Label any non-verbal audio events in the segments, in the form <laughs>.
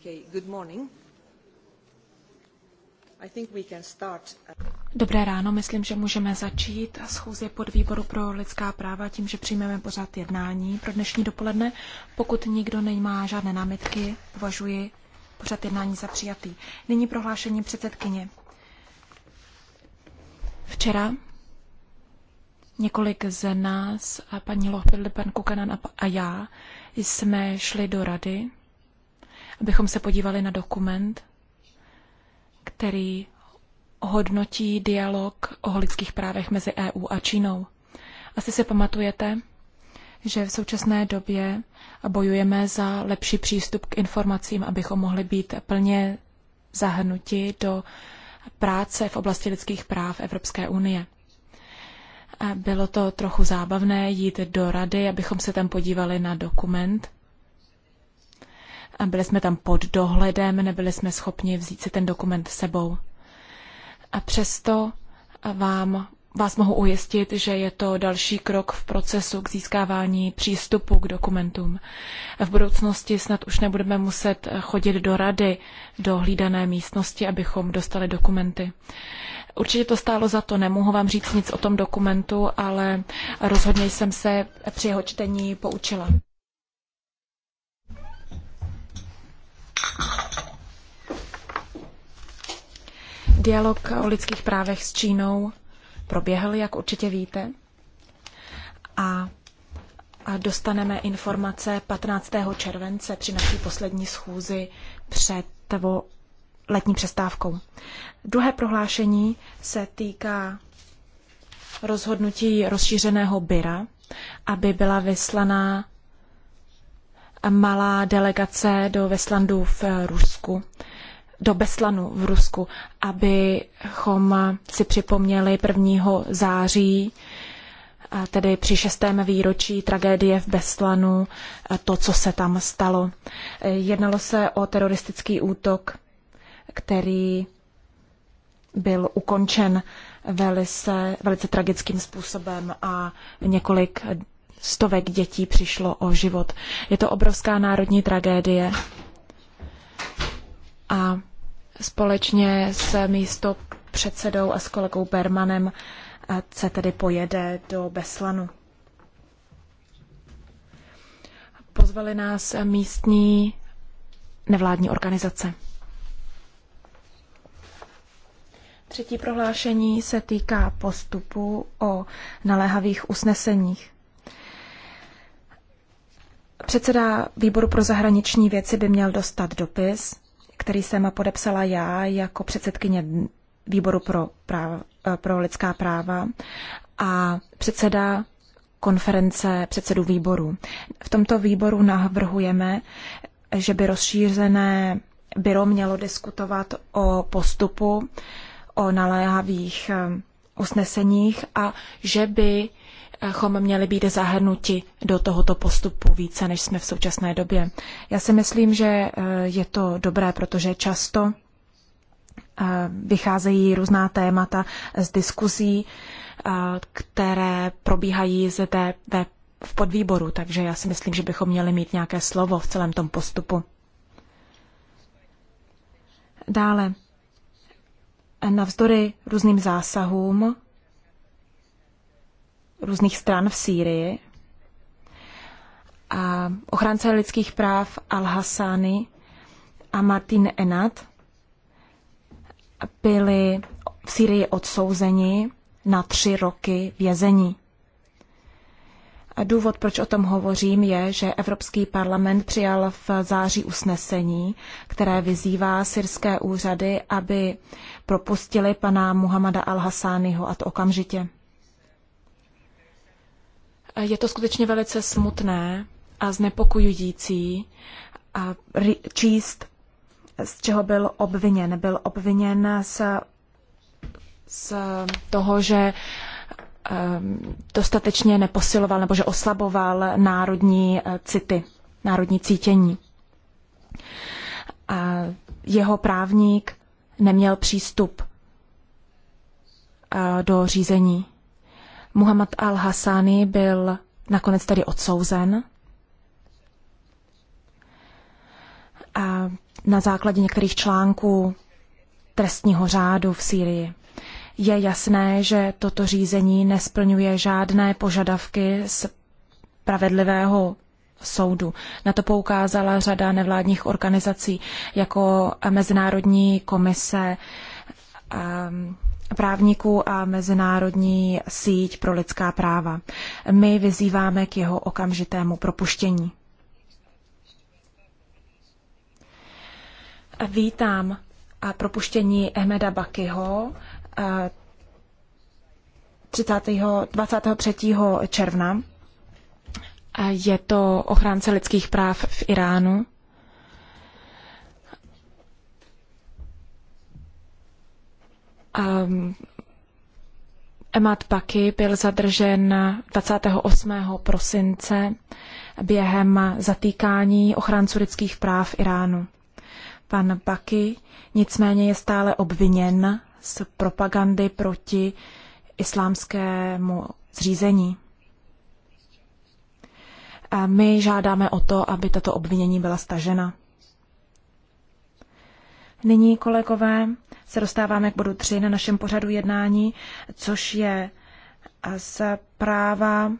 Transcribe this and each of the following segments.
Okay, good morning. Uh, Dobré ráno, myslím, že můžeme začít schůzi pod výboru pro lidská práva tím, že přijmeme pořád jednání pro dnešní dopoledne. Pokud nikdo nemá žádné námitky, považuji pořád jednání za přijatý. Nyní prohlášení předsedkyně. Včera několik z nás, a paní Lohpilde, pan Kukanan a já, jsme šli do rady abychom se podívali na dokument, který hodnotí dialog o lidských právech mezi EU a Čínou. Asi si pamatujete, že v současné době bojujeme za lepší přístup k informacím, abychom mohli být plně zahrnuti do práce v oblasti lidských práv Evropské unie. bylo to trochu zábavné jít do rady, abychom se tam podívali na dokument, byli jsme tam pod dohledem, nebyli jsme schopni vzít si ten dokument sebou. A přesto vám, vás mohu ujistit, že je to další krok v procesu k získávání přístupu k dokumentům. V budoucnosti snad už nebudeme muset chodit do rady, do hlídané místnosti, abychom dostali dokumenty. Určitě to stálo za to, nemohu vám říct nic o tom dokumentu, ale rozhodně jsem se při jeho čtení poučila. Dialog o lidských právech s Čínou proběhl, jak určitě víte. A, a dostaneme informace 15. července při naší poslední schůzi před tvo letní přestávkou. Druhé prohlášení se týká rozhodnutí rozšířeného byra, aby byla vyslaná malá delegace do Veslandu v Rusku, do Beslanu v Rusku, abychom si připomněli 1. září, tedy při šestém výročí tragédie v Beslanu, to, co se tam stalo. Jednalo se o teroristický útok, který byl ukončen velice, velice tragickým způsobem a několik stovek dětí přišlo o život. Je to obrovská národní tragédie. A společně s místo předsedou a s kolegou Bermanem eh, se tedy pojede do Beslanu. Pozvali nás místní nevládní organizace. Třetí prohlášení se týká postupu o naléhavých usneseních. Předseda výboru pro zahraniční věci by měl dostat dopis, který jsem podepsala já jako předsedkyně výboru pro, práv, eh, pro lidská práva a předseda konference předsedů výboru. V tomto výboru navrhujeme, že by rozšířené byro mělo diskutovat o postupu, o naléhavých eh, usneseních a že by chom měli být zahrnuti do tohoto postupu více, než jsme v současné době. Já si myslím, že eh, je to dobré, protože často eh, vycházejí různá témata z diskuzí, eh, které probíhají zde ve v podvýboru, takže já si myslím, že bychom měli mít nějaké slovo v celém tom postupu. Dále, navzdory různým zásahům různých stran v Sýrii. A ochránce lidských práv Al-Hassani a Martin Enat byli v Sýrii odsouzeni na tři roky vězení. A důvod, proč o tom hovořím, je, že Evropský parlament přijal v září usnesení, které vyzývá syrské úřady, aby propustili pana Muhammada al-Hassányho a to okamžitě. Je to skutečně velice smutné a znepokojující a číst, z čeho byl obviněn. Byl obviněn z, z toho, že ehm, dostatečně neposiloval nebo že oslaboval národní eh, city, národní cítění. A jeho právník neměl přístup eh, do řízení. Muhammad al-Hassani byl nakonec tedy odsouzen a na základě některých článků trestního řádu v Sýrii. Je jasné, že toto řízení nesplňuje žádné požadavky spravedlivého soudu. Na to poukázala řada nevládních organizací jako Mezinárodní komise um, právníků a Mezinárodní síť pro lidská práva. My vyzýváme k jeho okamžitému propuštění. Vítám a eh, propuštění Emeda Bakyho 23. Eh, června. Eh, je to ochránce lidských práv v Iránu. Ehm, Emad Paky byl zadržen 28. prosince během zatýkání ochránců lidských práv Iránu. Pan Paky nicméně je stále obviněn z propagandy proti islámskému zřízení. A my žádáme o to, aby tato obvinění byla stažena. Nyní, kolegové, se dostáváme k bodu 3 na našem pořadu jednání, což je eh, zpráva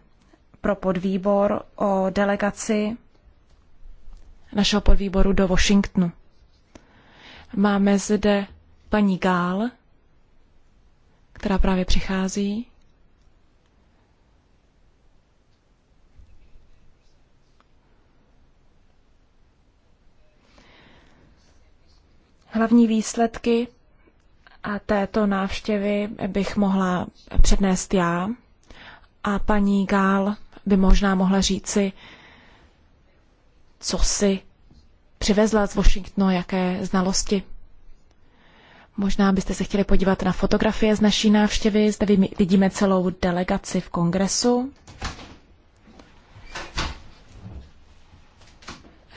pro podvýbor o delegaci našeho podvýboru do Washingtonu. Máme zde paní Gál, která právě přichází. Hlavní výsledky a této návštěvy bych mohla přednést já a paní Gál by možná mohla říci, co si přivezla z Washingtonu, jaké znalosti. Možná byste se chtěli podívat na fotografie z naší návštěvy. Zde vidíme celou delegaci v kongresu.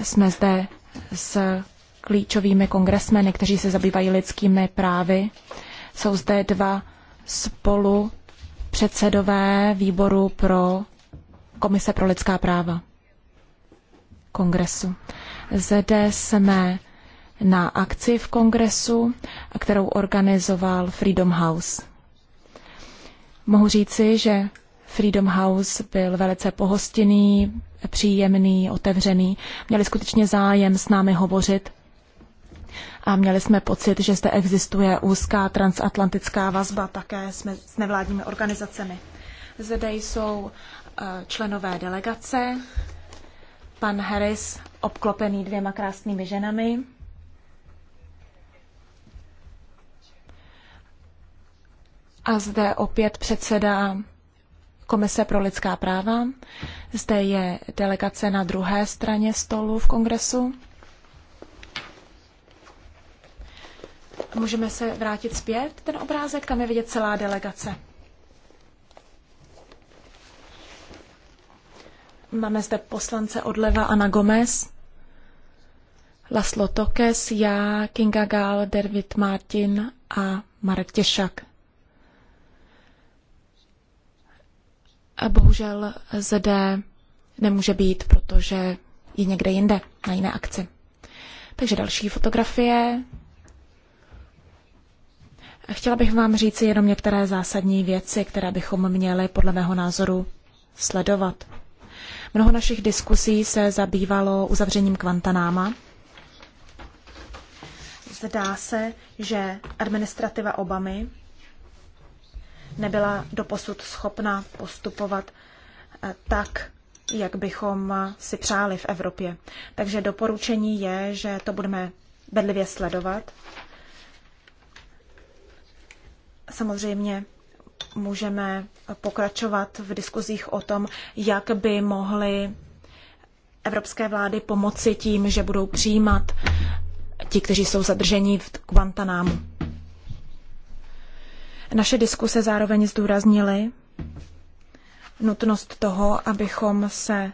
Jsme zde s klíčovými kongresmeny, kteří se zabývají lidskými právy. Jsou zde dva spolu předsedové výboru pro Komise pro lidská práva kongresu. Zde jsme na akci v kongresu, kterou organizoval Freedom House. Mohu říci, že Freedom House byl velice pohostinný, příjemný, otevřený. Měli skutečně zájem s námi hovořit a měli jsme pocit, že zde existuje úzká transatlantická vazba také jsme s nevládními organizacemi. Zde jsou eh, členové delegace, pan Harris obklopený dvěma krásnými ženami. A zde opět předseda Komise pro lidská práva. Zde je delegace na druhé straně stolu v kongresu. Můžeme se vrátit zpět, ten obrázek, tam je vidět celá delegace. Máme zde poslance odleva Ana Gomez, Laslo Tokes, já, Kinga Gal, Dervit Martin a Marek Těšak. A bohužel zde nemůže být, protože je někde jinde, na jiné akci. Takže další fotografie, Chtěla bych vám říci jenom některé zásadní věci, které bychom měli podle mého názoru sledovat. Mnoho našich diskusí se zabývalo uzavřením Kvantanáma. Zdá se, že administrativa Obamy nebyla doposud schopna postupovat eh, tak, jak bychom si přáli v Evropě. Takže doporučení je, že to budeme bedlivě sledovat Samozřejmě můžeme pokračovat v diskuzích o tom, jak by mohly evropské vlády pomoci tím, že budou přijímat ti, kteří jsou zadrženi v Guantanámu. Naše diskuse zároveň zdůraznily nutnost toho, abychom se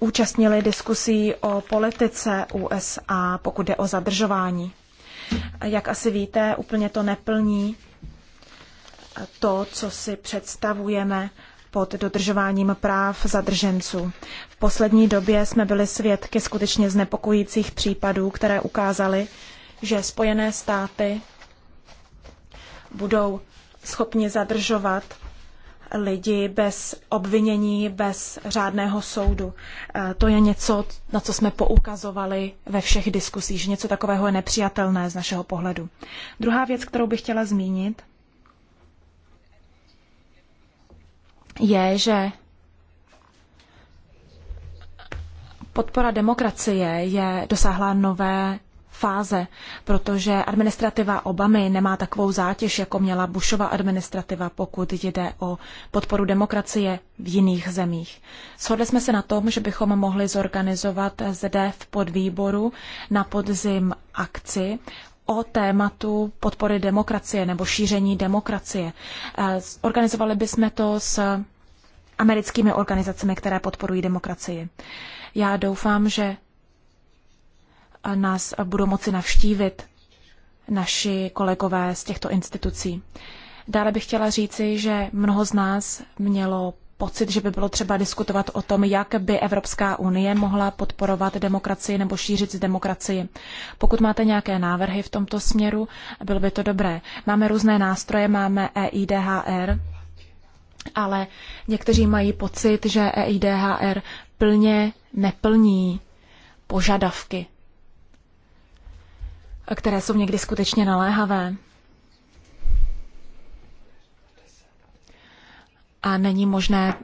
účastnili diskusí o politice USA, pokud jde o zadržování. Jak asi víte, úplně to neplní to, co si představujeme pod dodržováním práv zadrženců. V poslední době jsme byli svědky skutečně znepokojících případů, které ukázaly, že Spojené státy budou schopni zadržovat lidi bez obvinění, bez řádného soudu. E, to je něco, na co jsme poukazovali ve všech diskusích, že něco takového je nepřijatelné z našeho pohledu. Druhá věc, kterou bych chtěla zmínit, je, že podpora demokracie je dosáhla nové fáze, protože administrativa Obamy nemá takovou zátěž, jako měla Bushova administrativa, pokud jde o podporu demokracie v jiných zemích. Shodli jsme se na tom, že bychom mohli zorganizovat zde v podvýboru na podzim akci o tématu podpory demokracie nebo šíření demokracie. Eh, Organizovali bychom to s americkými organizacemi, které podporují demokracii. Já doufám, že nás budou moci navštívit naši kolegové z těchto institucí. Dále bych chtěla říci, že mnoho z nás mělo pocit, že by bylo třeba diskutovat o tom, jak by Evropská unie mohla podporovat demokracii nebo šířit demokracii. Pokud máte nějaké návrhy v tomto směru, bylo by to dobré. Máme různé nástroje, máme EIDHR, ale někteří mají pocit, že EIDHR plně neplní požadavky které jsou někdy skutečně naléhavé. A není možné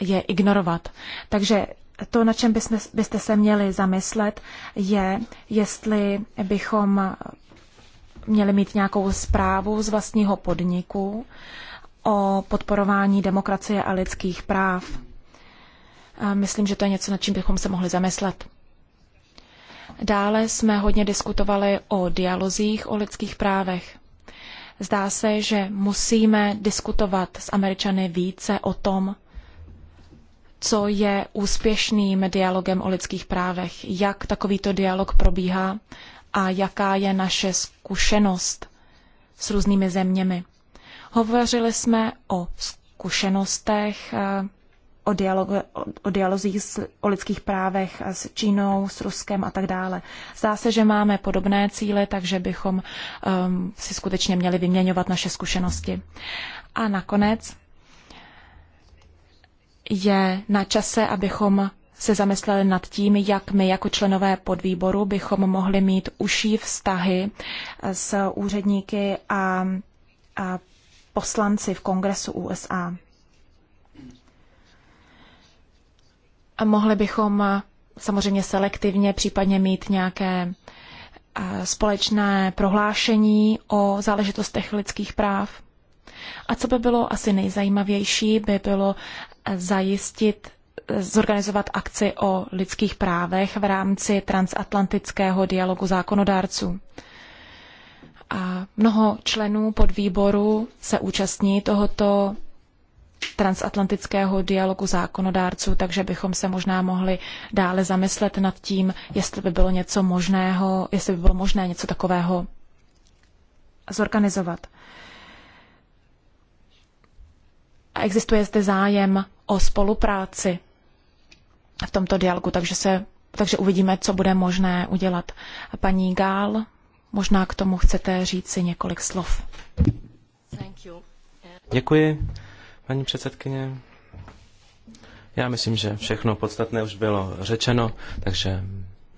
je ignorovat. Takže to, na čem bysme, byste se měli zamyslet, je, jestli bychom měli mít nějakou zprávu z vlastního podniku o podporování demokracie a lidských práv. A myslím, že to je něco, nad čím bychom se mohli zamyslet. Dále jsme hodně diskutovali o dialozích o lidských právech. Zdá se, že musíme diskutovat s Američany více o tom, co je úspěšným dialogem o lidských právech, jak takovýto dialog probíhá a jaká je naše zkušenost s různými zeměmi. Hovořili jsme o zkušenostech eh, o, dialogu, o, o dialozích s, o lidských právech s Čínou, s Ruskem a tak dále. Zdá se, že máme podobné cíle, takže bychom um, si skutečně měli vyměňovat naše zkušenosti. A nakonec je na čase, abychom se zamysleli nad tím, jak my jako členové podvýboru bychom mohli mít užší vztahy s úředníky a, a poslanci v kongresu USA. mohli bychom eh, samozřejmě selektivně případně mít nějaké eh, společné prohlášení o záležitostech lidských práv. A co by bylo asi nejzajímavější, by bylo eh, zajistit, zorganizovat akci o lidských právech v rámci transatlantického dialogu zákonodárců. A mnoho členů podvýboru se účastní tohoto transatlantického dialogu zákonodárců, takže bychom se možná mohli dále zamyslet nad tím, jestli by bylo něco možného, jestli by bylo možné něco takového zorganizovat. A existuje zde zájem o spolupráci v tomto dialogu, takže, se, takže uvidíme, co bude možné udělat. Paní Gál, možná k tomu chcete říci několik slov. Děkuji paní předsedkyně. Já myslím, že všechno podstatné už bylo řečeno, takže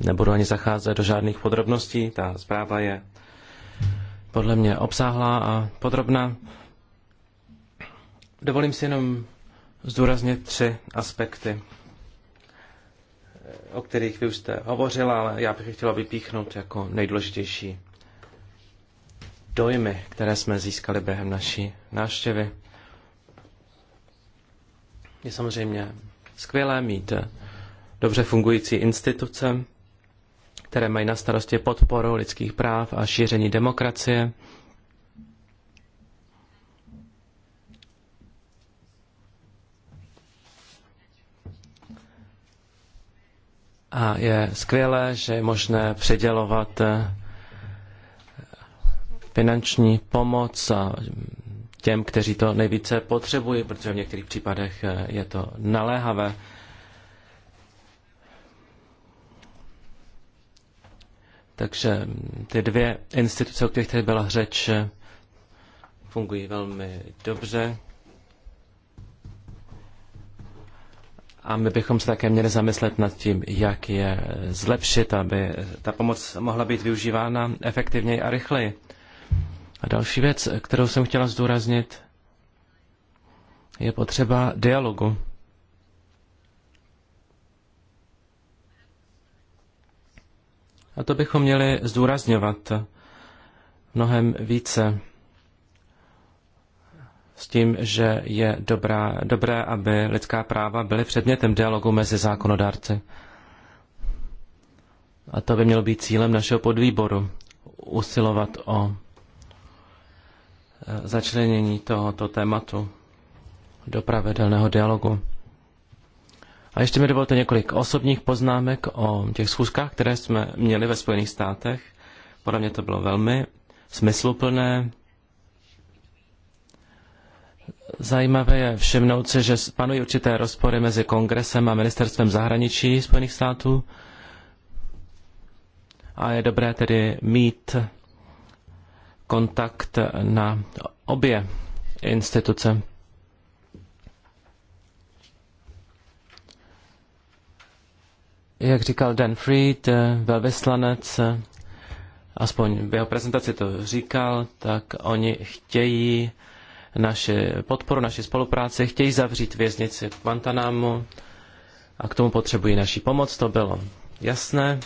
nebudu ani zacházet do žádných podrobností. Ta zpráva je podle mě obsáhlá a podrobná. Dovolím si jenom zdůraznit tři aspekty, o kterých vy už jste hovořila, ale já bych chtěla vypíchnout jako nejdůležitější dojmy, které jsme získali během naší návštěvy. Je samozřejmě skvělé mít eh, dobře fungující instituce, které mají na starosti podporu lidských práv a šíření demokracie. A je skvělé, že je možné předělovat eh, finanční pomoc a těm, kteří to nejvíce potřebují, protože v některých případech eh, je to naléhavé. Takže ty dvě instituce, o kterých tady byla řeč, eh, fungují velmi dobře. A my bychom se také měli zamyslet nad tím, jak je zlepšit, aby ta pomoc mohla být využívána efektivněji a rychleji. A další věc, kterou jsem chtěla zdůraznit, je potřeba dialogu. A to bychom měli zdůrazňovat mnohem více s tím, že je dobrá, dobré, aby lidská práva byly předmětem dialogu mezi zákonodárci. A to by mělo být cílem našeho podvýboru usilovat o Eh, začlenění tohoto tématu do pravidelného dialogu. A ještě mi dovolte několik osobních poznámek o těch schůzkách, které jsme měli ve Spojených státech. Podle mě to bylo velmi smysluplné. Zajímavé je všimnout si, že panují určité rozpory mezi kongresem a ministerstvem zahraničí Spojených států. A je dobré tedy mít kontakt na obě instituce. Jak říkal Dan Fried, eh, velvyslanec, eh, aspoň v jeho prezentaci to říkal, tak oni chtějí naši podporu, naši spolupráci, chtějí zavřít věznici v Guantanamo, a k tomu potřebují naší pomoc, to bylo jasné.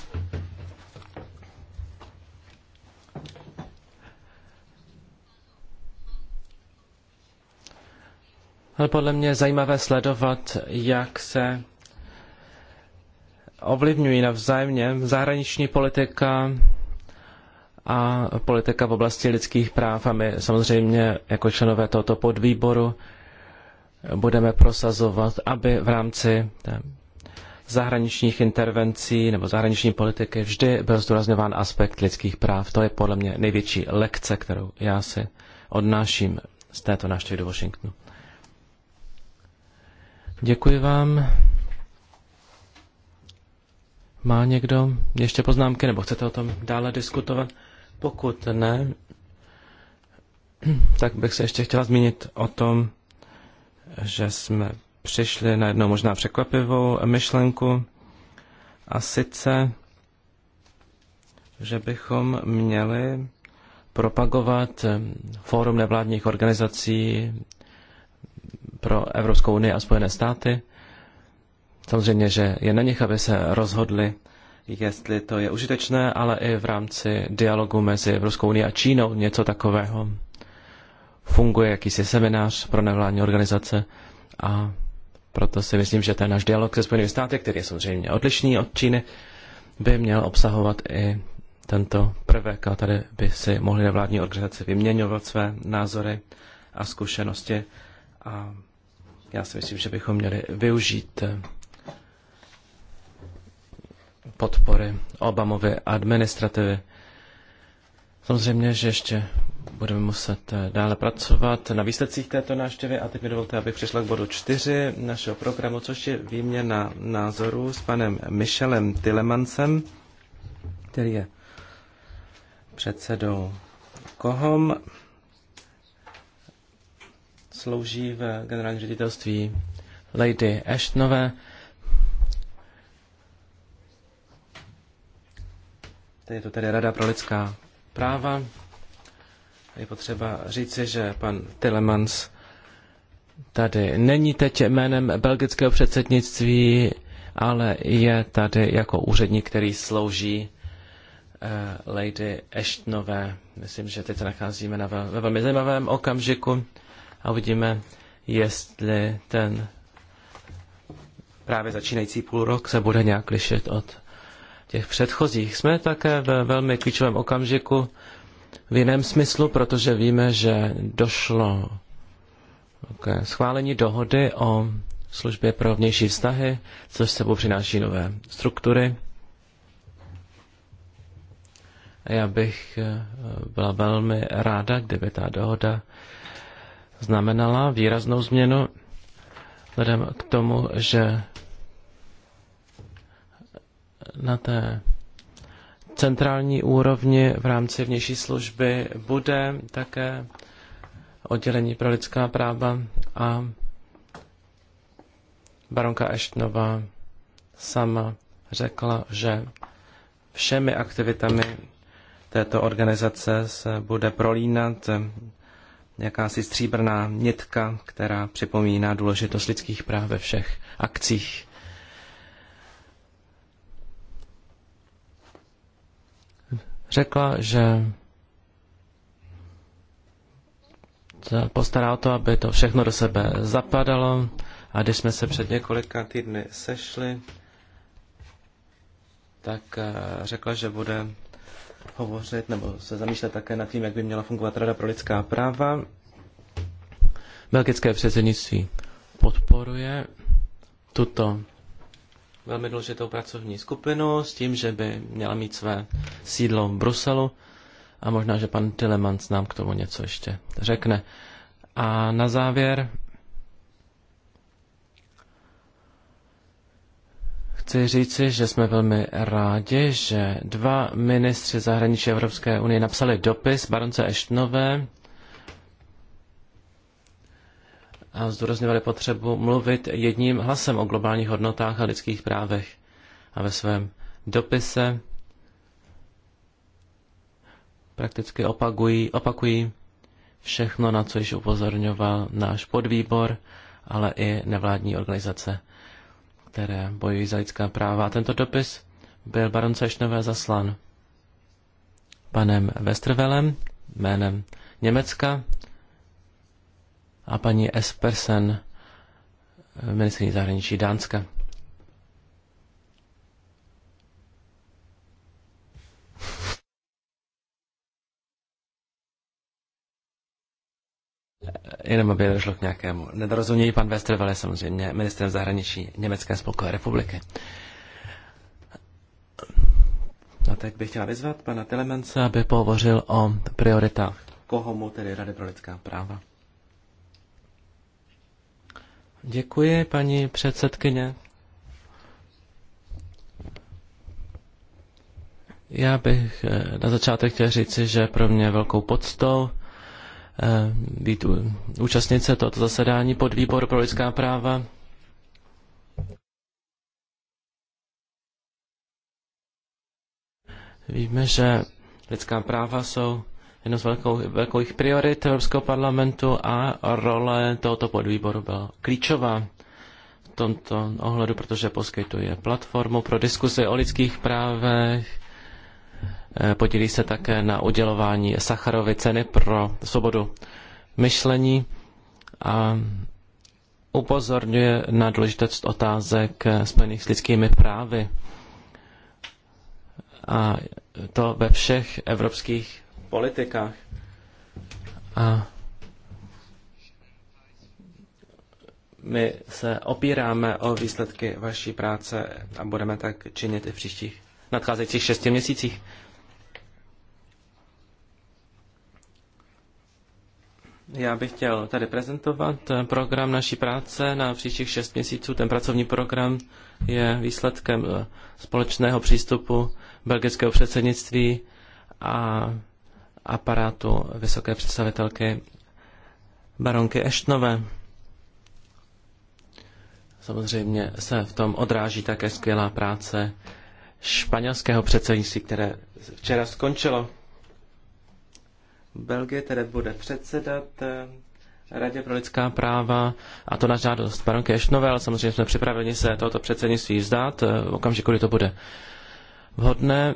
Ale podle mě je zajímavé sledovat, jak se ovlivňují navzájemně zahraniční politika a politika v oblasti lidských práv. A my samozřejmě jako členové tohoto podvýboru budeme prosazovat, aby v rámci zahraničních intervencí nebo zahraniční politiky vždy byl zdůrazňován aspekt lidských práv. To je podle mě největší lekce, kterou já si odnáším z této návštěvy do Washingtonu. Děkuji vám. Má někdo ještě poznámky, nebo chcete o tom dále diskutovat? Pokud ne, tak bych se ještě chtěla zmínit o tom, že jsme přišli na jednu možná překvapivou myšlenku, a sice, že bychom měli propagovat fórum nevládních organizací pro Evropskou unii a Spojené státy. Samozřejmě, že je na nich, aby se rozhodli, jestli to je užitečné, ale i v rámci dialogu mezi Evropskou unii a Čínou něco takového. Funguje jakýsi seminář pro nevládní organizace a proto si myslím, že ten náš dialog se Spojenými státy, který je samozřejmě odlišný od Číny, by měl obsahovat i tento prvek a tady by si mohly nevládní organizace vyměňovat své názory a zkušenosti a já si myslím, že bychom měli využít eh, podpory Obamovy administrativy. Samozřejmě, že ještě budeme muset eh, dále pracovat na výsledcích této návštěvy a teď mi dovolte, abych přišla k bodu čtyři našeho programu, což je výměna názorů s panem Michelem Tilemancem, který je předsedou KOHOM slouží v generálním ředitelství Lady Ashtonové. Tady je to tedy Rada pro lidská práva. Je potřeba říci, že pan Tillemans tady není teď jménem belgického předsednictví, ale je tady jako úředník, který slouží eh, Lady Ashtonové. Myslím, že teď se nacházíme na ve velmi zajímavém okamžiku a uvidíme, jestli ten právě začínající půlrok se bude nějak lišit od těch předchozích. Jsme také ve velmi klíčovém okamžiku v jiném smyslu, protože víme, že došlo k schválení dohody o službě pro vnější vztahy, což sebou přináší nové struktury. Já bych eh, byla velmi ráda, kdyby ta dohoda znamenala výraznou změnu vzhledem k tomu, že na té centrální úrovni v rámci vnější služby bude také oddělení pro lidská práva a baronka Eštnova sama řekla, že všemi aktivitami této organizace se bude prolínat jakási stříbrná nitka, která připomíná důležitost lidských práv ve všech akcích. Řekla, že se postará o to, aby to všechno do sebe zapadalo. A když jsme se před několika týdny sešli, tak eh, řekla, že bude hovořit nebo se zamýšlet také nad tím, jak by měla fungovat Rada pro lidská práva. Belgické předsednictví podporuje tuto velmi důležitou pracovní skupinu s tím, že by měla mít své sídlo v Bruselu a možná, že pan Tillemans nám k tomu něco ještě řekne. A na závěr Chci říci, že jsme velmi rádi, že dva ministři zahraničí Evropské unie napsali dopis baronce Eštnové a zdůrazňovali potřebu mluvit jedním hlasem o globálních hodnotách a lidských právech. A ve svém dopise prakticky opakují, opakují všechno, na co již upozorňoval náš podvýbor, ale i nevládní organizace které bojují za lidská práva. A tento dopis byl baron Ešnové zaslan panem Westervelem jménem Německa a paní Espersen, ministrní zahraničí Dánska. Jenom aby došlo k nějakému nedorozumění, pan Westerwelle je samozřejmě ministrem zahraničí Německé spolkové republiky. A teď bych chtěla vyzvat pana Telemence, aby pohovořil o prioritách Koho mu tedy Rady pro lidská práva. Děkuji, paní předsedkyně. Já bych eh, na začátek chtěl říci, že pro mě velkou podstou Eh, být účastnice tohoto zasedání pod výbor pro lidská práva. Víme, že lidská práva jsou jednou z velkou, velkých priorit Evropského parlamentu a role tohoto podvýboru byla klíčová v tomto ohledu, protože poskytuje platformu pro diskuzi o lidských právech, Eh, podílí se také na udělování Sacharovy ceny pro svobodu myšlení a upozorňuje na důležitost otázek eh, spojených s lidskými právy. A to ve všech evropských politikách. A my se opíráme o výsledky vaší práce a budeme tak činit i v příštích nadcházejících šesti měsících. Já bych chtěl tady prezentovat eh, program naší práce na příštích šest měsíců. Ten pracovní program je výsledkem eh, společného přístupu belgického předsednictví a aparátu vysoké představitelky baronky Eštnové. Samozřejmě se v tom odráží také skvělá práce španělského předsednictví, které včera skončilo. Belgie tedy bude předsedat eh, Radě pro lidská práva a to na žádost baronky Ešnové, ale samozřejmě jsme připraveni se tohoto předsednictví vzdát eh, v okamžiku, kdy to bude vhodné.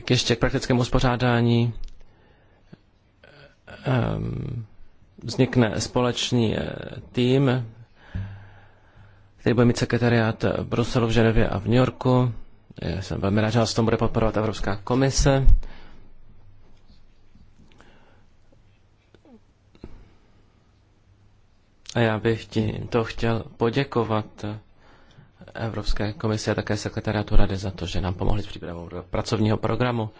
K ještě k praktickému uspořádání ehm, vznikne společný eh, tým, který bude mít sekretariát v Bruselu, v Ženevě a v New Yorku jsem velmi rád, že vás tom bude podporovat Evropská komise. A já bych ti to chtěl poděkovat Evropské komisi a také sekretariátu Rady za to, že nám pomohli s přípravou pracovního programu.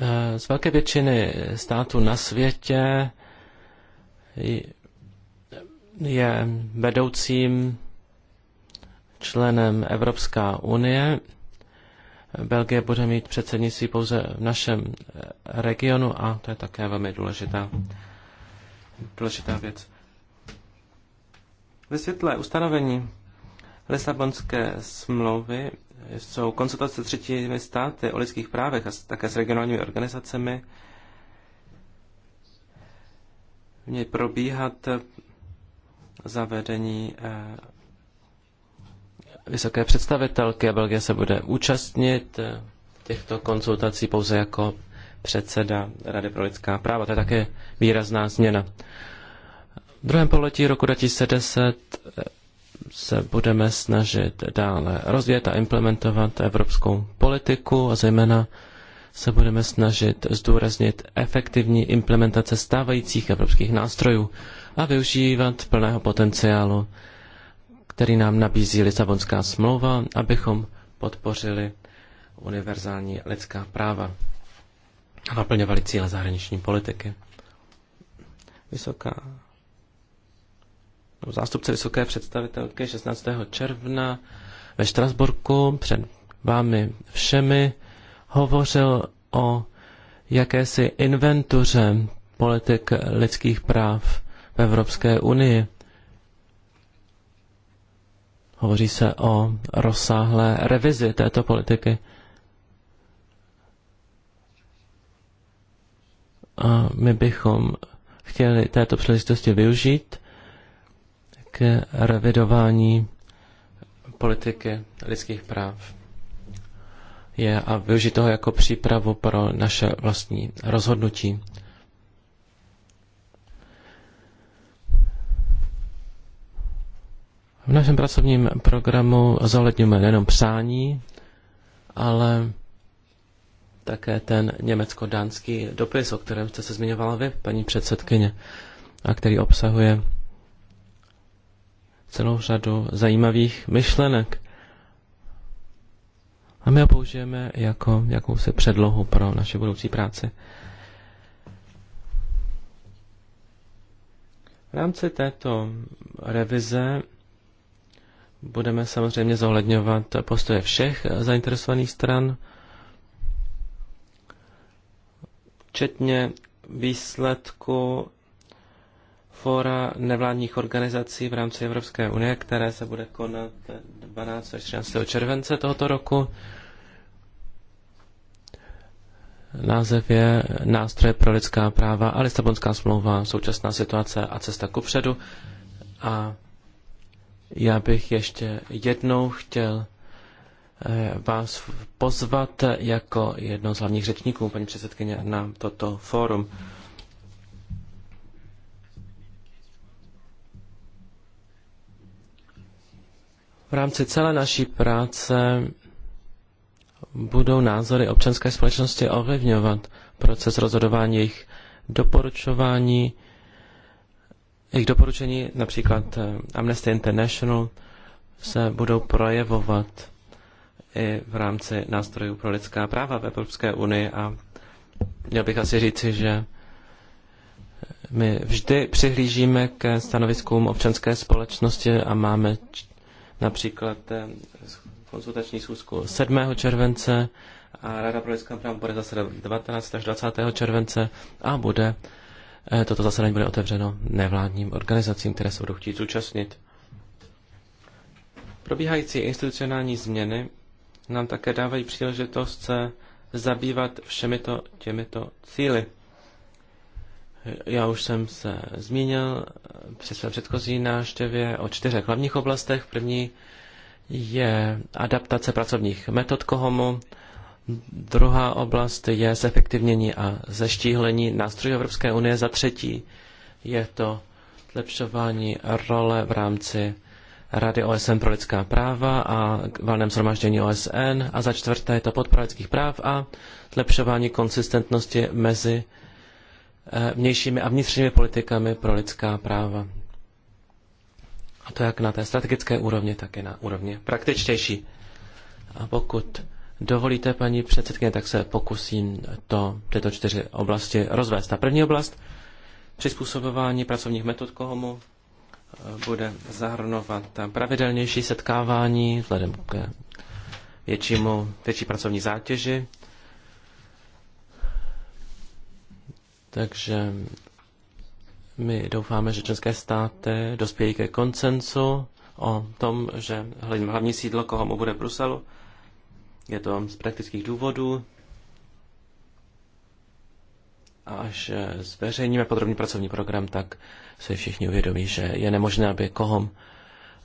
Eh, z velké většiny států na světě je vedoucím členem Evropská unie. Belgie bude mít předsednictví pouze v našem eh, regionu a to je také velmi důležitá, důležitá věc. Ve světle ustanovení Lisabonské smlouvy jsou konzultace třetími státy o lidských právech a také s regionálními organizacemi měly probíhat zavedení eh, vysoké představitelky a Belgie se bude účastnit eh, těchto konzultací pouze jako předseda Rady pro lidská práva. To je také výrazná změna. V druhém pololetí roku 2010 eh, se budeme snažit dále rozvíjet a implementovat evropskou politiku a zejména se budeme snažit zdůraznit efektivní implementace stávajících evropských nástrojů a využívat plného potenciálu který nám nabízí Lisabonská smlouva, abychom podpořili univerzální lidská práva a naplňovali cíle zahraniční politiky. Vysoká no, zástupce vysoké představitelky 16. června ve Štrasburku před vámi všemi hovořil o jakési inventuře politik lidských práv v Evropské unii. Hovoří se o rozsáhlé revizi této politiky. A my bychom chtěli této příležitosti využít k revidování politiky lidských práv je a využít toho jako přípravu pro naše vlastní rozhodnutí. V našem pracovním programu zohledňujeme nejenom psání, ale také ten německo-dánský dopis, o kterém jste se zmiňovala vy, paní předsedkyně, a který obsahuje celou řadu zajímavých myšlenek. A my ho použijeme jako jakousi předlohu pro naše budoucí práci. V rámci této revize Budeme samozřejmě zohledňovat postoje všech zainteresovaných stran, včetně výsledku fora nevládních organizací v rámci Evropské unie, které se bude konat 12. až 13. července tohoto roku. Název je Nástroje pro lidská práva a Lisabonská smlouva, současná situace a cesta předu. A já bych ještě jednou chtěl eh, vás pozvat jako jedno z hlavních řečníků, paní předsedkyně, na toto fórum. V rámci celé naší práce budou názory občanské společnosti ovlivňovat proces rozhodování jejich doporučování, jejich doporučení, například eh, Amnesty International, se budou projevovat i v rámci nástrojů pro lidská práva v Evropské unii a měl bych asi říci, že my vždy přihlížíme ke stanoviskům občanské společnosti a máme například eh, konzultační schůzku 7. července a Rada pro lidská práva bude zase 19. až 20. července a bude Eh, toto zasedání bude otevřeno nevládním organizacím, které se budou chtít zúčastnit. Probíhající institucionální změny nám také dávají příležitost se zabývat všemi to, těmito cíly. Já už jsem se zmínil při své předchozí návštěvě o čtyřech hlavních oblastech. První je adaptace pracovních metod Kohomu, Druhá oblast je zefektivnění a zeštíhlení nástrojů Evropské unie. Za třetí je to zlepšování role v rámci Rady OSN pro lidská práva a valném shromáždění OSN. A za čtvrté je to podpora lidských práv a zlepšování konsistentnosti mezi eh, vnějšími a vnitřními politikami pro lidská práva. A to jak na té strategické úrovni, tak i na úrovni praktičtější. A pokud dovolíte, paní předsedkyně, tak se pokusím to, tyto čtyři oblasti rozvést. Ta první oblast přizpůsobování pracovních metod Kohomu eh, bude zahrnovat pravidelnější setkávání vzhledem k většímu, větší pracovní zátěži. Takže my doufáme, že české státy dospějí ke koncensu o tom, že hlavní sídlo Kohomu bude v Bruselu je to z praktických důvodů. Až eh, zveřejníme podrobný pracovní program, tak se všichni uvědomí, že je nemožné, aby kohom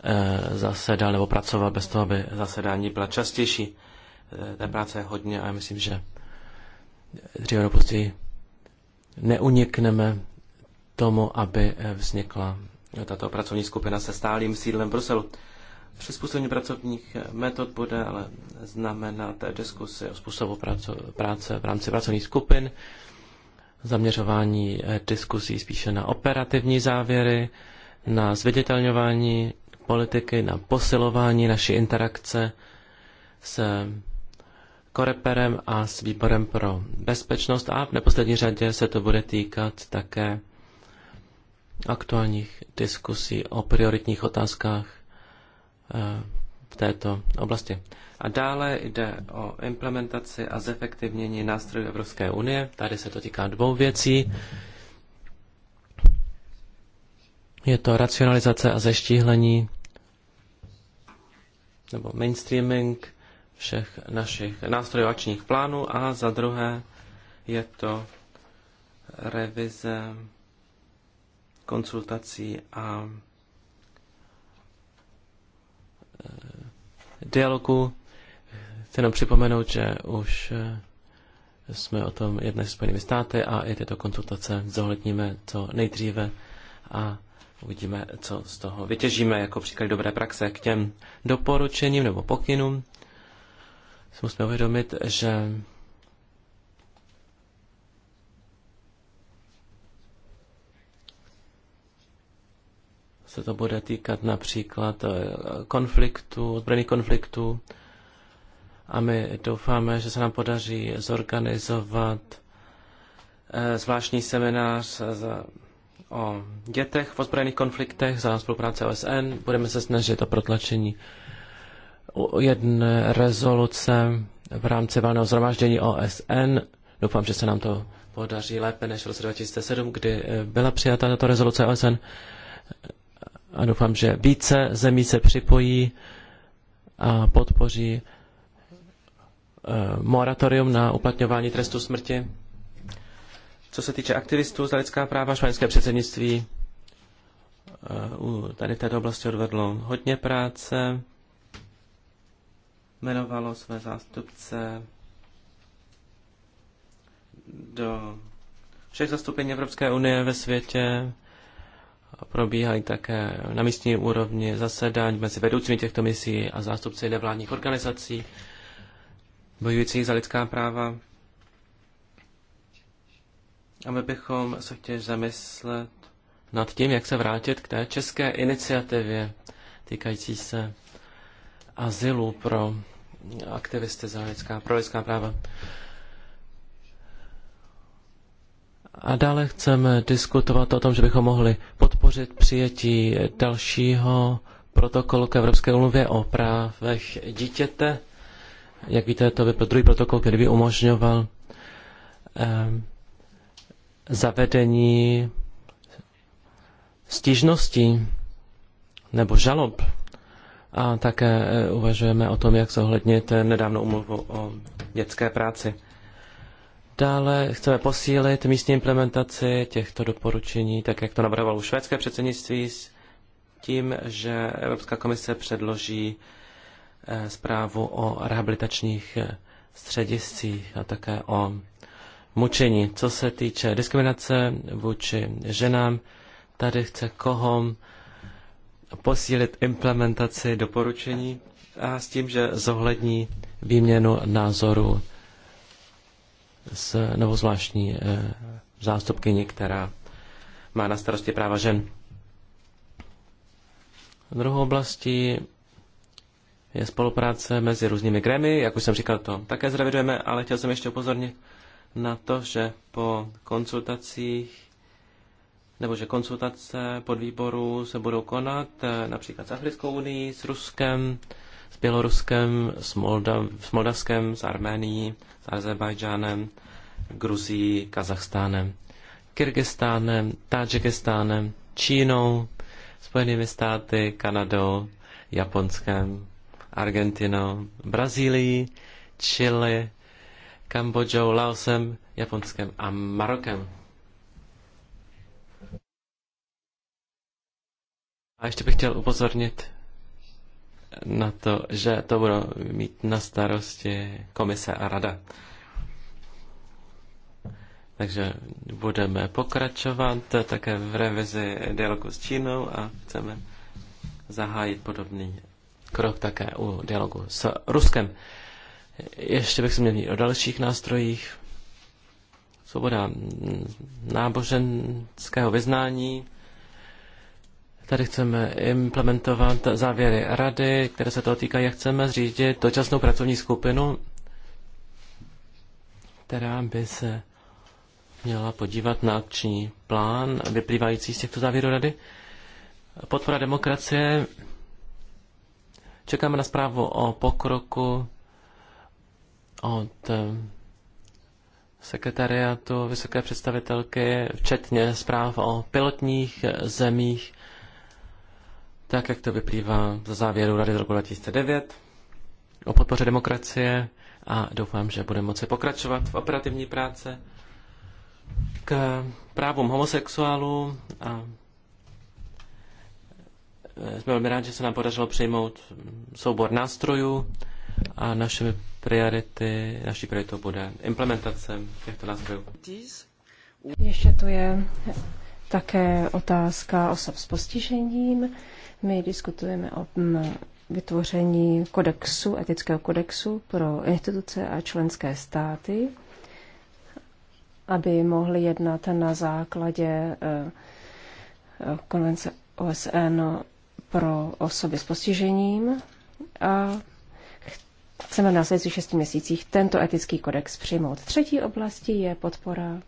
eh, zasedal nebo pracoval bez toho, aby zasedání byla častější. Eh, té práce je hodně a já myslím, že dříve nebo později neunikneme tomu, aby vznikla tato pracovní skupina se stálým sídlem v Bruselu. Přizpůsobení pracovních eh, metod bude ale znamenat diskusy o způsobu práce v rámci pracovních skupin, zaměřování eh, diskusí spíše na operativní závěry, na zviditelňování politiky, na posilování naší interakce s Koreperem a s Výborem pro bezpečnost a v neposlední řadě se to bude týkat také aktuálních diskusí o prioritních otázkách Eh, v této oblasti. A dále jde o implementaci a zefektivnění nástrojů Evropské unie. Tady se to týká dvou věcí. Je to racionalizace a zeštíhlení nebo mainstreaming všech našich nástrojů akčních plánů a za druhé je to revize konsultací a Eh, dialogu. Chci jenom připomenout, že už eh, jsme o tom jednali s Spojenými státy a i tyto konzultace zohledníme co nejdříve a uvidíme, co z toho vytěžíme jako příklad dobré praxe k těm doporučením nebo pokynům. musíme uvědomit, že se to bude týkat například eh, konfliktu, odbraných konfliktů. A my doufáme, že se nám podaří zorganizovat eh, zvláštní seminář za, o dětech v ozbrojených konfliktech za spolupráce OSN. Budeme se snažit o protlačení jedné rezoluce v rámci valného zhromáždění OSN. Doufám, že se nám to podaří lépe než v roce 2007, kdy eh, byla přijata tato rezoluce OSN a doufám, že více zemí se připojí a podpoří eh, moratorium na uplatňování trestu smrti. Co se týče aktivistů za lidská práva, španělské předsednictví eh, tady této oblasti odvedlo hodně práce, jmenovalo své zástupce do všech zastoupení Evropské unie ve světě, probíhají také na místní úrovni zasedání mezi vedoucími těchto misí a zástupci nevládních organizací bojujících za lidská práva. A my bychom se chtěli zamyslet nad tím, jak se vrátit k té české iniciativě týkající se azylu pro aktivisty za lidská, pro lidská práva. A dále chceme diskutovat o tom, že bychom mohli podpořit přijetí dalšího protokolu k Evropské umluvě o právech dítěte. Jak víte, to by byl druhý protokol, který by umožňoval ehm, zavedení stížností nebo žalob. A také eh, uvažujeme o tom, jak zohlednit eh, nedávno umluvu o dětské práci. Dále chceme posílit místní implementaci těchto doporučení, tak jak to navrhovalo švédské předsednictví, s tím, že Evropská komise předloží eh, zprávu o rehabilitačních eh, střediscích a také o mučení. Co se týče diskriminace vůči ženám, tady chce kohom posílit implementaci doporučení a s tím, že zohlední výměnu názorů s, nebo zvláštní eh, zástupkyni, která má na starosti práva žen. Druhou oblastí je spolupráce mezi různými grémy, Jak už jsem říkal, to také zrevidujeme, ale chtěl jsem ještě upozornit na to, že po konsultacích nebo že konsultace pod výboru se budou konat eh, například s Africkou unii, s Ruskem, s Běloruskem, s, Moldav, s Moldavskem, s Arménií s Azerbajdžánem, Gruzií, Kazachstánem, Kyrgyzstánem, Tadžikistánem, Čínou, Spojenými státy, Kanadou, Japonskem, Argentinou, Brazílií, Chile, Kambodžou, Laosem, Japonskem a Marokem. A ještě bych chtěl upozornit na to, že to budou mít na starosti komise a rada. Takže budeme pokračovat také v revizi dialogu s Čínou a chceme zahájit podobný krok také u dialogu s Ruskem. Ještě bych se měl o dalších nástrojích. Svoboda náboženského vyznání. Tady chceme implementovat závěry rady, které se toho týkají. Chceme zřídit dočasnou pracovní skupinu, která by se měla podívat na akční plán vyplývající z těchto závěrů rady. Podpora demokracie. Čekáme na zprávu o pokroku od eh, sekretariátu vysoké představitelky, včetně zpráv o pilotních eh, zemích tak jak to vyplývá za závěru Rady z roku 2009 o podpoře demokracie a doufám, že budeme moci pokračovat v operativní práce k právům homosexuálů a e, jsme velmi rádi, že se nám podařilo přijmout soubor nástrojů a našimi priority, naší prioritou bude implementace těchto nástrojů. Ještě to je také otázka osob s postižením. My diskutujeme o mm, vytvoření kodexu, etického kodexu pro instituce a členské státy, aby mohli jednat na základě eh, konvence OSN pro osoby s postižením a chceme v následujících šesti měsících tento etický kodex přijmout. Třetí oblastí je podpora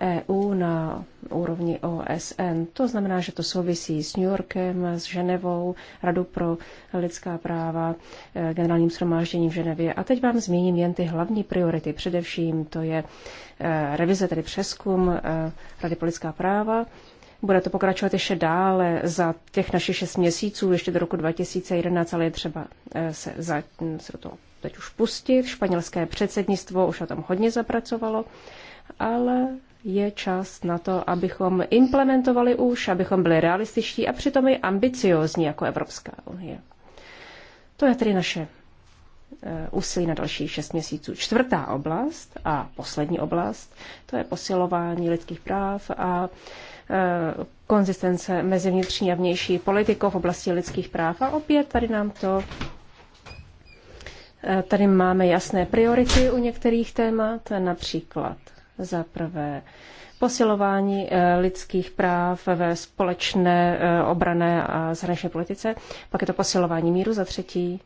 EU na úrovni OSN. To znamená, že to souvisí s New Yorkem, s Ženevou, Radu pro lidská práva, e, generálním shromážděním v Ženevě. A teď vám zmíním jen ty hlavní priority. Především to je e, revize, tedy přeskum e, Rady pro lidská práva. Bude to pokračovat ještě dále za těch našich šest měsíců, ještě do roku 2011, ale je třeba se, za, se do toho teď už pustit. Španělské předsednictvo už o tom hodně zapracovalo ale je čas na to, abychom implementovali už, abychom byli realističtí a přitom i ambiciozní jako Evropská unie. To je tedy naše eh, úsilí na další šest měsíců. Čtvrtá oblast a poslední oblast, to je posilování lidských práv a eh, konzistence mezi vnitřní a vnější politikou v oblasti lidských práv. A opět tady nám to, eh, tady máme jasné priority u některých témat, například za prvé, posilování eh, lidských práv ve společné eh, obrané a zahraniční politice, pak je to posilování míru, za třetí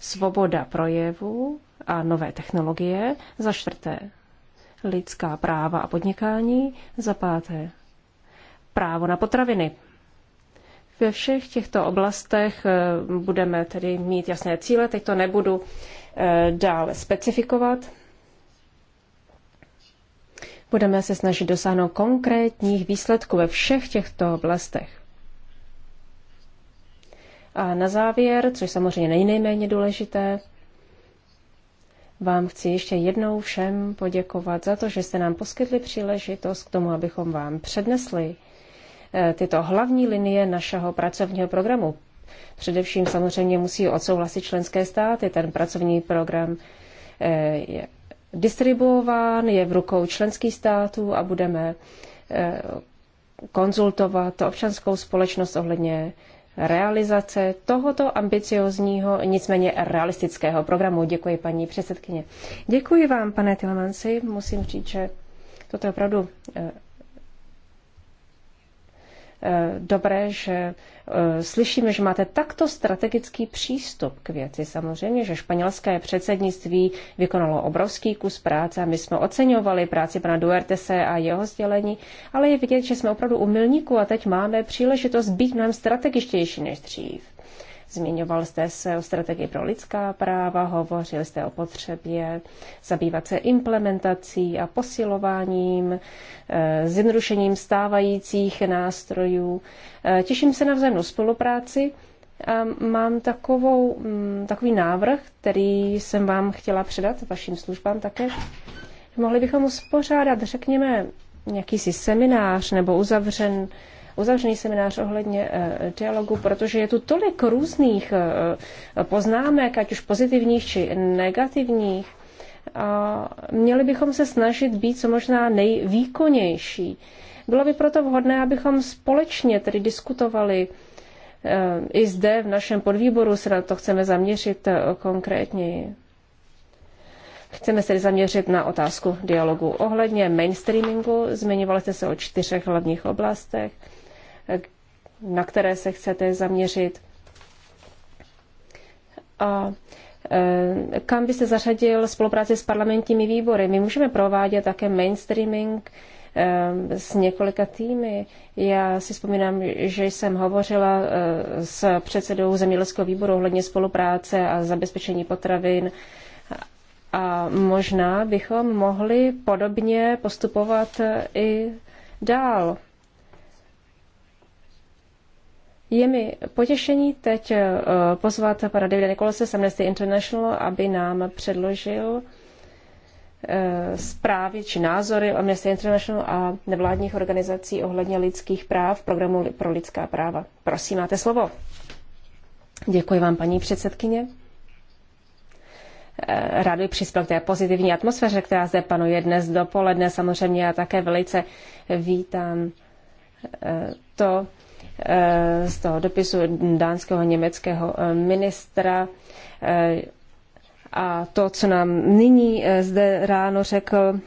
svoboda projevu a nové technologie, za čtvrté lidská práva a podnikání, za páté právo na potraviny. Ve všech těchto oblastech eh, budeme tedy mít jasné cíle, teď to nebudu dále specifikovat. Budeme se snažit dosáhnout konkrétních výsledků ve všech těchto oblastech. A na závěr, což samozřejmě není nejméně důležité, vám chci ještě jednou všem poděkovat za to, že jste nám poskytli příležitost k tomu, abychom vám přednesli eh, tyto hlavní linie našeho pracovního programu. Především samozřejmě musí odsouhlasit členské státy. Ten pracovní program eh, je distribuován, je v rukou členských států a budeme eh, konzultovat občanskou společnost ohledně realizace tohoto ambiciozního, nicméně realistického programu. Děkuji, paní předsedkyně. Děkuji vám, pane Tilemansi. Musím říct, že toto je opravdu eh, Eh, dobré, že eh, slyšíme, že máte takto strategický přístup k věci. Samozřejmě, že španělské předsednictví vykonalo obrovský kus práce a my jsme oceňovali práci pana Duertese a jeho sdělení, ale je vidět, že jsme opravdu u milníku a teď máme příležitost být mnohem strategičtější než dřív. Zmiňoval jste se o strategii pro lidská práva, hovořil jste o potřebě zabývat se implementací a posilováním, eh, zjednodušením stávajících nástrojů. Eh, těším se na vzájemnou spolupráci. A mám takovou, mm, takový návrh, který jsem vám chtěla předat, vašim službám také. Mohli bychom uspořádat, řekněme, jakýsi seminář nebo uzavřen, uzavřený seminář ohledně eh, dialogu, protože je tu tolik různých eh, poznámek, ať už pozitivních či negativních. A měli bychom se snažit být co možná nejvýkonnější. Bylo by proto vhodné, abychom společně tedy diskutovali eh, i zde v našem podvýboru se na to chceme zaměřit konkrétněji. Chceme se zaměřit na otázku dialogu ohledně mainstreamingu. Zmiňovali jste se o čtyřech hlavních oblastech na které se chcete zaměřit. A e, kam byste zařadil spolupráci s parlamentními výbory? My můžeme provádět také mainstreaming e, s několika týmy. Já si vzpomínám, že jsem hovořila e, s předsedou zemědělského výboru ohledně spolupráce a zabezpečení potravin a možná bychom mohli podobně postupovat i dál. Je mi potěšení teď eh, pozvat pana Davida Nikolase z Amnesty International, aby nám předložil eh, zprávy či názory Amnesty International a nevládních organizací ohledně lidských práv programu pro lidská práva. Prosím, máte slovo. Děkuji vám, paní předsedkyně. Eh, rád bych přispěl k té pozitivní atmosféře, která zde panuje dnes dopoledne. Samozřejmě já také velice vítám to, Eh, z toho dopisu dánského německého eh, ministra. Eh, a to, co nám nyní zde ráno řekl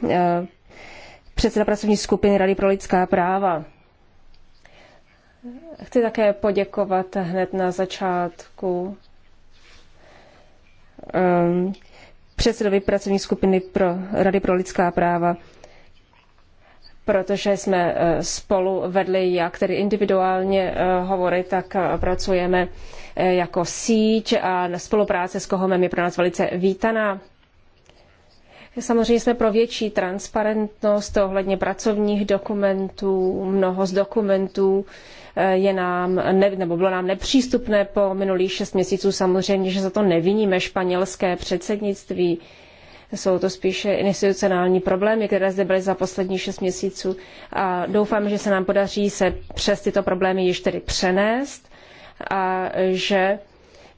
předseda pracovní skupiny Rady pro lidská práva. Chci také poděkovat hned na začátku předsedovi pracovní skupiny pro Rady pro lidská práva protože jsme eh, spolu vedli jak tedy individuálně eh, hovory, tak eh, pracujeme jako síť a spolupráce s Kohomem je pro nás velice vítaná. Samozřejmě jsme pro větší transparentnost ohledně pracovních dokumentů. Mnoho z dokumentů je nám, ne, nebo bylo nám nepřístupné po minulých šest měsíců. Samozřejmě, že za to neviníme španělské předsednictví. Jsou to spíše institucionální problémy, které zde byly za poslední šest měsíců a doufám, že se nám podaří se přes tyto problémy již tedy přenést a že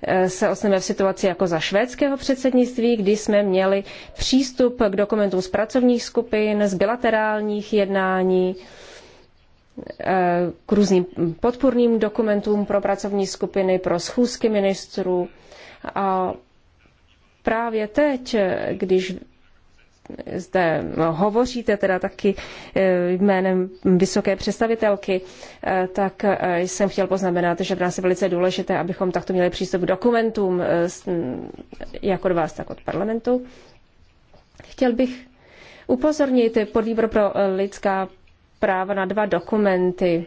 e, se osneme v situaci jako za švédského předsednictví, kdy jsme měli přístup k dokumentům z pracovních skupin, z bilaterálních jednání, e, k různým podpůrným dokumentům pro pracovní skupiny, pro schůzky ministrů a právě teď, když zde hovoříte teda taky eh, jménem vysoké představitelky, eh, tak eh, jsem chtěl poznamenat, že pro nás je velice důležité, abychom takto měli přístup k dokumentům, jako od vás, tak od parlamentu. Chtěl bych upozornit podvýbor pro lidská práva na dva dokumenty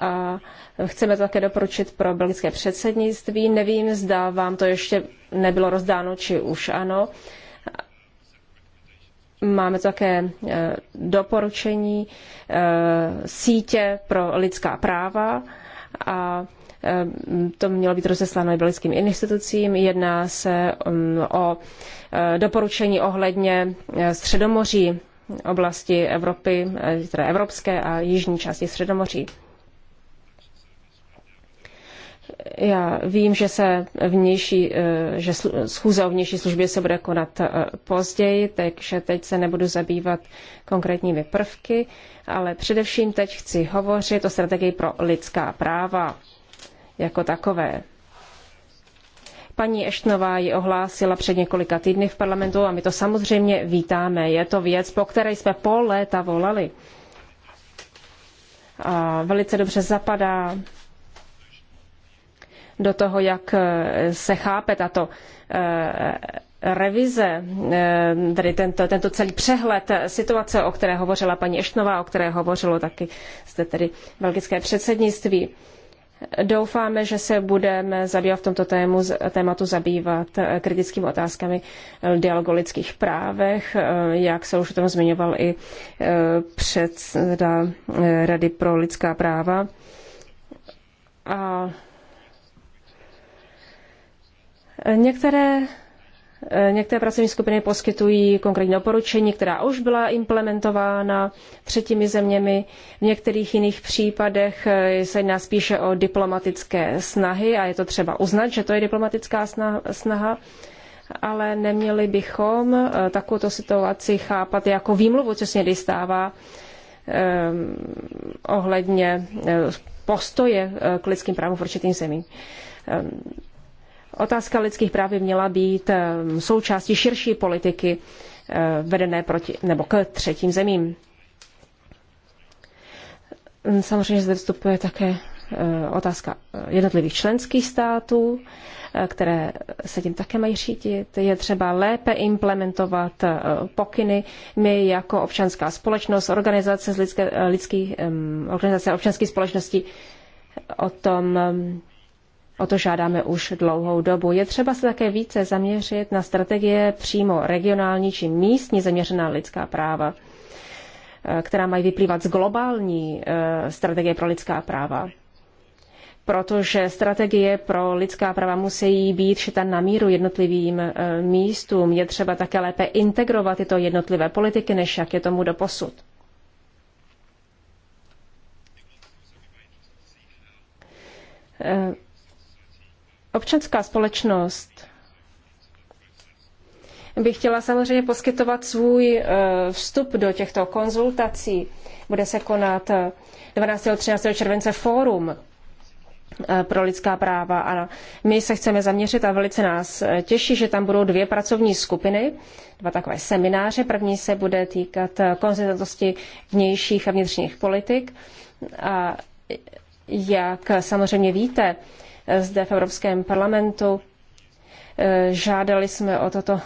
a chceme to také doporučit pro belgické předsednictví. Nevím, zda vám to ještě nebylo rozdáno, či už ano. Máme také e, doporučení e, sítě pro lidská práva a e, to mělo být rozesláno belgickým institucím. Jedná se mm, o doporučení ohledně Středomoří, oblasti Evropy, teda evropské a jižní části Středomoří. Já vím, že se vnější, eh, že schůze o vnější službě se bude konat eh, později, takže teď se nebudu zabývat konkrétními prvky, ale především teď chci hovořit o strategii pro lidská práva jako takové. Paní Eštnová ji ohlásila před několika týdny v parlamentu a my to samozřejmě vítáme. Je to věc, po které jsme po léta volali. A velice dobře zapadá do toho, jak eh, se chápe tato eh, revize, eh, tedy tento, tento celý přehled situace, o které hovořila paní Eštnová, o které hovořilo taky zde tedy belgické předsednictví. Doufáme, že se budeme zabývat v tomto tému, tématu zabývat kritickými otázkami dialogu o lidských právech, jak se už o tom zmiňoval i předseda Rady pro lidská práva. A Některé eh, Některé pracovní skupiny poskytují konkrétní doporučení, která už byla implementována třetími zeměmi. V některých jiných případech eh, se jedná spíše o diplomatické snahy a je to třeba uznat, že to je diplomatická snaha, ale neměli bychom eh, takovou situaci chápat jako výmluvu, co se někdy stává eh, ohledně postoje k lidským právům v určitým zemím. Eh, Otázka lidských práv by měla být eh, součástí širší politiky eh, vedené proti, nebo k třetím zemím. Hm, samozřejmě zde vstupuje také eh, otázka jednotlivých členských států, které se tím také mají řídit. Je třeba lépe implementovat pokyny. My jako občanská společnost, organizace, z lidské, lidský, organizace občanských společností o tom O to žádáme už dlouhou dobu. Je třeba se také více zaměřit na strategie přímo regionální či místní zaměřená lidská práva, e, která mají vyplývat z globální e, strategie pro lidská práva. Protože strategie pro lidská práva musí být šita na míru jednotlivým e, místům. Je třeba také lépe integrovat tyto jednotlivé politiky, než jak je tomu do posud. Občanská společnost by chtěla samozřejmě poskytovat svůj eh, vstup do těchto konzultací. Bude se konat eh, 12. a 13. července fórum eh, pro lidská práva a my se chceme zaměřit a velice nás těší, že tam budou dvě pracovní skupiny, dva takové semináře. První se bude týkat konzistentnosti vnějších a vnitřních politik a jak samozřejmě víte, zde v Evropském parlamentu. Eh, žádali jsme o toto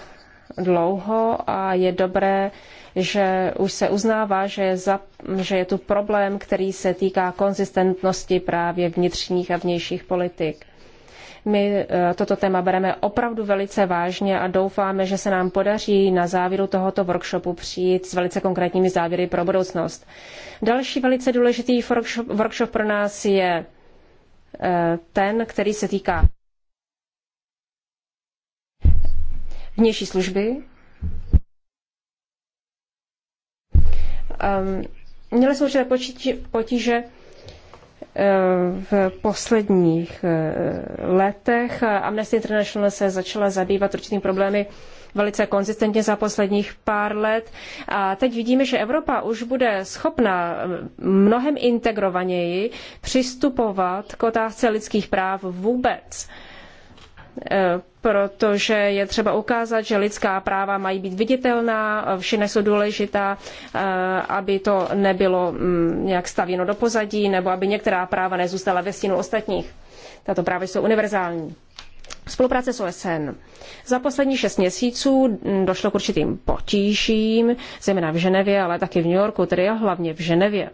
dlouho a je dobré, že už se uznává, že je, za, že je tu problém, který se týká konzistentnosti právě vnitřních a vnějších politik. My eh, toto téma bereme opravdu velice vážně a doufáme, že se nám podaří na závěru tohoto workshopu přijít s velice konkrétními závěry pro budoucnost. Další velice důležitý workshop, workshop pro nás je Eh, ten, který se týká vnější služby. Měli jsme určité potíže eh, v posledních eh, letech. Amnesty International se začala zabývat určitými problémy velice konzistentně za posledních pár let. A teď vidíme, že Evropa už bude schopna mnohem integrovaněji přistupovat k otázce lidských práv vůbec e, protože je třeba ukázat, že lidská práva mají být viditelná, všechny jsou důležitá, e, aby to nebylo mm, nějak stavěno do pozadí, nebo aby některá práva nezůstala ve stínu ostatních. Tato práva jsou univerzální. Spolupráce s OSN. Za poslední šest měsíců došlo k určitým potížím, zejména v Ženevě, ale taky v New Yorku, tedy hlavně v Ženevě.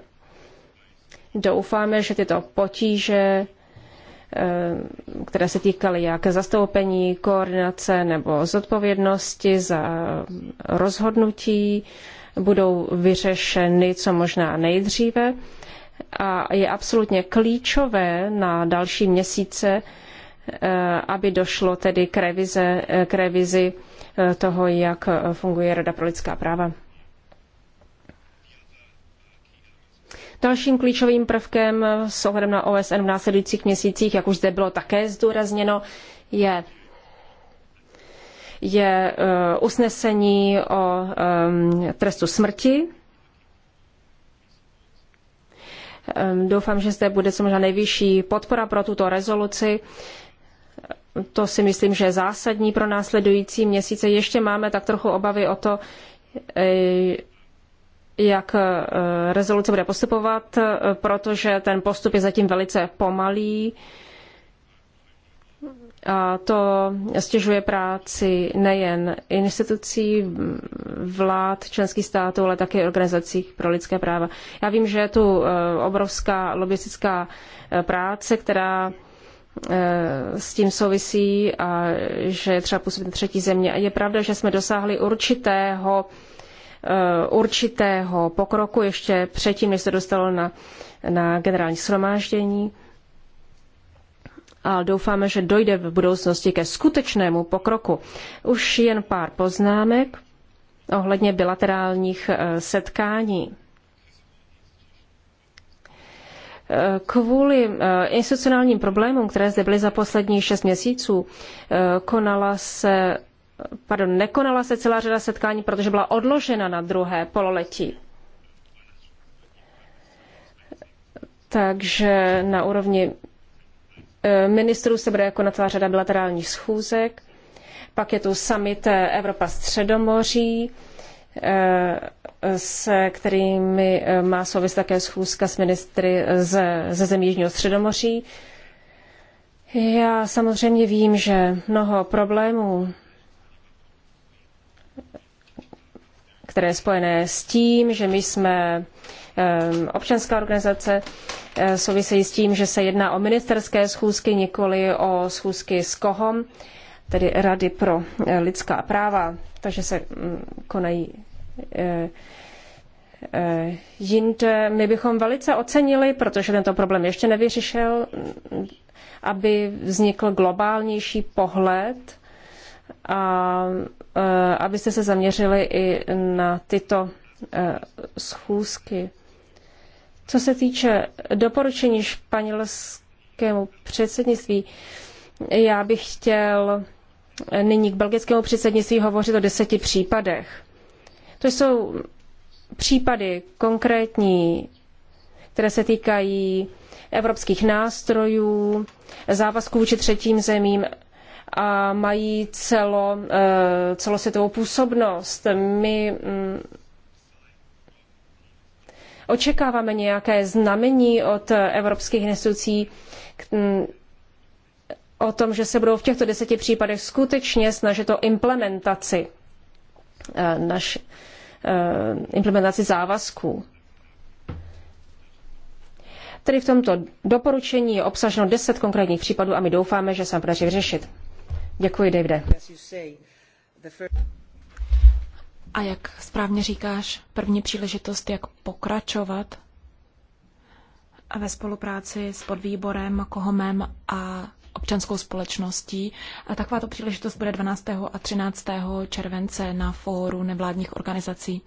Doufáme, že tyto potíže, eh, které se týkaly jak zastoupení, koordinace nebo zodpovědnosti za rozhodnutí, budou vyřešeny co možná nejdříve. A je absolutně klíčové na další měsíce, Eh, aby došlo tedy k, revize, eh, k revizi eh, toho, jak funguje Rada pro lidská práva. Dalším klíčovým prvkem s ohledem na OSN v následujících měsících, jak už zde bylo také zdůrazněno, je je usnesení o trestu smrti. Ehm, doufám, že zde bude co možná nejvyšší podpora pro tuto rezoluci to si myslím, že je zásadní pro následující měsíce. Ještě máme tak trochu obavy o to, eh, jak eh, rezoluce bude postupovat, eh, protože ten postup je zatím velice pomalý. A to stěžuje práci nejen institucí, vlád, členských států, ale také organizací pro lidské práva. Já vím, že je tu obrovská lobistická práce, která s tím souvisí a že je třeba působit třetí země. A je pravda, že jsme dosáhli určitého, eh, určitého pokroku ještě předtím, než se dostalo na, na generální shromáždění. A doufáme, že dojde v budoucnosti ke skutečnému pokroku. Už jen pár poznámek ohledně bilaterálních eh, setkání. Kvůli eh, institucionálním problémům, které zde byly za posledních šest měsíců, eh, konala se, pardon, nekonala se celá řada setkání, protože byla odložena na druhé pololetí. Takže na úrovni eh, ministrů se bude jako na celá řada bilaterálních schůzek. Pak je tu summit Evropa Středomoří, se kterými eh, má souvis také schůzka s ministry eh, ze, ze zemí Jižního Středomoří. Já samozřejmě vím, že mnoho problémů, které je spojené s tím, že my jsme eh, občanská organizace, souvisejí s tím, že se jedná o ministerské schůzky, nikoli o schůzky s KOHOM, tedy Rady pro lidská práva, takže se mm, konají Eh, eh, jinde. Eh, my bychom velice ocenili, protože tento problém ještě nevyřešil, aby vznikl globálnější pohled a abyste se zaměřili i na tyto schůzky. Co se týče doporučení španělskému předsednictví, já bych chtěl nyní k belgickému předsednictví hovořit o deseti případech. To jsou případy konkrétní, které se týkají evropských nástrojů, závazků vůči třetím zemím a mají celo, eh, celosvětovou působnost. My mm, očekáváme nějaké znamení od evropských institucí mm, o tom, že se budou v těchto deseti případech skutečně snažit o implementaci eh, naš, Eh, implementaci závazků. Tedy v tomto doporučení je obsaženo deset konkrétních případů a my doufáme, že se nám podaří vyřešit. Děkuji, Davide. A jak správně říkáš, první příležitost, jak pokračovat ve spolupráci s podvýborem Kohomem a občanskou společností. A takováto příležitost bude 12. a 13. července na fóru nevládních organizací.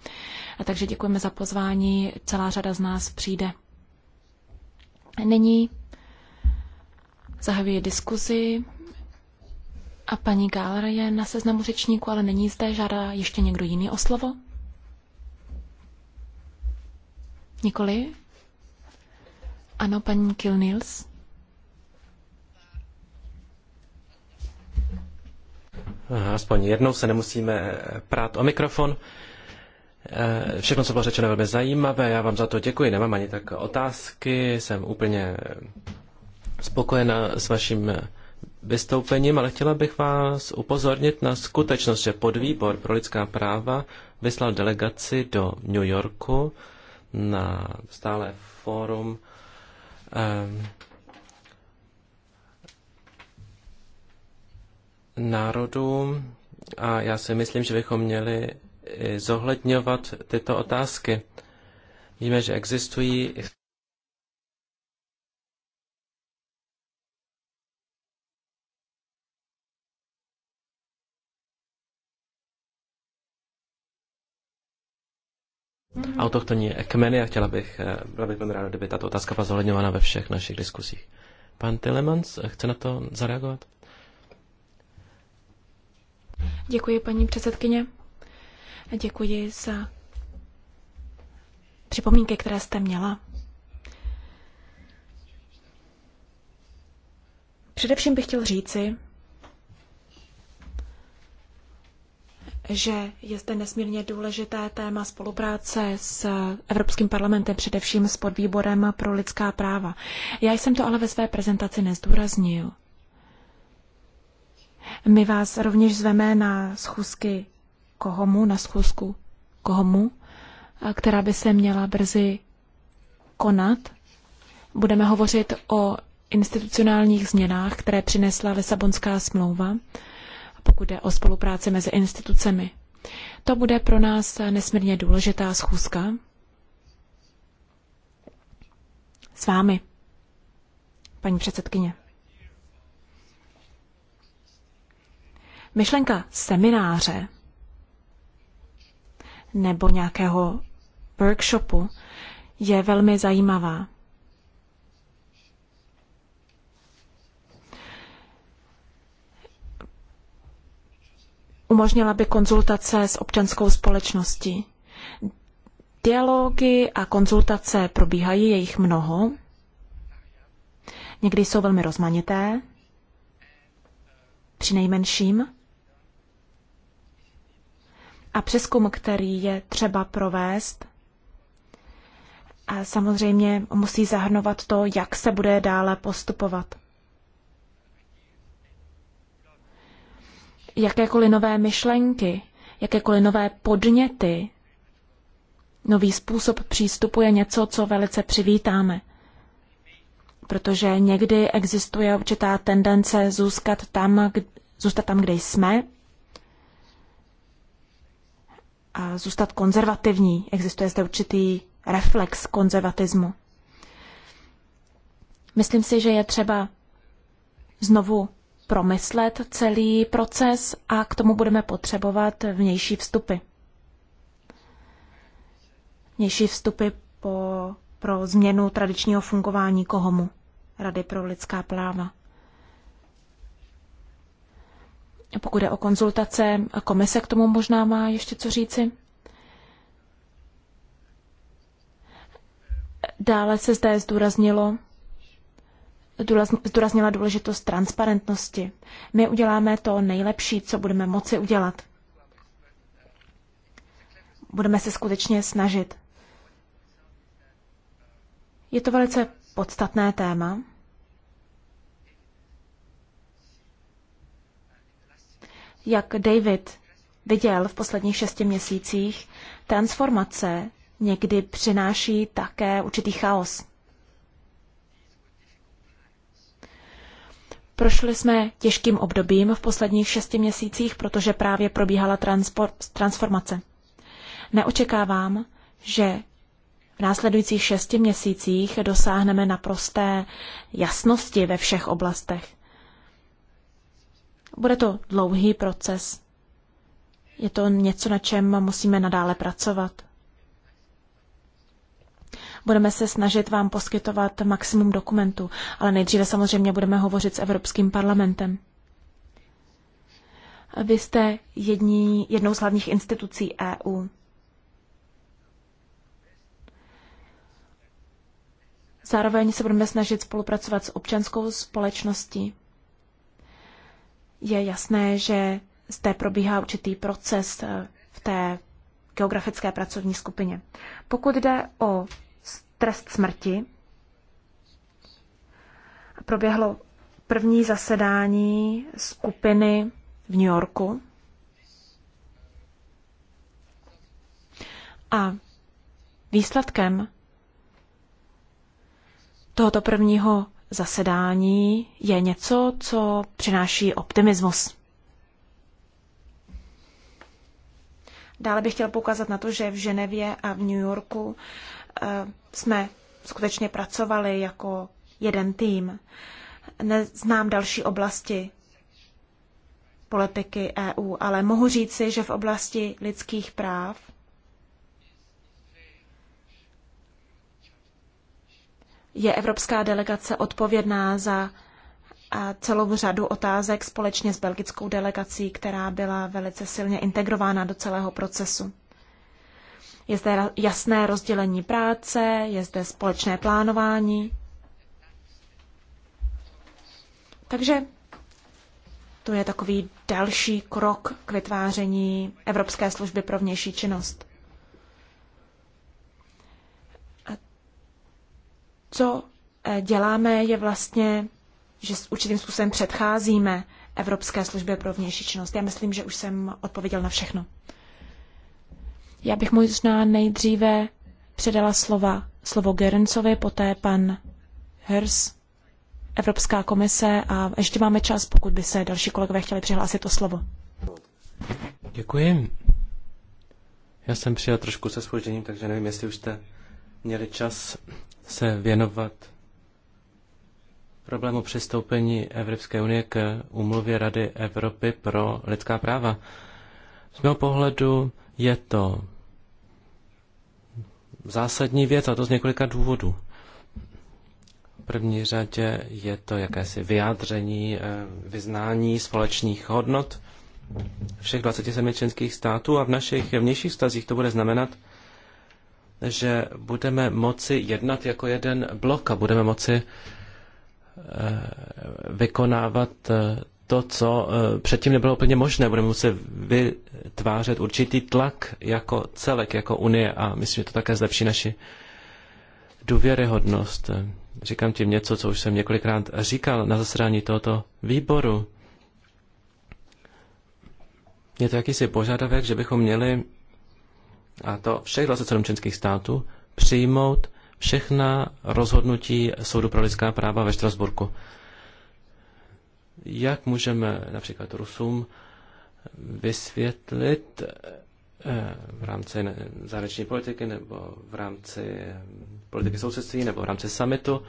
A takže děkujeme za pozvání, celá řada z nás přijde. Nyní zahajuji diskuzi. A paní Gálera je na seznamu řečníku, ale není zde. Žádá ještě někdo jiný o slovo? Nikoli? Ano, paní Kilnils. aspoň jednou se nemusíme eh, prát o mikrofon. Eh, všechno, co bylo řečeno, velmi zajímavé. Já vám za to děkuji. Nemám ani tak otázky. Jsem úplně eh, spokojena s vaším vystoupením, ale chtěla bych vás upozornit na skutečnost, že podvýbor pro lidská práva vyslal delegaci do New Yorku na stále fórum národům a já si myslím, že bychom měli zohledňovat tyto otázky. Víme, že existují autochtonní kmeny a chtěla bych, eh, byla bych ráda, kdyby tato otázka byla zohledňována ve všech našich diskusích. Pan Telemans eh, chce na to zareagovat? Děkuji, paní předsedkyně. Děkuji za připomínky, které jste měla. Především bych chtěl říci, že je zde nesmírně důležité téma spolupráce s Evropským parlamentem, především s podvýborem pro lidská práva. Já jsem to ale ve své prezentaci nezdůraznil. My vás rovněž zveme na schůzky Kohomu, na schůzku Kohomu, eh, která by se měla brzy konat. Budeme hovořit o institucionálních změnách, které přinesla Lisabonská smlouva, pokud jde o spolupráci mezi institucemi. To bude pro nás nesmírně důležitá schůzka s vámi, paní předsedkyně. Myšlenka semináře nebo nějakého workshopu je velmi zajímavá. Umožnila by konzultace s občanskou společností. Dialogy a konzultace probíhají, je jich mnoho. Někdy jsou velmi rozmanité, při nejmenším a přeskum, který je třeba provést, a samozřejmě musí zahrnovat to, jak se bude dále postupovat. Jakékoliv nové myšlenky, jakékoliv nové podněty, nový způsob přístupu je něco, co velice přivítáme. Protože někdy existuje určitá tendence zůstat tam, zůstat tam, kde jsme, zůstat konzervativní. Existuje zde určitý reflex konzervatismu. Myslím si, že je třeba znovu promyslet celý proces a k tomu budeme potřebovat vnější vstupy. Vnější vstupy po, pro změnu tradičního fungování Kohomu, Rady pro lidská práva. Pokud je o konzultace, komise k tomu možná má ještě co říci. Dále se zde zdůraznilo, zdůraznila důležitost transparentnosti. My uděláme to nejlepší, co budeme moci udělat. Budeme se skutečně snažit. Je to velice podstatné téma. jak David viděl v posledních šesti měsících, transformace někdy přináší také určitý chaos. Prošli jsme těžkým obdobím v posledních šesti měsících, protože právě probíhala transformace. Neočekávám, že v následujících šesti měsících dosáhneme naprosté jasnosti ve všech oblastech. Bude to dlouhý proces. Je to něco, na čem musíme nadále pracovat. Budeme se snažit vám poskytovat maximum dokumentů, ale nejdříve samozřejmě budeme hovořit s Evropským parlamentem. Vy jste jední, jednou z hlavních institucí EU. Zároveň se budeme snažit spolupracovat s občanskou společností. Je jasné, že zde probíhá určitý proces eh, v té geografické pracovní skupině. Pokud jde o trest smrti, proběhlo první zasedání skupiny v New Yorku. A výsledkem tohoto prvního zasedání je něco, co přináší optimismus. Dále bych chtěl poukázat na to, že v Ženevě a v New Yorku eh, jsme skutečně pracovali jako jeden tým. Neznám další oblasti politiky EU, ale mohu říci, že v oblasti lidských práv je evropská delegace odpovědná za celou řadu otázek společně s belgickou delegací, která byla velice silně integrována do celého procesu. Je zde jasné rozdělení práce, je zde společné plánování. Takže to je takový další krok k vytváření Evropské služby pro vnější činnost. co eh, děláme, je vlastně, že s určitým způsobem předcházíme Evropské službě pro vnější činnost. Já myslím, že už jsem odpověděl na všechno. Já bych možná nejdříve předala slova, slovo Gerencovi, poté pan Hers, Evropská komise a ještě máme čas, pokud by se další kolegové chtěli přihlásit o slovo. Děkuji. Já jsem přijel trošku se spožděním, takže nevím, jestli už jste měli čas se věnovat problému přistoupení Evropské unie k úmluvě Rady Evropy pro lidská práva. Z mého pohledu je to zásadní věc, a to z několika důvodů. V první řadě je to jakési vyjádření, eh, vyznání společných hodnot všech 27 členských států a v našich vnějších stazích to bude znamenat, že budeme moci jednat jako jeden blok a budeme moci eh, vykonávat eh, to, co eh, předtím nebylo úplně možné. Budeme muset vytvářet určitý tlak jako celek, jako Unie a myslím, že to také zlepší naši důvěryhodnost. Říkám tím něco, co už jsem několikrát říkal na zasedání tohoto výboru. Je to jakýsi požadavek, že bychom měli a to všech 27 členských států, přijmout všechna rozhodnutí Soudu pro lidská práva ve Štrasburku. Jak můžeme například Rusům vysvětlit eh, v rámci zahraniční politiky nebo v rámci politiky sousedství nebo v rámci summitu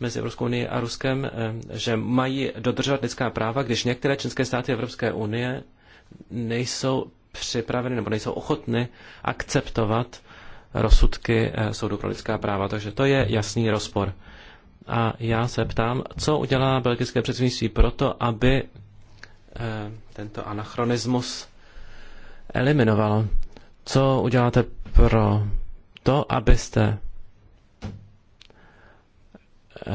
mezi Evropskou unii a Ruskem, eh, že mají dodržovat lidská práva, když některé členské státy Evropské unie nejsou připraveny nebo nejsou ochotny akceptovat rozsudky eh, Soudu pro lidská práva. Takže to je jasný rozpor. A já se ptám, co udělá belgické předsednictví proto, aby eh, tento anachronismus eliminovalo. Co uděláte pro to, abyste eh,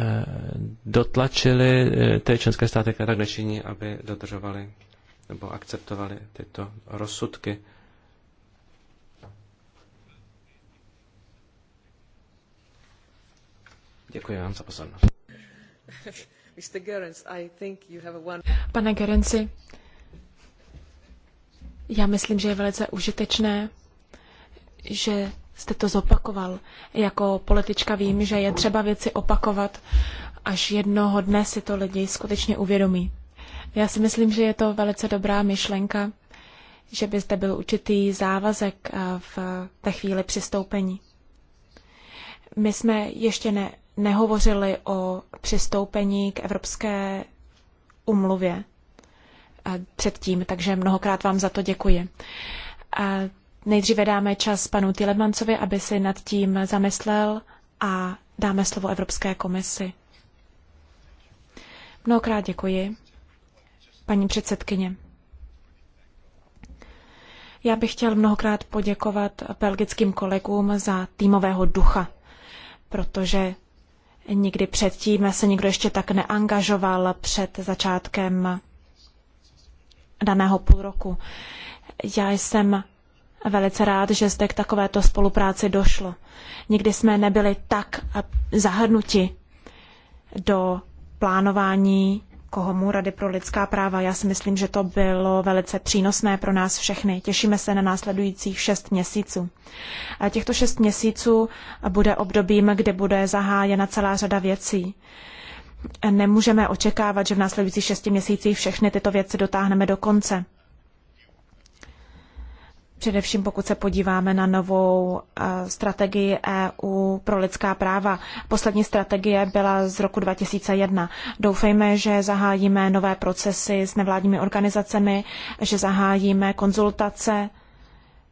dotlačili ty členské státy, které tak nečiní, aby dodržovali nebo akceptovali tyto rozsudky. Děkuji vám za pozornost. Pane Gerenci, já myslím, že je velice užitečné, že jste to zopakoval. Jako politička vím, že je třeba věci opakovat, až jednoho dne si to lidi skutečně uvědomí. Já si myslím, že je to velice dobrá myšlenka, že by zde byl určitý závazek eh, v té chvíli přistoupení. My jsme ještě ne, nehovořili o přistoupení k Evropské umluvě eh, předtím, takže mnohokrát vám za to děkuji. A nejdříve dáme čas panu Tilemancovi, aby si nad tím zamyslel a dáme slovo Evropské komisi. Mnohokrát děkuji paní předsedkyně. Já bych chtěl mnohokrát poděkovat belgickým kolegům za týmového ducha, protože nikdy předtím se nikdo ještě tak neangažoval před začátkem daného půl roku. Já jsem velice rád, že zde k takovéto spolupráci došlo. Nikdy jsme nebyli tak zahrnuti do plánování Kohomu Rady pro lidská práva. Já si myslím, že to bylo velice přínosné pro nás všechny. Těšíme se na následujících šest měsíců. A těchto šest měsíců bude obdobím, kdy bude zahájena celá řada věcí. Nemůžeme očekávat, že v následujících šesti měsících všechny tyto věci dotáhneme do konce. Především pokud se podíváme na novou eh, strategii EU pro lidská práva. Poslední strategie byla z roku 2001. Doufejme, že zahájíme nové procesy s nevládními organizacemi, že zahájíme konzultace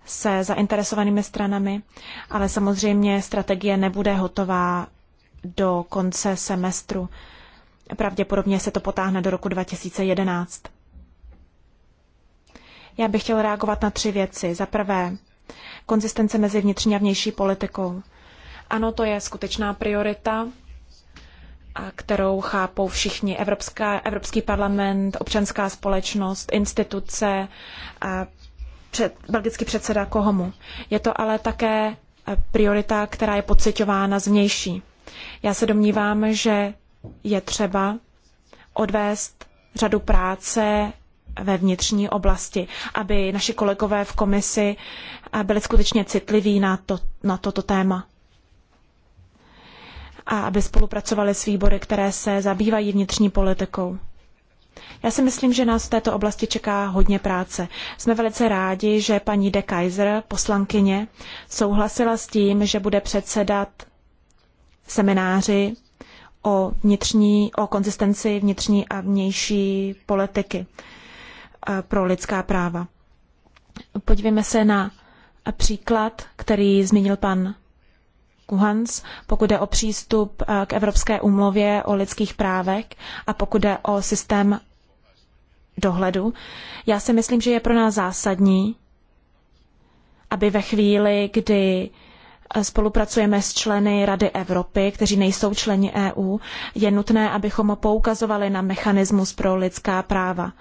se zainteresovanými stranami, ale samozřejmě strategie nebude hotová do konce semestru. Pravděpodobně se to potáhne do roku 2011. Já bych chtěl reagovat na tři věci. Za prvé, konzistence mezi vnitřní a vnější politikou. Ano, to je skutečná priorita, a kterou chápou všichni Evropská, Evropský parlament, občanská společnost, instituce, a před, belgický předseda Kohomu. Je to ale také e, priorita, která je pocitována zvnější. Já se domnívám, že je třeba odvést řadu práce ve vnitřní oblasti, aby naši kolegové v komisi eh, byli skutečně citliví na, to, na toto téma a aby spolupracovali s výbory, které se zabývají vnitřní politikou. Já si myslím, že nás v této oblasti čeká hodně práce. Jsme velice rádi, že paní de Kaiser, poslankyně, souhlasila s tím, že bude předsedat semináři o, vnitřní, o konzistenci vnitřní a vnější politiky pro lidská práva. Podívejme se na příklad, který zmínil pan Kuhans, pokud jde o přístup eh, k Evropské úmluvě o lidských právech a pokud jde o systém dohledu. Já si myslím, že je pro nás zásadní, aby ve chvíli, kdy eh, spolupracujeme s členy Rady Evropy, kteří nejsou členi EU, je nutné, abychom poukazovali na mechanismus pro lidská práva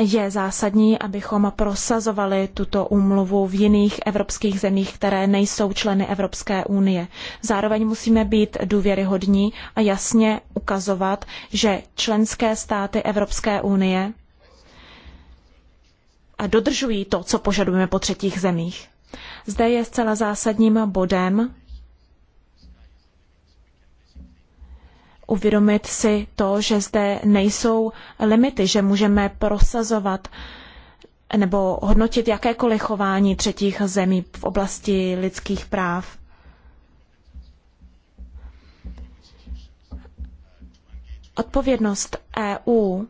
je zásadní, abychom prosazovali tuto úmluvu v jiných evropských zemích, které nejsou členy Evropské unie. Zároveň musíme být důvěryhodní a jasně ukazovat, že členské státy Evropské unie dodržují to, co požadujeme po třetích zemích. Zde je zcela zásadním bodem uvědomit si to, že zde nejsou limity, že můžeme prosazovat nebo hodnotit jakékoliv chování třetích zemí v oblasti lidských práv. Odpovědnost EU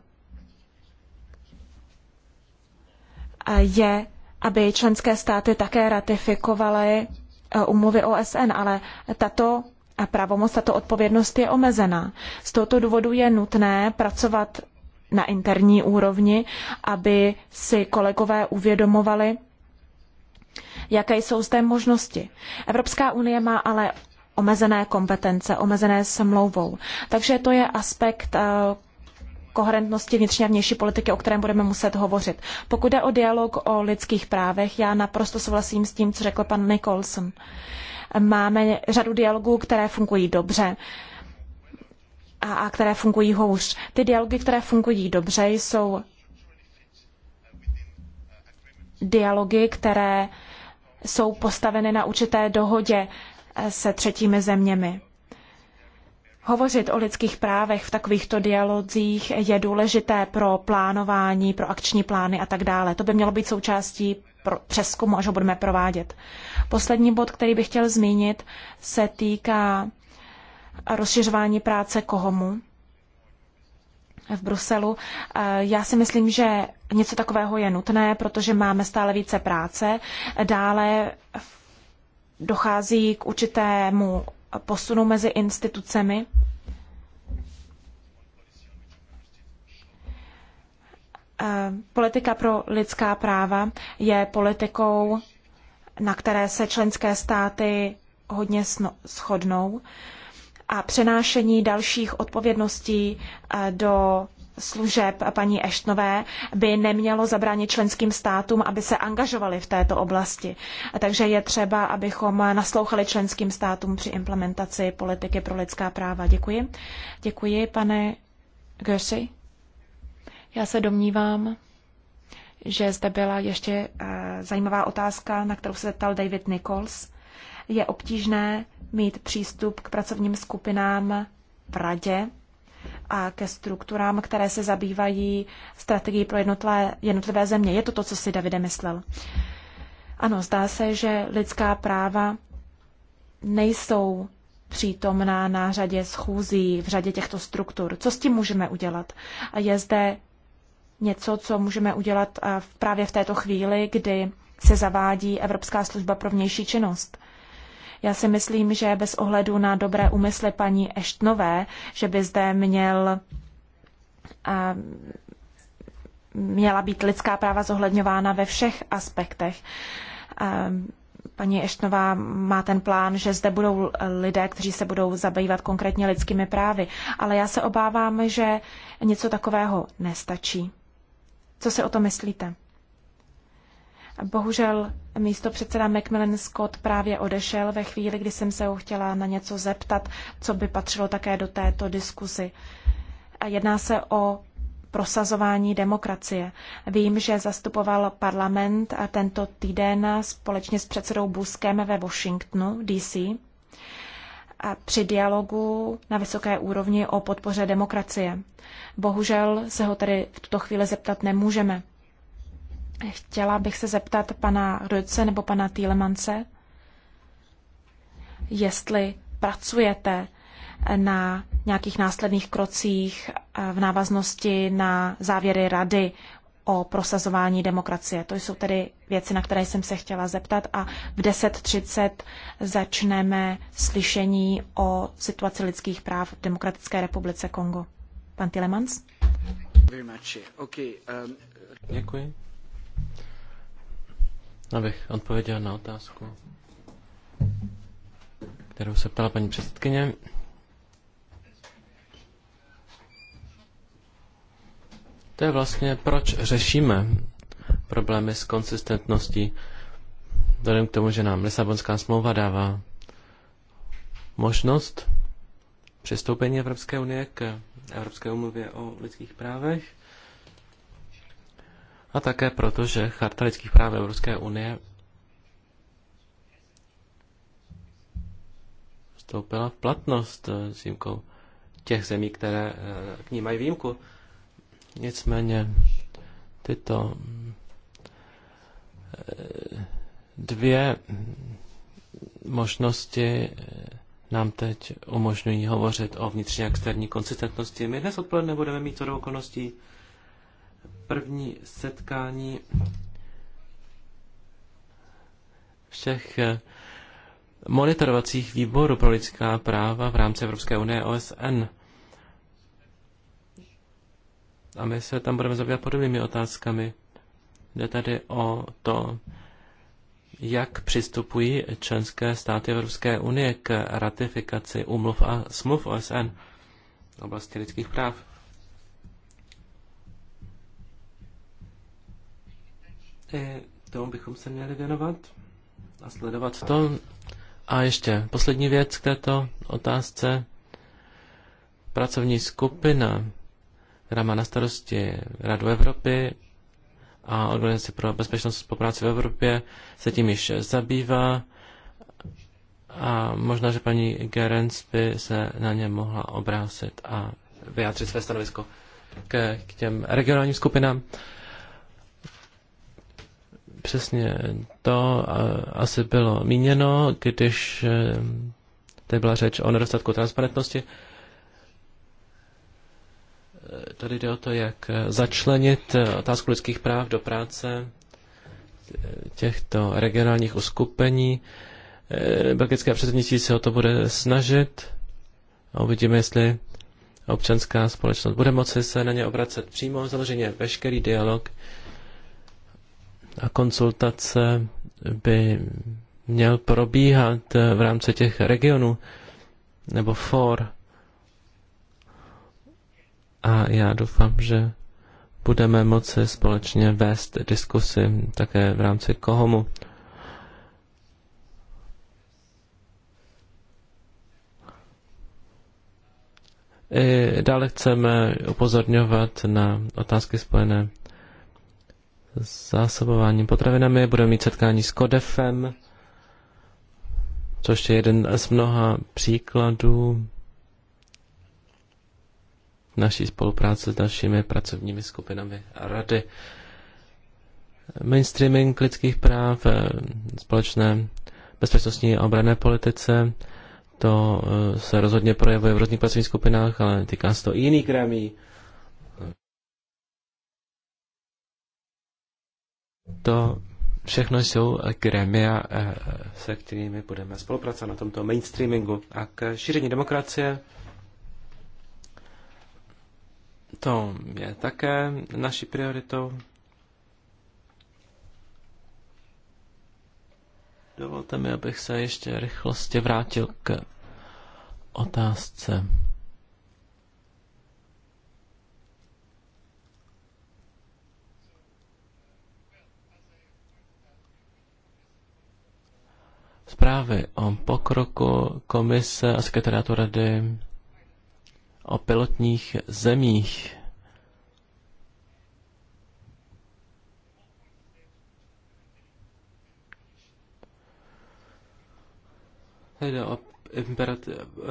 je, aby členské státy také ratifikovaly eh, umluvy OSN, ale tato a pravomoc, tato odpovědnost je omezená. Z tohoto důvodu je nutné pracovat na interní úrovni, aby si kolegové uvědomovali, jaké jsou zde možnosti. Evropská unie má ale omezené kompetence, omezené smlouvou. Takže to je aspekt eh, koherentnosti vnitřní a vnější politiky, o kterém budeme muset hovořit. Pokud jde o dialog o lidských právech, já naprosto souhlasím s tím, co řekl pan Nicholson. Uh, Máme řadu dialogů, které fungují dobře a, a které fungují hůř. Ty dialogy, které fungují dobře, jsou dialogy, které jsou postaveny na určité dohodě se třetími zeměmi. Hovořit o lidských právech v takovýchto dialozích je důležité pro plánování, pro akční plány a tak dále. To by mělo být součástí pro, přeskumu, až ho budeme provádět. Poslední bod, který bych chtěl zmínit, se týká rozšiřování práce Kohomu v Bruselu. Eh, já si myslím, že něco takového je nutné, protože máme stále více práce. Dále dochází k určitému posunu mezi institucemi. Eh, politika pro lidská práva je politikou, na které se členské státy hodně shodnou a přenášení dalších odpovědností eh, do služeb paní Eštnové by nemělo zabránit členským státům, aby se angažovali v této oblasti. Takže je třeba, abychom naslouchali členským státům při implementaci politiky pro lidská práva. Děkuji. Děkuji, pane Gersi. Já se domnívám, že zde byla ještě eh, zajímavá otázka, na kterou se zeptal David Nichols. Je obtížné mít přístup k pracovním skupinám v radě a ke strukturám, které se zabývají strategií pro jednotlivé, jednotlivé země. Je to to, co si Davide myslel. Ano, zdá se, že lidská práva nejsou přítomná na řadě schůzí v řadě těchto struktur. Co s tím můžeme udělat? Je zde něco, co můžeme udělat eh, právě v této chvíli, kdy se zavádí Evropská služba pro vnější činnost. Já si myslím, že bez ohledu na dobré úmysly paní Eštnové, že by zde měl eh, měla být lidská práva zohledňována ve všech aspektech. Eh, paní Eštnová má ten plán, že zde budou lidé, kteří se budou zabývat konkrétně lidskými právy, ale já se obávám, že něco takového nestačí. Co se o to myslíte? Bohužel místo předseda Macmillan Scott právě odešel ve chvíli, kdy jsem se ho chtěla na něco zeptat, co by patřilo také do této diskuzi. Jedná se o prosazování demokracie. Vím, že zastupoval parlament tento týden společně s předsedou Buskem ve Washingtonu, DC při dialogu na vysoké úrovni o podpoře demokracie. Bohužel se ho tedy v tuto chvíli zeptat nemůžeme. Chtěla bych se zeptat pana Rödce nebo pana Týlemance, jestli pracujete na nějakých následných krocích v návaznosti na závěry rady o prosazování demokracie. To jsou tedy věci, na které jsem se chtěla zeptat a v 10.30 začneme slyšení o situaci lidských práv v Demokratické republice Kongo. Pan Tilemans? Um, Děkuji. Abych odpověděl na otázku, kterou se ptala paní předsedkyně. To je vlastně, proč řešíme problémy s konsistentností. Vzhledem k tomu, že nám Lisabonská smlouva dává možnost přistoupení Evropské unie k Evropské umluvě o lidských právech a také proto, že Charta lidských práv Evropské unie vstoupila v platnost s výjimkou těch zemí, které eh, k ní mají výjimku. Nicméně tyto eh, dvě možnosti eh, nám teď umožňují hovořit o vnitřní a externí konsistentnosti. My dnes odpoledne budeme mít do okolností první setkání všech eh, monitorovacích výborů pro lidská práva v rámci Evropské unie OSN. A my se tam budeme zabývat podobnými otázkami. Jde tady o to, jak přistupují členské státy Evropské unie k ratifikaci umluv a smluv OSN v oblasti lidských práv. I tomu bychom se měli věnovat a sledovat to. A ještě poslední věc k této otázce. Pracovní skupina která má na starosti Radu Evropy a Organizaci pro bezpečnost spolupráci v Evropě, se tím již zabývá a možná, že paní Gerens by se na ně mohla obrátit a vyjádřit své stanovisko k, k těm regionálním skupinám. Přesně to asi bylo míněno, když eh, tady byla řeč o nedostatku transparentnosti tady jde o to, jak začlenit eh, otázku lidských práv do práce eh, těchto regionálních uskupení. Eh, belgické předsednictví se o to bude snažit a uvidíme, jestli občanská společnost bude moci se na ně obracet přímo. založeně veškerý dialog a konsultace by měl probíhat v rámci těch regionů nebo for a já doufám, že budeme moci společně vést diskusy také v rámci Kohomu. I dále chceme upozorňovat na otázky spojené s zásobováním potravinami. Budeme mít setkání s Kodefem, což je jeden z mnoha příkladů naší spolupráce s dalšími pracovními skupinami rady. Mainstreaming lidských práv, eh, společné bezpečnostní a obrané politice, to eh, se rozhodně projevuje v různých pracovních skupinách, ale týká se to i jiných gramí. To všechno jsou gremia, eh, se kterými budeme spolupracovat na tomto mainstreamingu a k šíření demokracie. To je také naší prioritou. Dovolte mi, abych se ještě rychlosti vrátil k otázce. Zprávy o pokroku komise a sekretariátu rady o pilotních zemích. Jde o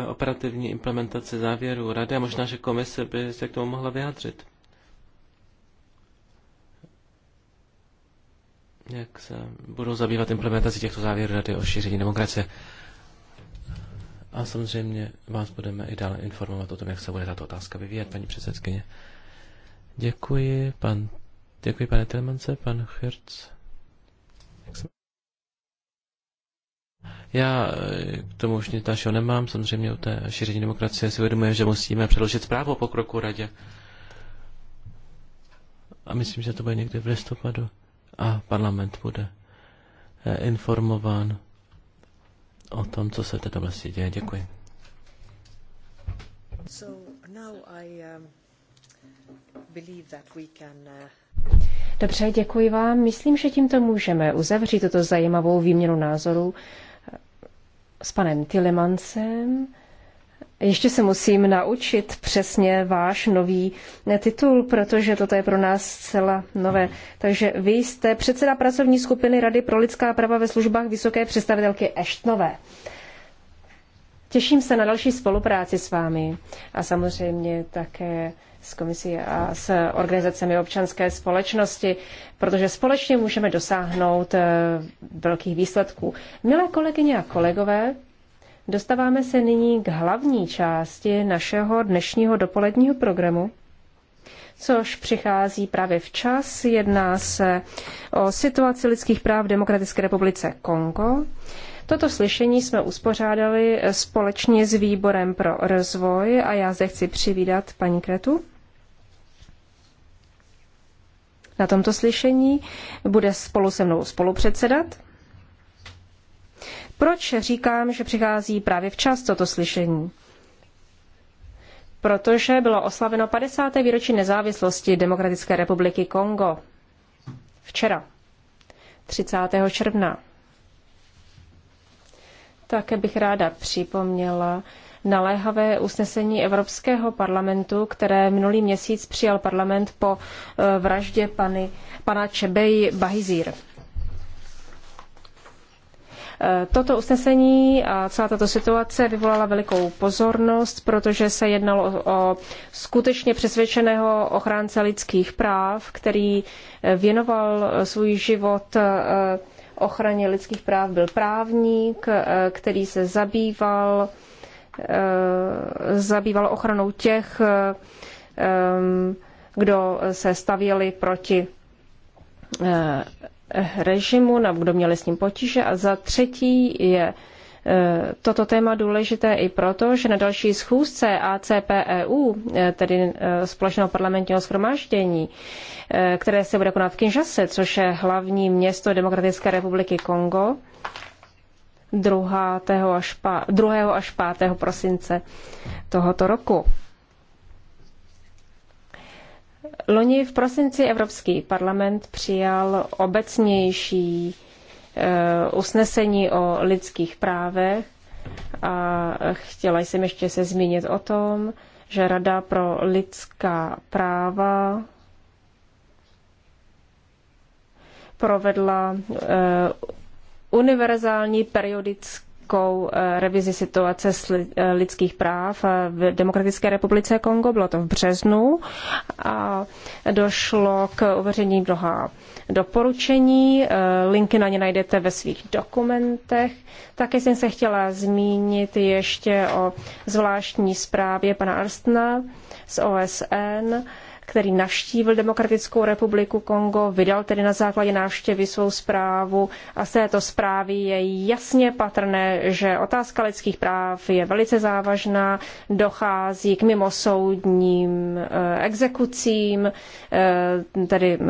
operativní implementaci závěrů rady a možná, že komise by se k tomu mohla vyjádřit. Jak se budou zabývat implementací těchto závěrů rady o šíření demokracie? A samozřejmě vás budeme i dále informovat o tom, jak se bude tato otázka vyvíjet, paní předsedkyně. Děkuji, pan, děkuji pane Telemance, pan Hertz. Já eh, k tomu už nic dalšího nemám. Samozřejmě o té šíření demokracie si uvědomuji, že musíme předložit zprávu o pokroku radě. A myslím, že to bude někdy v listopadu. A parlament bude eh, informován o tom, co se v této oblasti děje. Děkuji. So now I, um, can, uh... Dobře, děkuji vám. Myslím, že tímto můžeme uzavřít tuto zajímavou výměnu názorů s panem Tilemansem. Ještě se musím naučit přesně váš nový eh, titul, protože toto je pro nás zcela nové. Takže vy jste předseda pracovní skupiny Rady pro lidská práva ve službách vysoké představitelky Eštnové. Těším se na další spolupráci s vámi a samozřejmě také s komisí a s organizacemi občanské společnosti, protože společně můžeme dosáhnout eh, velkých výsledků. Milé kolegyně a kolegové, Dostáváme se nyní k hlavní části našeho dnešního dopoledního programu, což přichází právě včas. Jedná se o situaci lidských práv v Demokratické republice Kongo. Toto slyšení jsme uspořádali společně s Výborem pro rozvoj a já zde chci přivídat paní Kretu. Na tomto slyšení bude spolu se mnou spolupředsedat proč říkám, že přichází právě včas toto slyšení? Protože bylo oslaveno 50. výročí nezávislosti Demokratické republiky Kongo. Včera, 30. června. Také bych ráda připomněla naléhavé usnesení Evropského parlamentu, které minulý měsíc přijal parlament po eh, vraždě pany, pana Čebej Bahizír. Eh, toto usnesení a celá tato situace vyvolala velikou pozornost, protože se jednalo o skutečně přesvědčeného ochránce lidských práv, který eh, věnoval eh, svůj život ochraně lidských práv, byl právník, který se zabýval zabýval ochranou těch, kdo se stavěli proti režimu, nebo kdo měli s ním potíže. A za třetí je e, toto téma důležité i proto, že na další schůzce ACPEU, e, tedy e, Společného parlamentního shromáždění, které se bude konat v Kinžase, což je hlavní město Demokratické republiky Kongo, 2. až 5. prosince tohoto roku. Loni v prosinci Evropský parlament přijal obecnější eh, usnesení o lidských právech a chtěla jsem ještě se zmínit o tom, že Rada pro lidská práva provedla eh, univerzální periodický hlubokou eh, revizi situace eh, lidských práv v Demokratické republice Kongo. Bylo to v březnu a došlo k uveřejnění mnoha doporučení. Eh, linky na ně najdete ve svých dokumentech. Také jsem se chtěla zmínit ještě o zvláštní zprávě pana Arstna z OSN který navštívil Demokratickou republiku Kongo, vydal tedy na základě návštěvy svou zprávu a z této zprávy je jasně patrné, že otázka lidských práv je velice závažná, dochází k mimosoudním eh, exekucím, eh, tedy eh,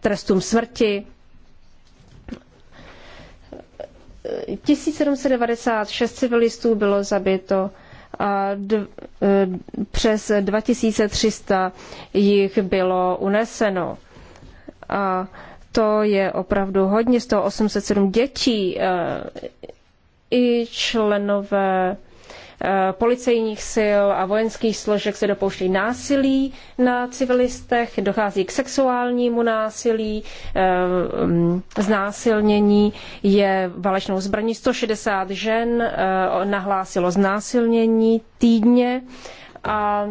trestům smrti. 1796 civilistů bylo zabito, a d- e, přes 2300 jich bylo uneseno. A to je opravdu hodně, z 807 dětí e, i členové Eh, policejních sil a vojenských složek se dopouštějí násilí na civilistech, dochází k sexuálnímu násilí, eh, mm, znásilnění je válečnou zbraní. 160 žen eh, nahlásilo znásilnění týdně a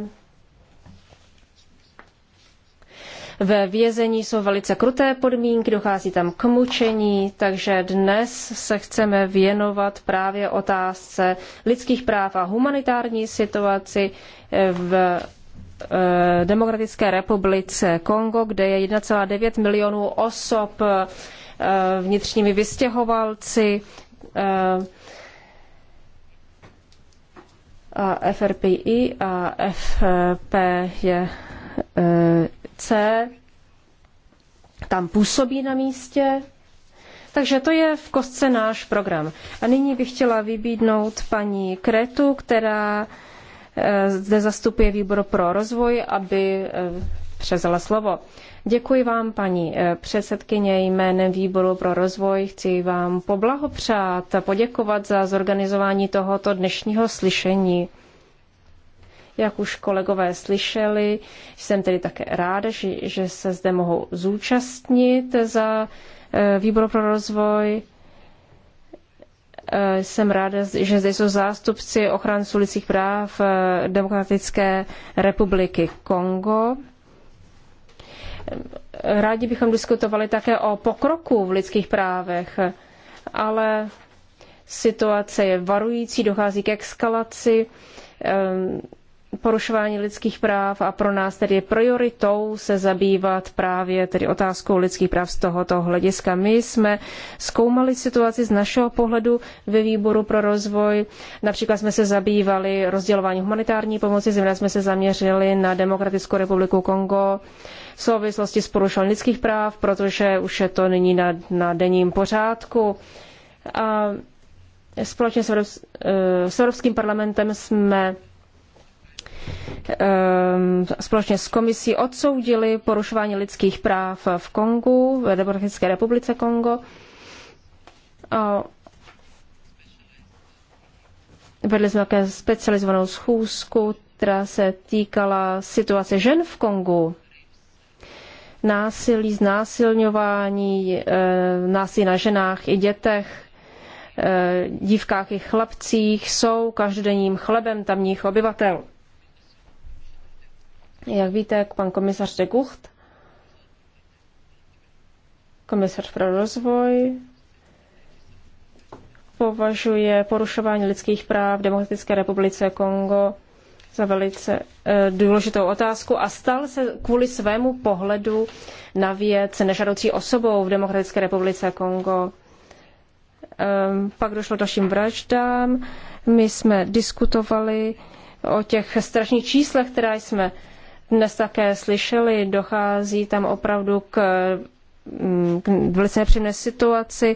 Ve vězení jsou velice kruté podmínky, dochází tam k mučení, takže dnes se chceme věnovat právě otázce lidských práv a humanitární situaci v eh, Demokratické republice Kongo, kde je 1,9 milionů osob eh, vnitřními vystěhovalci eh, a FRPI a FP je C tam působí na místě. Takže to je v kostce náš program. A nyní bych chtěla vybídnout paní Kretu, která eh, zde zastupuje výbor pro rozvoj, aby eh, přezala slovo. Děkuji vám, paní eh, předsedkyně, jménem výboru pro rozvoj. Chci vám poblahopřát a poděkovat za zorganizování tohoto dnešního slyšení. Jak už kolegové slyšeli, jsem tedy také ráda, že, že se zde mohou zúčastnit za eh, výbor pro rozvoj. Eh, jsem ráda, že zde jsou zástupci ochránců lidských práv eh, Demokratické republiky Kongo. Rádi bychom diskutovali také o pokroku v lidských právech, ale situace je varující, dochází k eskalaci ehm, porušování lidských práv a pro nás tedy je prioritou se zabývat právě tedy otázkou lidských práv z tohoto hlediska. My jsme zkoumali situaci z našeho pohledu ve výboru pro rozvoj. Například jsme se zabývali rozdělování humanitární pomoci, zejména jsme se zaměřili na Demokratickou republiku Kongo v souvislosti s porušováním lidských práv, protože už je to nyní na, na denním pořádku. A společně s, eh, Evropským parlamentem jsme Ehm, společně s komisí odsoudili porušování lidských práv v Kongu, v Demokratické republice Kongo. Vedli jsme také specializovanou schůzku, která se týkala situace žen v Kongu, násilí, znásilňování, ehm, násilí na ženách i dětech, ehm, dívkách i chlapcích jsou každodenním chlebem tamních obyvatel. Jak víte, pan komisař de Gucht, komisař pro rozvoj, považuje porušování lidských práv v Demokratické republice Kongo za velice e, důležitou otázku a stal se kvůli svému pohledu na věc nežadoucí osobou v Demokratické republice Kongo. E, pak došlo k dalším vraždám. My jsme diskutovali o těch strašných číslech, která jsme dnes také slyšeli, dochází tam opravdu k mm, k velice nepříjemné situaci.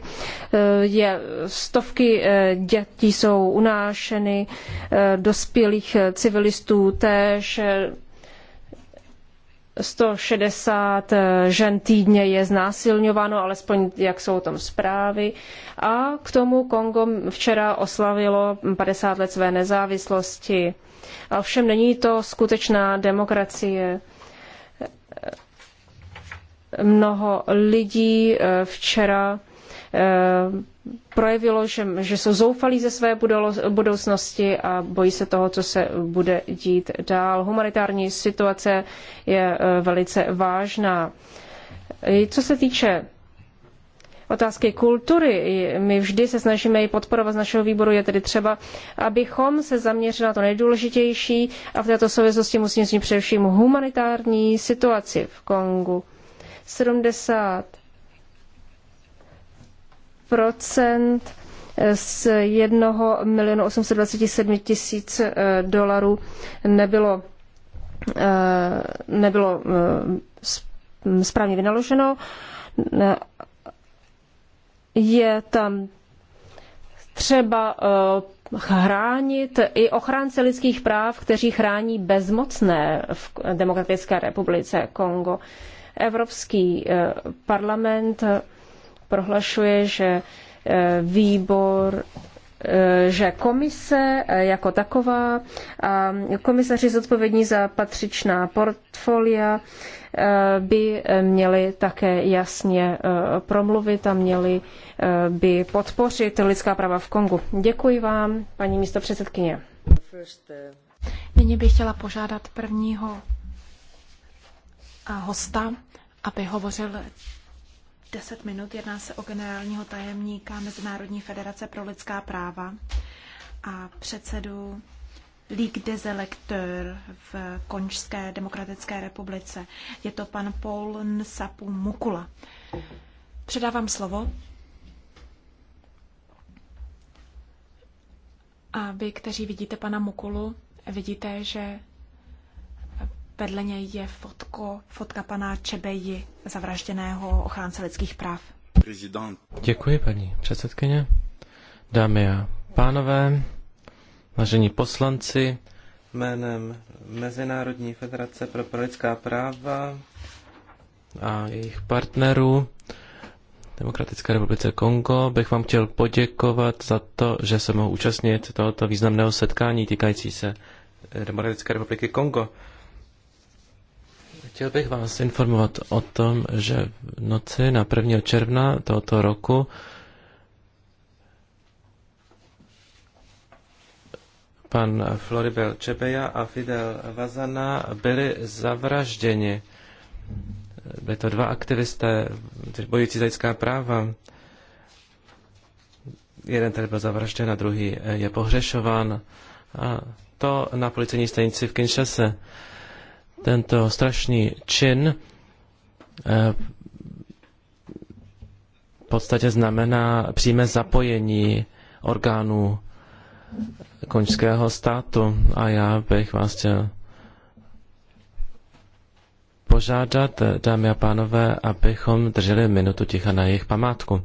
Eh, je, stovky eh, dětí jsou unášeny, eh, dospělých civilistů též 160 žen týdně je znásilňováno, alespoň jak jsou tam zprávy. A k tomu Kongo včera oslavilo 50 let své nezávislosti. Ovšem není to skutečná demokracie. Mnoho lidí eh, včera eh, projevilo, že, že jsou zoufalí ze své budoucnosti a bojí se toho, co se bude dít dál. Humanitární situace je eh, velice vážná. Co se týče otázky kultury, my vždy se snažíme ji podporovat z našeho výboru, je tedy třeba, abychom se zaměřili na to nejdůležitější a v této souvislosti musím zmínit především humanitární situaci v Kongu. 70 procent z jednoho milionu 827 tisíc eh, dolarů nebylo, eh, nebylo eh, správně vynaloženo je tam třeba eh, chránit i ochránce lidských práv, kteří chrání bezmocné v Demokratické republice Kongo. Evropský eh, parlament prohlašuje, že eh, výbor že komise jako taková, a komisaři zodpovědní za patřičná portfolia by měli také jasně promluvit a měli Eh, by podpořit lidská práva v Kongu. Děkuji vám, paní místo předsedkyně. Nyní bych chtěla požádat prvního eh, hosta, aby hovořil 10 minut. Jedná se o generálního tajemníka Mezinárodní federace pro lidská práva a předsedu Ligue des Electeurs v Konžské demokratické republice. Je to pan Paul Nsapu Mukula. Předávám slovo A vy, kteří vidíte pana Mukulu, vidíte, že vedle něj je fotko, fotka pana Čebeji, zavražděného ochránce lidských práv. Děkuji, paní předsedkyně. Dámy a pánové, vážení poslanci, jménem Mezinárodní federace pro lidská práva a jejich partnerů Demokratické republice Kongo bych vám chtěl poděkovat za to, že se mohu účastnit tohoto významného setkání týkající se eh, Demokratické republiky Kongo. Chtěl bych vás informovat o tom, že v noci na 1. června tohoto roku pan Floribel Čebeja a Fidel Vazana byli zavražděni. Byli to dva aktivisté bojující za lidská práva. Jeden tady byl zavražděn a druhý eh, je pohřešován. A to na policejní stanici v Kinshase. Tento strašný čin eh, v podstatě znamená přímé zapojení orgánů končského státu a já bych vás chtěl požádat, dámy a pánové, abychom drželi minutu ticha na jejich památku.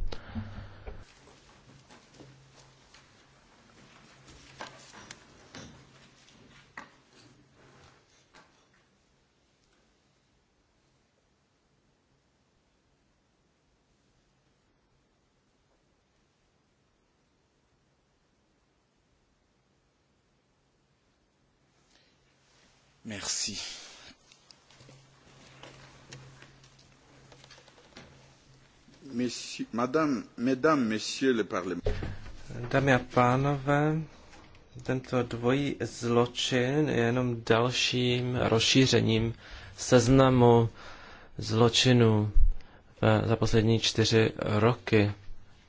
Merci. Dámy a pánové, tento dvojí zločin je jenom dalším rozšířením seznamu zločinů za poslední čtyři roky.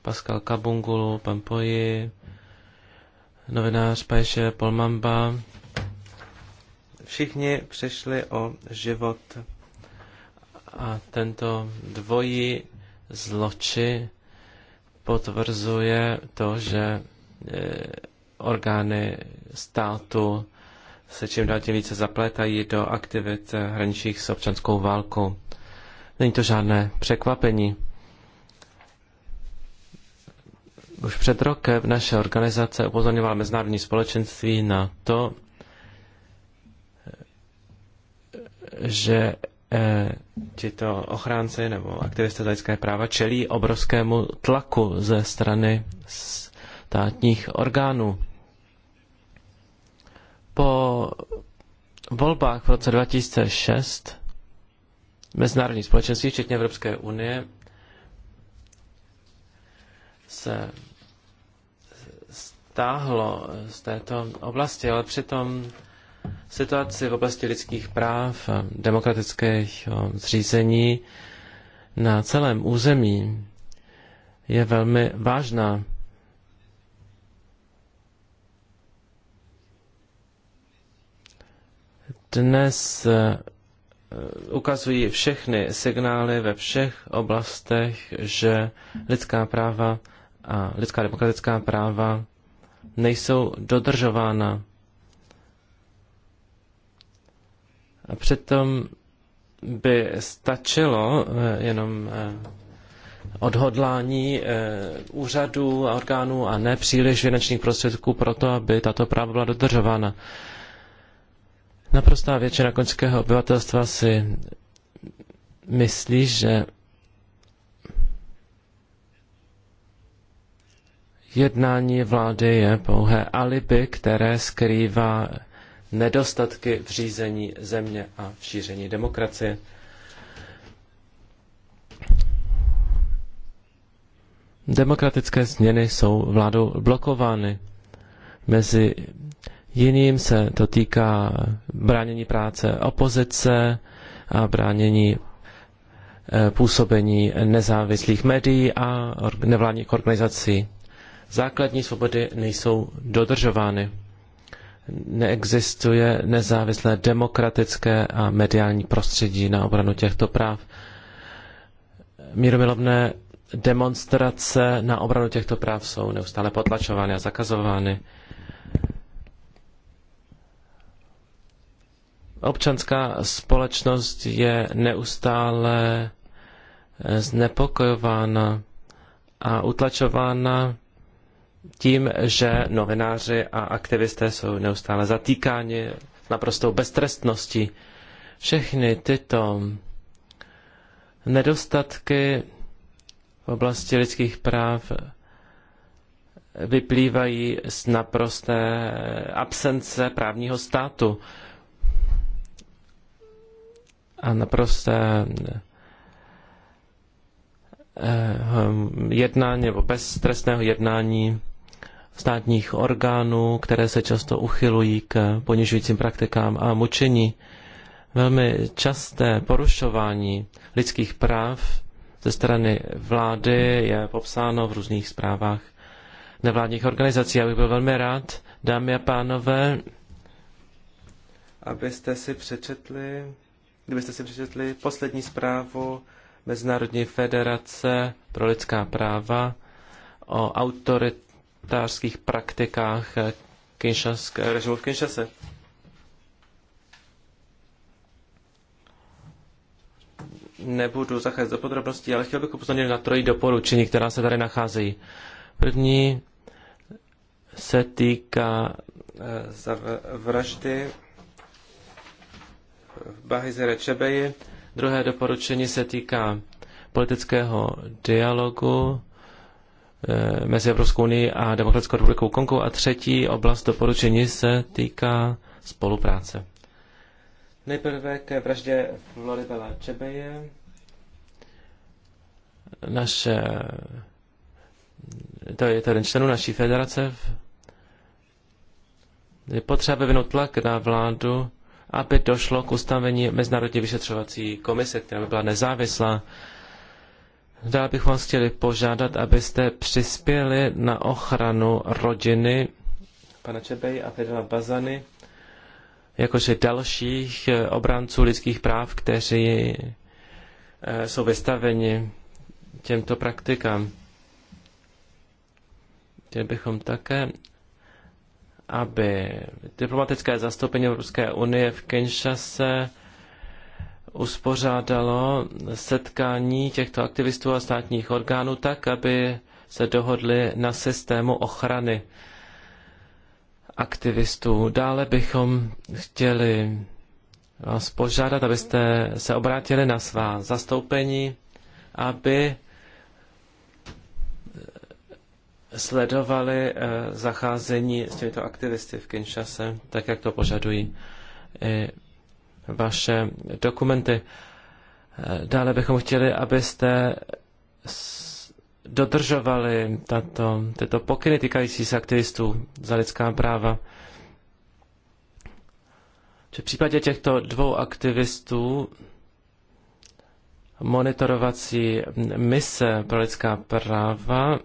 Pascal Kabungulu, Pampoji, novinář Pajše Polmamba. Všichni přišli o život a tento dvojí zloči potvrzuje to, že e, orgány státu se čím dál tím více zaplétají do aktivit hraničních s občanskou válkou. Není to žádné překvapení. Už před rokem naše organizace upozorňovala mezinárodní společenství na to, že Eh, tito ochránci nebo aktivisté lidské práva čelí obrovskému tlaku ze strany státních orgánů. Po volbách v roce 2006 mezinárodní společenství, včetně Evropské unie, se stáhlo z této oblasti, ale přitom situaci v oblasti lidských práv a zřízení na celém území je velmi vážná. Dnes e, e, ukazují všechny signály ve všech oblastech, že lidská práva a lidská demokratická práva nejsou dodržována. A přitom by stačilo eh, jenom eh, odhodlání eh, úřadů a orgánů a ne příliš finančních prostředků pro to, aby tato práva byla dodržována. Naprostá většina koňského obyvatelstva si myslí, že jednání vlády je pouhé alibi, které skrývá nedostatky v řízení země a v šíření demokracie. Demokratické změny jsou vládou blokovány. Mezi jiným se to týká bránění práce opozice a bránění eh, působení nezávislých médií a nevládních organizací. Základní svobody nejsou dodržovány neexistuje nezávislé demokratické a mediální prostředí na obranu těchto práv. Míromilovné demonstrace na obranu těchto práv jsou neustále potlačovány a zakazovány. Občanská společnost je neustále znepokojována a utlačována tím, že novináři a aktivisté jsou neustále zatýkáni naprostou beztrestností. Všechny tyto nedostatky v oblasti lidských práv vyplývají z naprosté absence právního státu a naprosté eh, jednání nebo beztrestného jednání státních orgánů, které se často uchylují k ponižujícím praktikám a mučení. Velmi časté porušování lidských práv ze strany vlády je popsáno v různých zprávách nevládních organizací. Já bych byl velmi rád, dámy a pánové, abyste si přečetli, kdybyste si přečetli poslední zprávu Mezinárodní federace pro lidská práva o autorit, autoritářských praktikách eh, eh, režimu v Kinshase. Nebudu zacházet do podrobností, ale chtěl bych upozornit na troj doporučení, která se tady nacházejí. První se týká eh, vraždy v Bahizere Čebeji. Druhé doporučení se týká politického dialogu Eh, mezi Evropskou unii a Demokratickou republikou Kongo a třetí oblast doporučení se týká spolupráce. Nejprve ke vraždě Floribela Čebeje. Naše, to je ten členů naší federace. Je potřeba vyvinout tlak na vládu, aby došlo k ustavení Mezinárodní vyšetřovací komise, která by byla nezávislá Dále bych vás chtěli požádat, abyste přispěli na ochranu rodiny pana Čebej a Fedora Bazany, jakože dalších eh, obránců lidských práv, kteří eh, jsou vystaveni těmto praktikám. Chtěli bychom také, aby diplomatické zastoupení Evropské unie v Kinshase uspořádalo setkání těchto aktivistů a státních orgánů tak, aby se dohodli na systému ochrany aktivistů. Dále bychom chtěli vás požádat, abyste se obrátili na svá zastoupení, aby sledovali eh, zacházení s těmito aktivisty v Kinshase, tak jak to požadují vaše dokumenty. Dále bychom chtěli, abyste dodržovali tato, tyto pokyny týkající se aktivistů za lidská práva. V případě těchto dvou aktivistů monitorovací mise pro lidská práva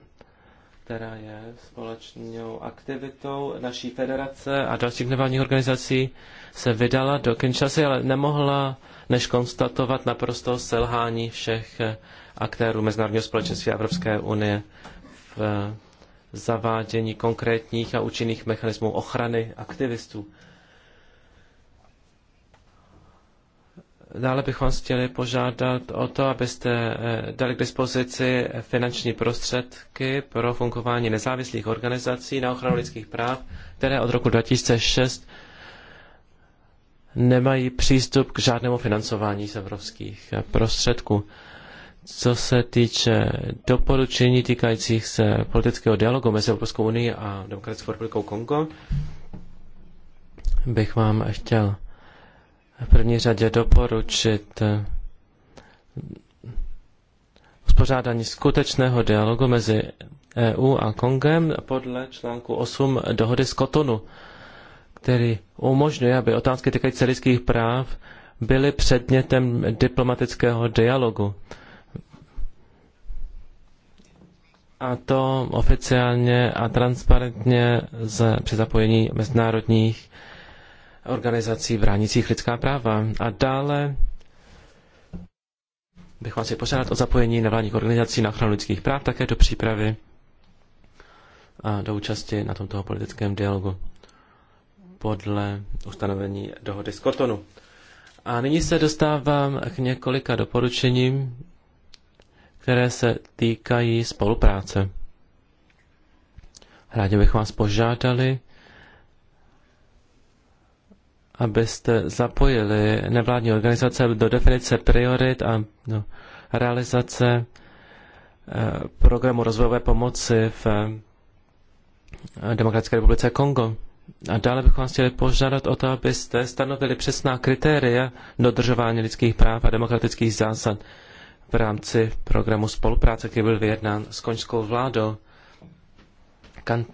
která je společnou aktivitou naší federace a dalších nevládních organizací, se vydala do Kinshasy, ale nemohla než konstatovat naprosto selhání všech aktérů Mezinárodního společenství Evropské unie v zavádění konkrétních a účinných mechanismů ochrany aktivistů. Dále bych vás chtěli požádat o to, abyste eh, dali k dispozici finanční prostředky pro fungování nezávislých organizací na ochranu lidských práv, které od roku 2006 nemají přístup k žádnému financování z evropských eh, prostředků. Co se týče doporučení týkajících se politického dialogu mezi Evropskou unii a Demokratickou republikou Kongo, bych vám chtěl v první řadě doporučit eh, uspořádání skutečného dialogu mezi EU a Kongem podle článku 8 dohody z Kotonu, který umožňuje, aby otázky týkající lidských práv byly předmětem diplomatického dialogu. A to oficiálně a transparentně za, při zapojení mezinárodních organizací bránících lidská práva. A dále bych vás chtěl požádat o zapojení nevládních organizací na ochranu lidských práv také do přípravy a do účasti na tomto politickém dialogu podle ustanovení dohody z Kotonu. A nyní se dostávám k několika doporučením, které se týkají spolupráce. Rádi bych vás požádali abyste zapojili nevládní organizace do definice priorit a no, realizace eh, programu rozvojové pomoci v eh, Demokratické republice Kongo. A dále bychom vás chtěli požádat o to, abyste stanovili přesná kritéria dodržování lidských práv a demokratických zásad v rámci programu spolupráce, který byl vyjednán s konžskou vládou.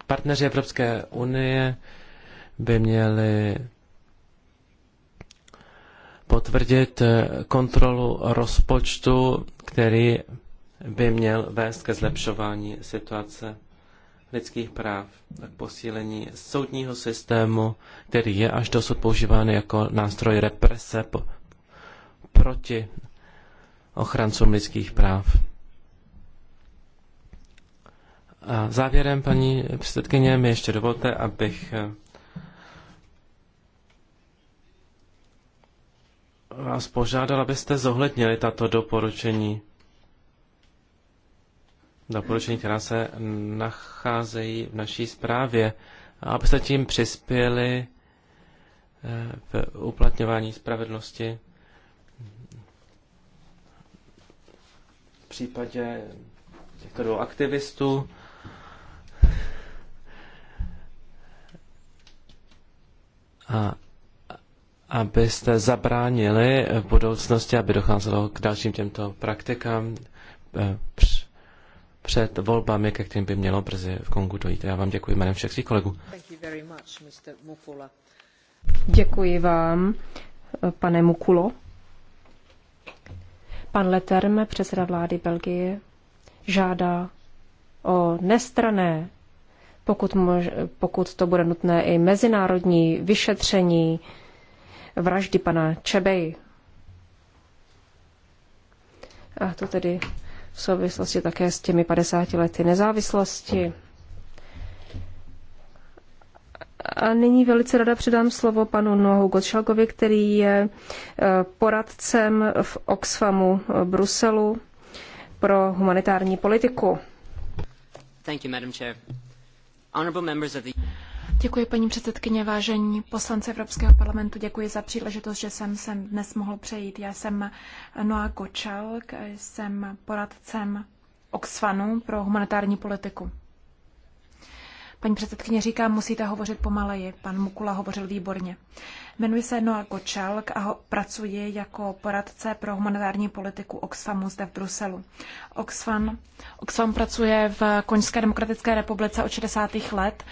Partneři Evropské unie by měli potvrdit eh, kontrolu rozpočtu, který by měl vést ke zlepšování situace lidských práv a k posílení soudního systému, který je až dosud používán jako nástroj represe proti ochrancům lidských práv. A závěrem, paní předsedkyně, mi ještě dovolte, abych eh, vás požádal, abyste zohlednili tato doporučení. Doporučení, která se nacházejí v naší zprávě. A abyste tím přispěli eh, v uplatňování spravedlnosti v případě těchto dvou aktivistů. A abyste zabránili v budoucnosti, aby docházelo k dalším těmto praktikám eh, před volbami, ke kterým by mělo brzy v Kongu dojít. Já vám děkuji jménem všech svých kolegů. Děkuji vám, pane Mukulo. Pan Leterme, předseda vlády Belgie, žádá o nestrané, pokud, mož, pokud to bude nutné, i mezinárodní vyšetření vraždy pana Čebej. A to tedy v souvislosti také s těmi 50 lety nezávislosti. A nyní velice rada předám slovo panu Noahu Gotšalkovi, který je e, poradcem v Oxfamu v e, Bruselu pro humanitární politiku. Thank you, Madam Chair. Honorable members of the... Děkuji paní předsedkyně, vážení poslanci Evropského parlamentu, děkuji za příležitost, že jsem sem dnes mohl přejít. Já jsem Noa Kočalk, jsem poradcem Oxfamu pro humanitární politiku. Paní předsedkyně říká, musíte hovořit pomaleji. Pan Mukula hovořil výborně. Uh, Jmenuji se Noa Kočelk a pracuji jako poradce pro humanitární politiku Oxfamu zde v Bruselu. Oxfam, Oxfam pracuje v Koňské demokratické republice od 60. let.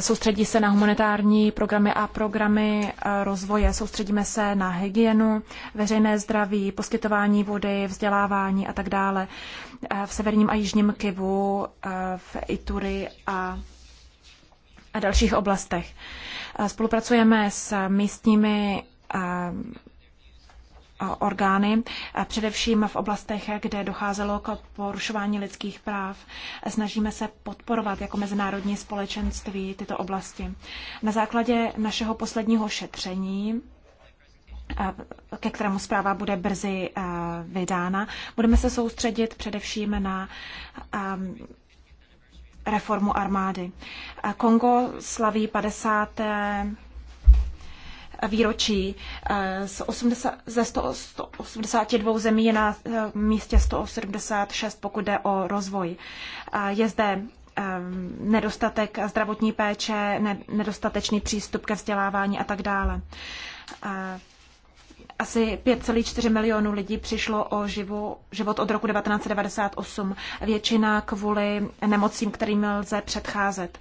Soustředí se na humanitární programy a programy e, rozvoje. Soustředíme se na hygienu, veřejné zdraví, poskytování vody, vzdělávání a tak dále. E, v severním a jižním Kivu, e, v Ituri a a dalších oblastech. Spolupracujeme s místními orgány, především v oblastech, kde docházelo k porušování lidských práv. Snažíme se podporovat jako mezinárodní společenství tyto oblasti. Na základě našeho posledního šetření ke kterému zpráva bude brzy vydána. Budeme se soustředit především na reformu armády. Kongo slaví 50. výročí. Eh, z 80, ze 182 zemí je na eh, místě 176, pokud jde o rozvoj. Je zde eh, nedostatek zdravotní péče, nedostatečný přístup ke vzdělávání a tak dále asi 5,4 milionů lidí přišlo o živu, život od roku 1998, většina kvůli nemocím, kterým lze předcházet.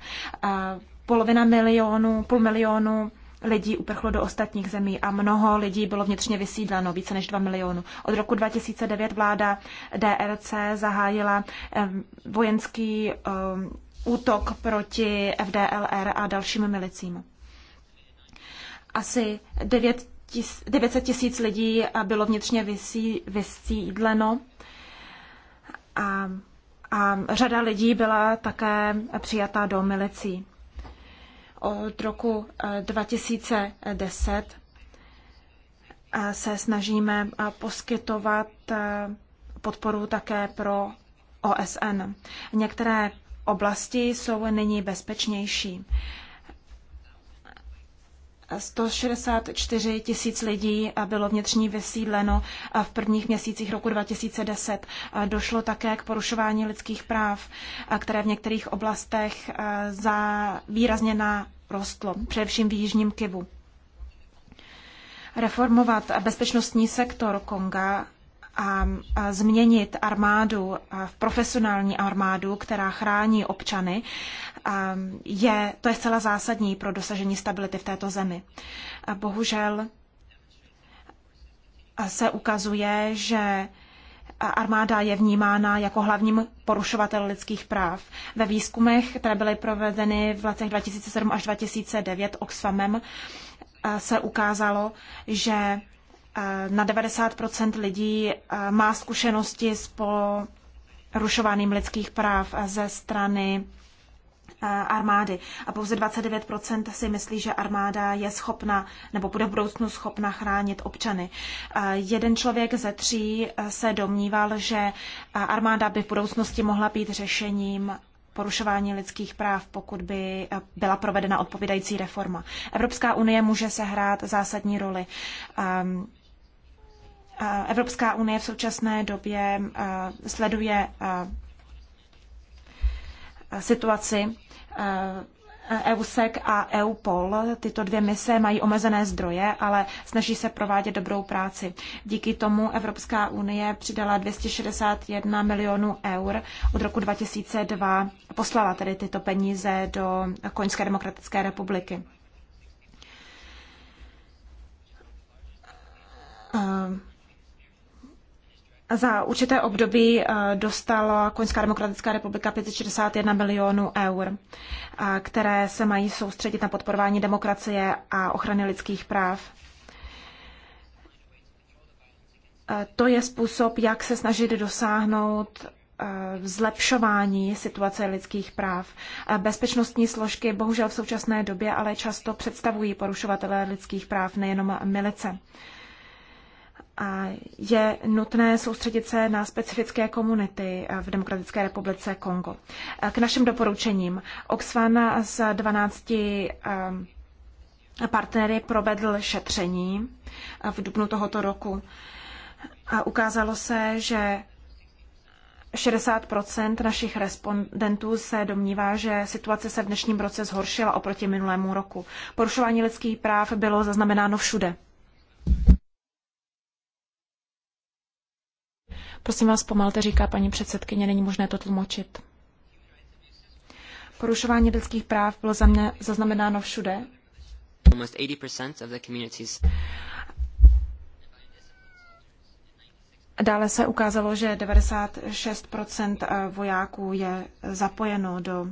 Polovina milionu, půl milionu lidí uprchlo do ostatních zemí a mnoho lidí bylo vnitřně vysídleno, více než 2 milionů. Od roku 2009 vláda DRC zahájila vojenský útok proti FDLR a dalším milicím. Asi 9 tis, 900 tisíc lidí bylo vnitřně vysí, vysídleno a, a řada lidí byla také přijatá do milicí. Od roku 2010 eh, eh, se snažíme eh, poskytovat podporu také pro OSN. Některé oblasti jsou nyní bezpečnější. 164 tisíc lidí bylo vnitřní vysídleno v prvních měsících roku 2010. Došlo také k porušování lidských práv, které v některých oblastech za výrazně narostlo, především v Jižním Kivu. Reformovat bezpečnostní sektor Konga a změnit armádu v profesionální armádu, která chrání občany, je, to je zcela zásadní pro dosažení stability v této zemi. Bohužel se ukazuje, že armáda je vnímána jako hlavním porušovatel lidských práv. Ve výzkumech, které byly provedeny v letech 2007 až 2009 Oxfamem, se ukázalo, že Eh, na 90 lidí eh, má zkušenosti s porušováním lidských práv eh, ze strany armády. A pouze 29% si myslí, že armáda je schopna nebo bude v budoucnu schopna chránit občany. Jeden člověk ze tří se domníval, že armáda by v budoucnosti mohla být řešením porušování lidských práv, pokud by byla provedena odpovídající reforma. Evropská unie může sehrát zásadní roli. Ehm, Evropská unie v současné době sleduje situaci EUSEC a EUPOL. Tyto dvě mise mají omezené zdroje, ale snaží se provádět dobrou práci. Díky tomu Evropská unie přidala 261 milionů eur od roku 2002. Poslala tedy tyto peníze do Koňské demokratické republiky. Um za určité období eh, dostala Koňská demokratická republika 561 milionů eur, eh, které se mají soustředit na podporování demokracie a ochrany lidských práv. Eh, to je způsob, jak se snažit dosáhnout zlepšování situace lidských práv. Bezpečnostní složky bohužel v současné době ale často představují porušovatele lidských práv nejenom milice je nutné soustředit se na specifické komunity eh, v Demokratické republice Kongo. Eh, k našim doporučením. Oxfam z 12 eh, partnery provedl šetření v dubnu tohoto roku a ukázalo se, že 60 našich respondentů se domnívá, že situace se v dnešním roce zhoršila oproti minulému roku. Porušování lidských práv bylo zaznamenáno všude. Prosím vás, pomalte, říká paní předsedkyně, není možné to tlumočit. Porušování lidských práv bylo za mne zaznamenáno všude. Dále se ukázalo, že 96 eh, vojáků je zapojeno do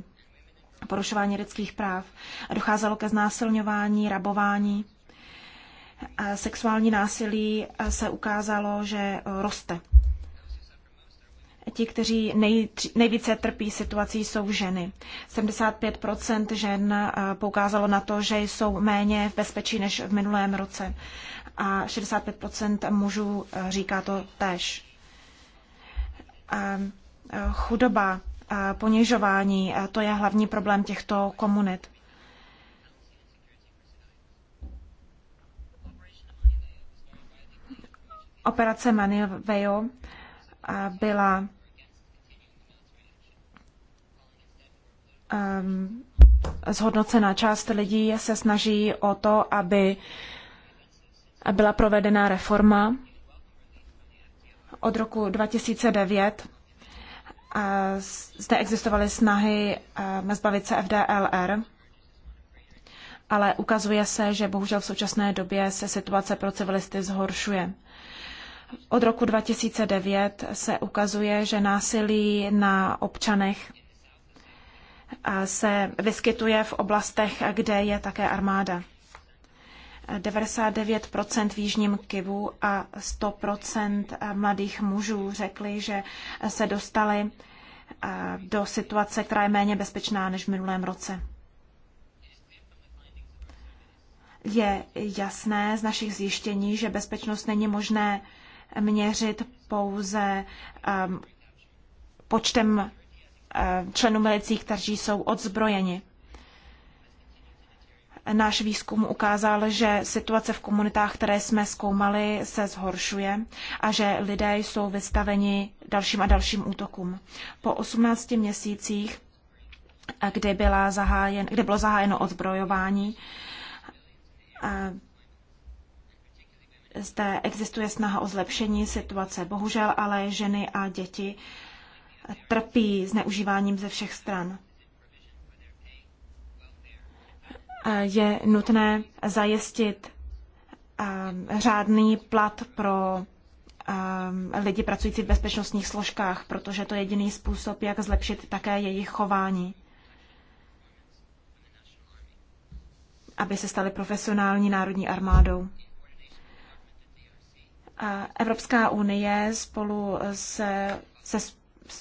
porušování lidských práv. Docházelo ke znásilňování, rabování. Eh, sexuální násilí eh, se ukázalo, že roste. Ti, kteří nej, nejvíce trpí situací, jsou ženy. 75 žen eh, poukázalo na to, že jsou méně v bezpečí než v minulém roce. A 65 mužů eh, říká to též. Eh, chudoba, ponižování, to je hlavní problém těchto komunit. Operace Manilveo byla zhodnocena. Část lidí se snaží o to, aby byla provedena reforma od roku 2009. Zde existovaly snahy zbavit se FDLR, ale ukazuje se, že bohužel v současné době se situace pro civilisty zhoršuje. Od roku 2009 se ukazuje, že násilí na občanech se vyskytuje v oblastech, kde je také armáda. 99% v Jižním Kivu a 100% mladých mužů řekli, že se dostali do situace, která je méně bezpečná než v minulém roce. Je jasné z našich zjištění, že bezpečnost není možné měřit pouze um, počtem um, členů milicí, kteří jsou odzbrojeni. Náš výzkum ukázal, že situace v komunitách, které jsme zkoumali, se zhoršuje a že lidé jsou vystaveni dalším a dalším útokům. Po 18 měsících, kdy, byla zahájen, kdy bylo zahájeno odzbrojování, zde existuje snaha o zlepšení situace. Bohužel ale ženy a děti trpí zneužíváním ze všech stran. Je nutné zajistit řádný plat pro lidi pracující v bezpečnostních složkách, protože to je jediný způsob, jak zlepšit také jejich chování. aby se staly profesionální národní armádou. Evropská unie spolu se, se s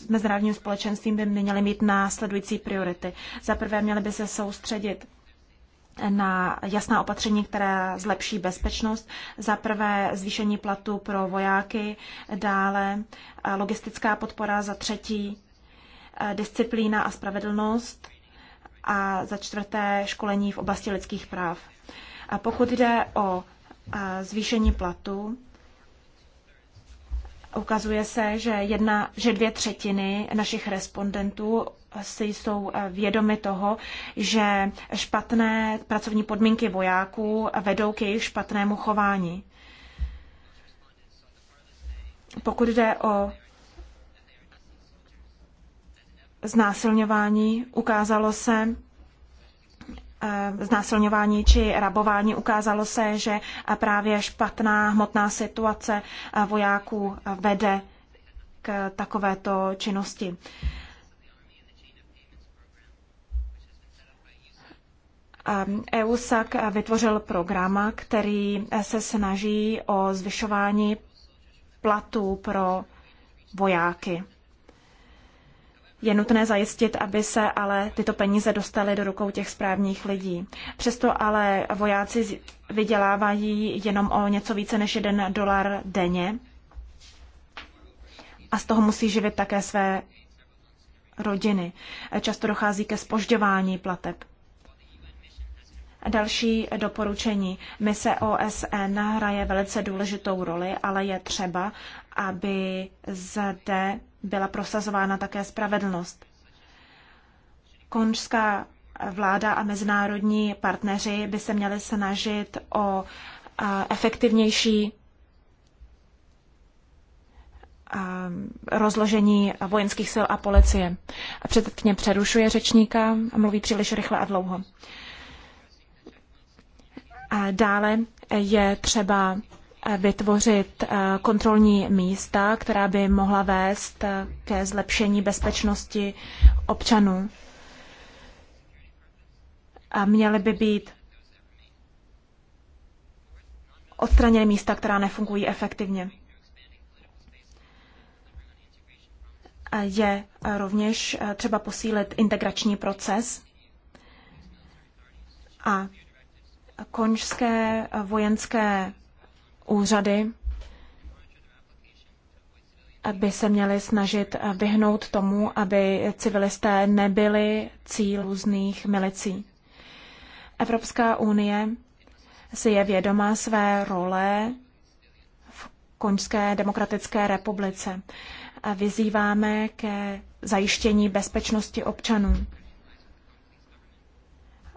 mezinárodním společenstvím by měly mít následující priority. Za prvé měly by se soustředit na jasná opatření, která zlepší bezpečnost. Za prvé zvýšení platu pro vojáky, dále eh, logistická podpora, za třetí eh, disciplína a spravedlnost a za čtvrté školení v oblasti lidských práv. A pokud jde o eh, zvýšení platu, Ukazuje se, že, jedna, že dvě třetiny našich respondentů si jsou eh, vědomi toho, že špatné pracovní podmínky vojáků vedou k jejich špatnému chování. Pokud jde o znásilňování, ukázalo se, Eh, znásilňování či rabování. Ukázalo se, že právě špatná hmotná situace eh, vojáků vede k takovéto činnosti. Eh, EUSAC vytvořil program, který se snaží o zvyšování platů pro vojáky. Je nutné zajistit, aby se ale tyto peníze dostaly do rukou těch správných lidí. Přesto ale vojáci vydělávají jenom o něco více než jeden dolar denně a z toho musí živit také své rodiny. Často dochází ke spožďování plateb. Další doporučení. Mise OSN hraje velice důležitou roli, ale je třeba, aby zde byla prosazována také spravedlnost. Konžská vláda a mezinárodní partneři by se měli snažit o efektivnější rozložení vojenských sil a policie. A předtím přerušuje řečníka a mluví příliš rychle a dlouho. A dále je třeba vytvořit eh, kontrolní místa, která by mohla vést eh, ke zlepšení bezpečnosti občanů. A měly by být odstraněny místa, která nefungují efektivně. A je rovněž eh, třeba posílit integrační proces a konžské vojenské úřady by se měly snažit vyhnout tomu, aby civilisté nebyli cíl různých milicí. Evropská unie si je vědomá své role v Koňské demokratické republice a vyzýváme ke zajištění bezpečnosti občanů.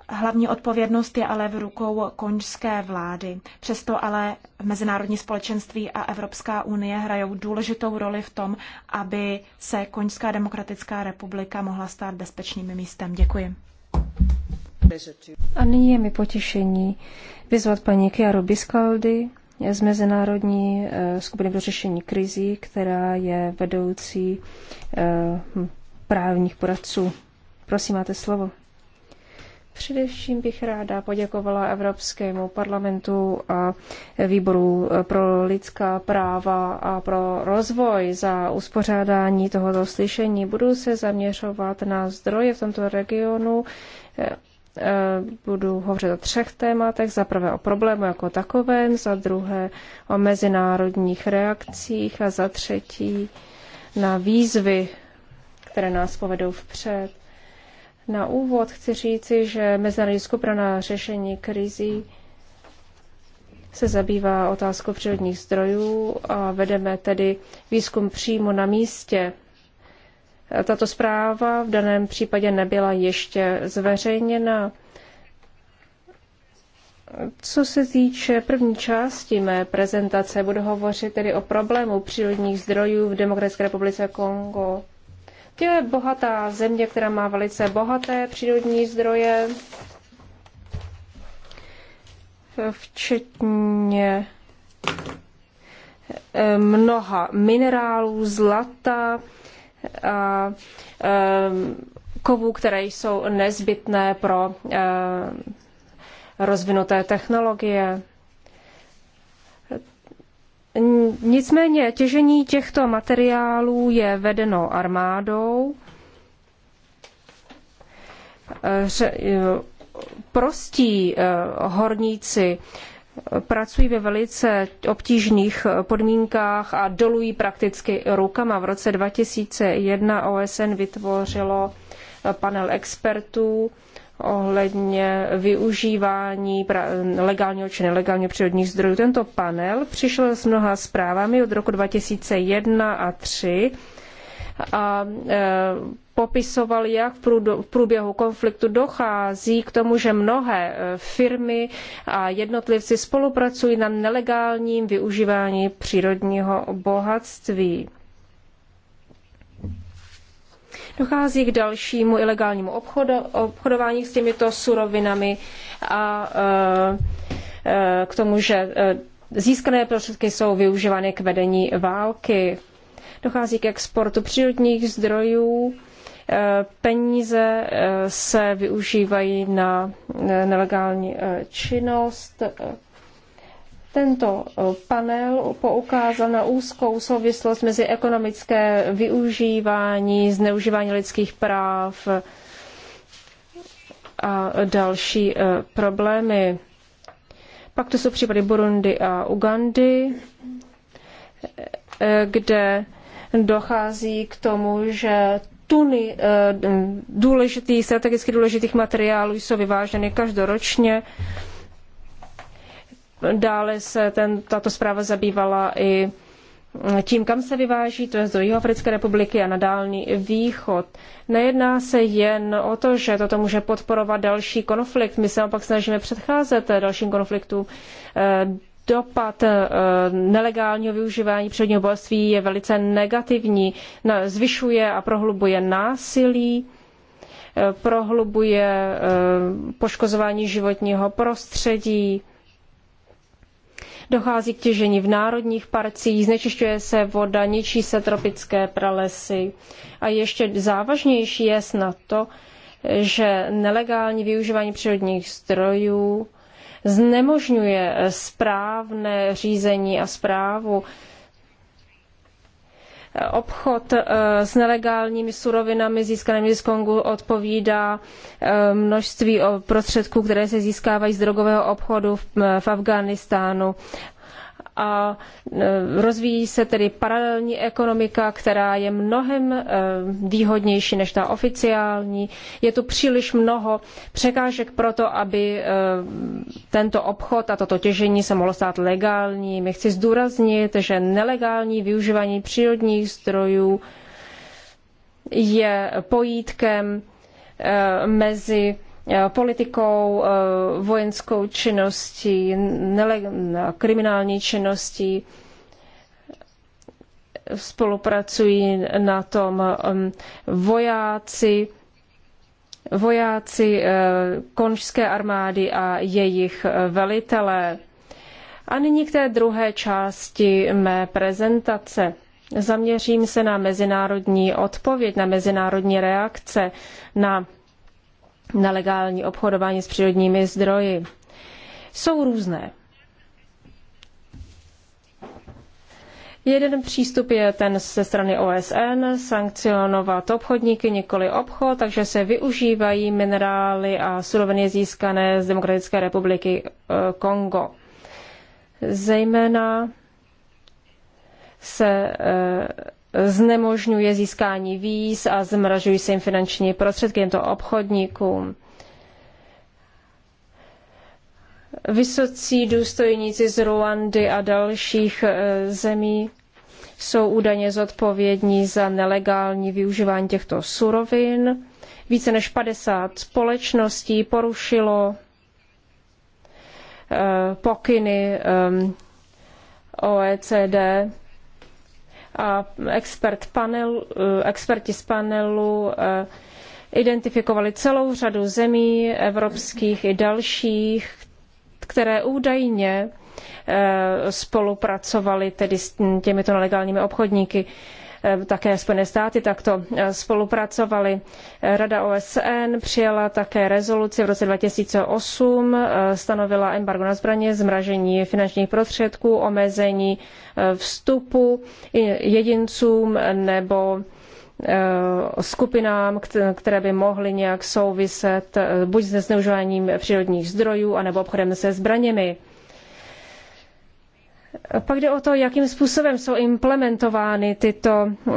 Hlavní odpovědnost je ale v rukou konžské vlády. Přesto ale mezinárodní společenství a Evropská unie hrajou důležitou roli v tom, aby se Konžská demokratická republika mohla stát bezpečným místem. Děkuji. A nyní je mi potěšení vyzvat paní Kiaru Biskaldy z Mezinárodní eh, skupiny pro řešení krizí, která je vedoucí eh, hm, právních poradců. Prosím, máte slovo. Především bych ráda poděkovala Evropskému parlamentu a výboru pro lidská práva a pro rozvoj za uspořádání tohoto slyšení. Budu se zaměřovat na zdroje v tomto regionu. Budu hovořit o třech tématech. Za prvé o problému jako takovém, za druhé o mezinárodních reakcích a za třetí na výzvy, které nás povedou vpřed. Na úvod chci říci, že Mezinárodní skupina na řešení krizí se zabývá otázkou přírodních zdrojů a vedeme tedy výzkum přímo na místě. Tato zpráva v daném případě nebyla ještě zveřejněna. Co se týče první části mé prezentace, budu hovořit tedy o problému přírodních zdrojů v Demokratické republice Kongo. To je bohatá země, která má velice bohaté přírodní zdroje, včetně eh, mnoha minerálů, zlata a eh, kovů, které jsou nezbytné pro eh, rozvinuté technologie. Nicméně těžení těchto materiálů je vedeno armádou. Prostí eh, horníci pracují ve velice obtížných podmínkách a dolují prakticky rukama. V roce 2001 OSN vytvořilo eh, panel expertů, ohledně využívání legálního či nelegálního přírodních zdrojů. Tento panel přišel s mnoha zprávami od roku 2001 a 3 a e, popisoval, jak v průběhu konfliktu dochází k tomu, že mnohé e, firmy a jednotlivci spolupracují na nelegálním využívání přírodního bohatství. Dochází k dalšímu ilegálnímu obchodu, obchodování s těmito surovinami a eh, eh, k tomu, že eh, získané prostředky jsou využívány k vedení války. Dochází k exportu přírodních zdrojů, peníze se využívají na nelegální činnost, tento eh, panel poukázal na úzkou souvislost mezi ekonomické využívání, zneužívání lidských práv a další eh, problémy. Pak to jsou případy Burundi a Ugandy, eh, kde dochází k tomu, že tuny důležitých, strategicky důležitých materiálů jsou vyváženy každoročně Dále se ten, tato zpráva zabývala i tím, kam se vyváží, to je do Jihoafrické republiky a na Dálný východ. Nejedná se jen o to, že toto může podporovat další konflikt. My se naopak snažíme předcházet dalším konfliktům. Eh, dopad eh, nelegálního využívání přírodního bohatství je velice negativní. Zvyšuje a prohlubuje násilí, eh, prohlubuje poškozování životního prostředí, dochází k těžení v národních parcích, znečišťuje se voda, ničí se tropické pralesy. A ještě závažnější je snad to, že nelegální využívání přírodních zdrojů znemožňuje správné řízení a správu obchod eh, s nelegálními surovinami získanými z Kongu odpovídá eh, množství prostředků, které se získávají z drogového obchodu v eh, Afghánistánu a e, rozvíjí se tedy paralelní ekonomika, která je mnohem e, výhodnější než ta oficiální. Je tu příliš mnoho překážek pro to, aby e, tento obchod a toto těžení se mohlo stát legálním. Chci zdůraznit, že nelegální využívání přírodních zdrojů je pojítkem mezi Eh, politikou, eh, vojenskou činností, kriminální činností. Spolupracují na tom vojáci, vojáci eh, konžské armády a jejich velitelé. A nyní k té druhé části mé prezentace. Zaměřím se na mezinárodní odpověď, na mezinárodní reakce, na nelegální obchodování s přírodními zdroji. Jsou různé. Jeden přístup je ten ze strany OSN, sankcionovat obchodníky, nikoli obchod, takže se využívají minerály a suroviny získané z Demokratické republiky e, Kongo. Zejména se e, znemožňuje získání víz a zmražují se jim finanční prostředky těmto obchodníkům. Vysocí důstojníci z Ruandy a dalších e, zemí jsou údajně zodpovědní za nelegální využívání těchto surovin. Více než 50 společností porušilo e, pokyny e, OECD a expert panel, eh, experti z panelu eh, identifikovali celou řadu zemí evropských i dalších, které údajně eh, spolupracovali tedy s těmito nelegálními obchodníky. Eh, také Spojené státy takto eh, spolupracovaly. Eh, Rada OSN přijala také rezoluci v roce 2008, stanovila embargo na zbraně, zmražení finančních prostředků, omezení vstupu jedincům nebo skupinám, které by mohly nějak souviset buď se zneužíváním přírodních zdrojů, anebo obchodem se zbraněmi. Pak jde o to, jakým způsobem jsou implementovány tyto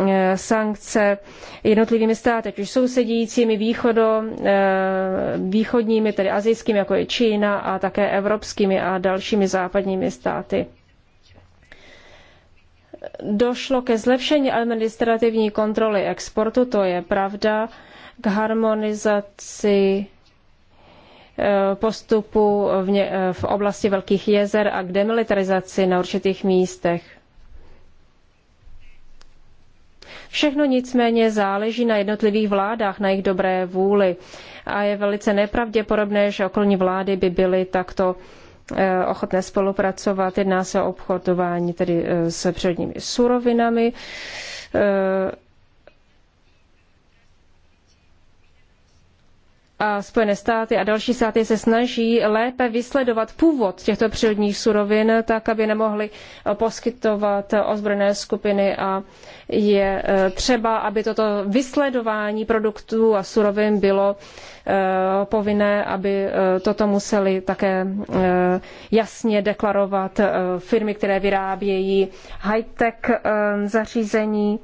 eh, sankce jednotlivými státy, ať už sousedícími východo, eh, východními, tedy azijskými, jako je Čína, a také evropskými a dalšími západními státy. Došlo ke zlepšení administrativní kontroly exportu, to je pravda, k harmonizaci Eh, postupu v, ně, eh, v oblasti Velkých jezer a k demilitarizaci na určitých místech. Všechno nicméně záleží na jednotlivých vládách, na jejich dobré vůli a je velice nepravděpodobné, že okolní vlády by byly takto eh, ochotné spolupracovat. Jedná se o obchodování tedy s přírodními surovinami a Spojené státy a další státy se snaží lépe vysledovat původ těchto přírodních surovin, tak aby nemohly eh, poskytovat ozbrojené skupiny a je eh, třeba, aby toto vysledování produktů a surovin bylo eh, povinné, aby toto museli také jasně deklarovat firmy, které vyrábějí high-tech zařízení.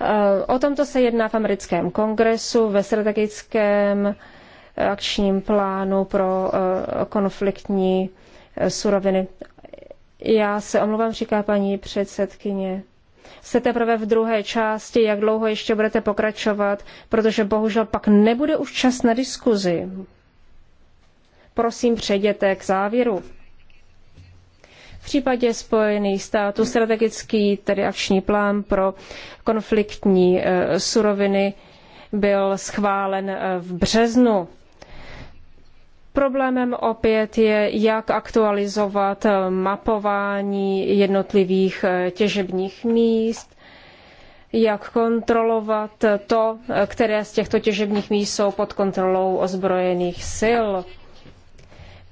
Eh, o tomto se jedná v americkém kongresu, ve strategickém eh, akčním plánu pro eh, konfliktní suroviny. Já se omlouvám, říká paní předsedkyně. Jste teprve v druhé části, jak dlouho ještě budete pokračovat, protože bohužel pak nebude už čas na diskuzi. Prosím, přejděte k závěru. V případě Spojených států strategický, tedy akční plán pro konfliktní e, suroviny byl schválen e, v březnu. Problémem opět je, jak aktualizovat e, mapování jednotlivých těžebních míst, jak kontrolovat to, které z těchto těžebních míst jsou pod kontrolou ozbrojených sil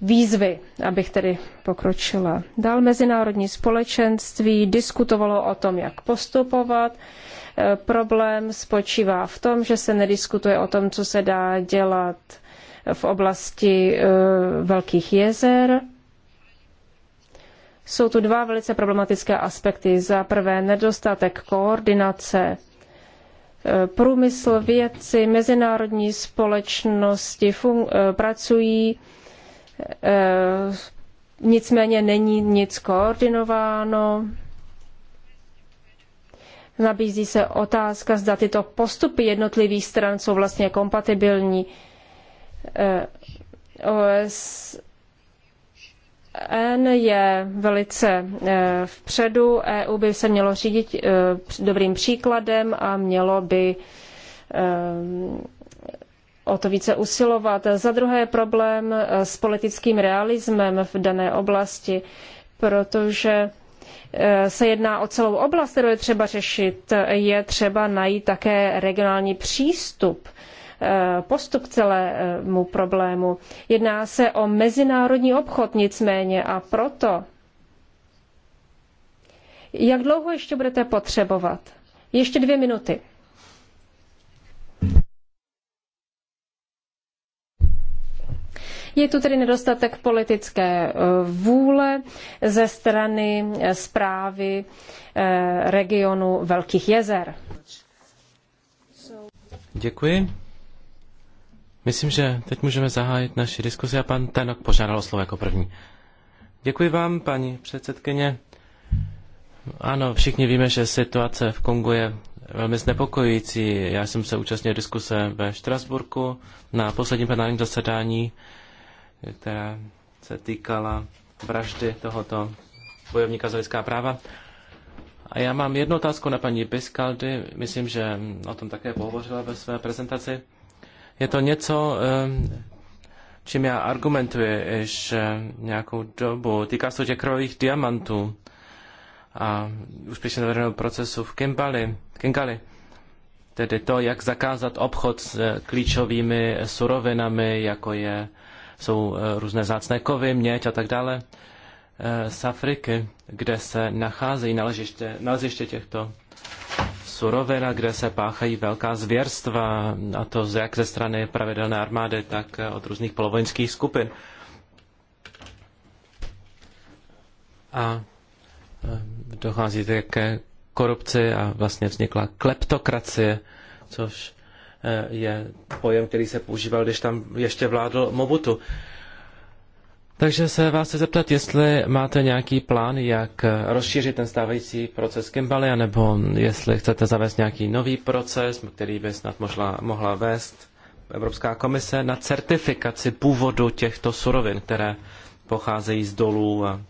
výzvy, abych tedy pokročila. Dál mezinárodní společenství diskutovalo o tom, jak postupovat. E, problém spočívá v tom, že se nediskutuje o tom, co se dá dělat v oblasti e, velkých jezer. Jsou tu dva velice problematické aspekty. Za prvé nedostatek koordinace e, průmysl, vědci, mezinárodní společnosti pracují Eh, nicméně není nic koordinováno. Nabízí se otázka, zda tyto postupy jednotlivých stran jsou vlastně kompatibilní. Eh, OSN je velice eh, vpředu, EU by se mělo řídit dobrým příkladem a mělo by o to více usilovat. Za druhé problém eh, s politickým realismem v dané oblasti, protože eh, se jedná o celou oblast, kterou je třeba řešit, je třeba najít také regionální přístup eh, postup k celému problému. Jedná se o mezinárodní obchod nicméně a proto. Jak dlouho ještě budete potřebovat? Ještě dvě minuty. Je tu tedy nedostatek politické eh, vůle ze strany zprávy eh, eh, regionu Velkých jezer. Děkuji. Myslím, že teď můžeme zahájit naši diskuzi a pan Tenok požádal o slovo jako první. Děkuji vám, paní předsedkyně. Ano, všichni víme, že situace v Kongu je velmi znepokojující. Já jsem se účastnil diskuse ve Štrasburku na posledním plenárním zasedání která se týkala vraždy tohoto bojovníka za lidská práva. A já mám jednu otázku na paní Biskaldy, myslím, že o tom také pohovořila ve své prezentaci. Je to něco, čím já argumentuji že eh, nějakou dobu. Týká se těch krojích diamantů a úspěšně zavedeného procesu v Kimbali, Kingali. Tedy to, jak zakázat obchod s eh, klíčovými surovinami, jako je jsou eh, různé zácné kovy, měď a tak dále eh, z Afriky, kde se nacházejí naleziště, naleziště těchto surovin a kde se páchají velká zvěrstva, a to jak ze strany pravidelné armády, tak eh, od různých polovojenských skupin. A dochází také korupci a vlastně vznikla kleptokracie, což Eh, je pojem, který se používal, když tam ještě vládl Mobutu. Takže se vás chci zeptat, jestli máte nějaký plán, jak rozšířit ten stávající proces Kimbali, nebo jestli chcete zavést nějaký nový proces, který by snad možla, mohla vést Evropská komise na certifikaci původu těchto surovin, které pocházejí z dolů a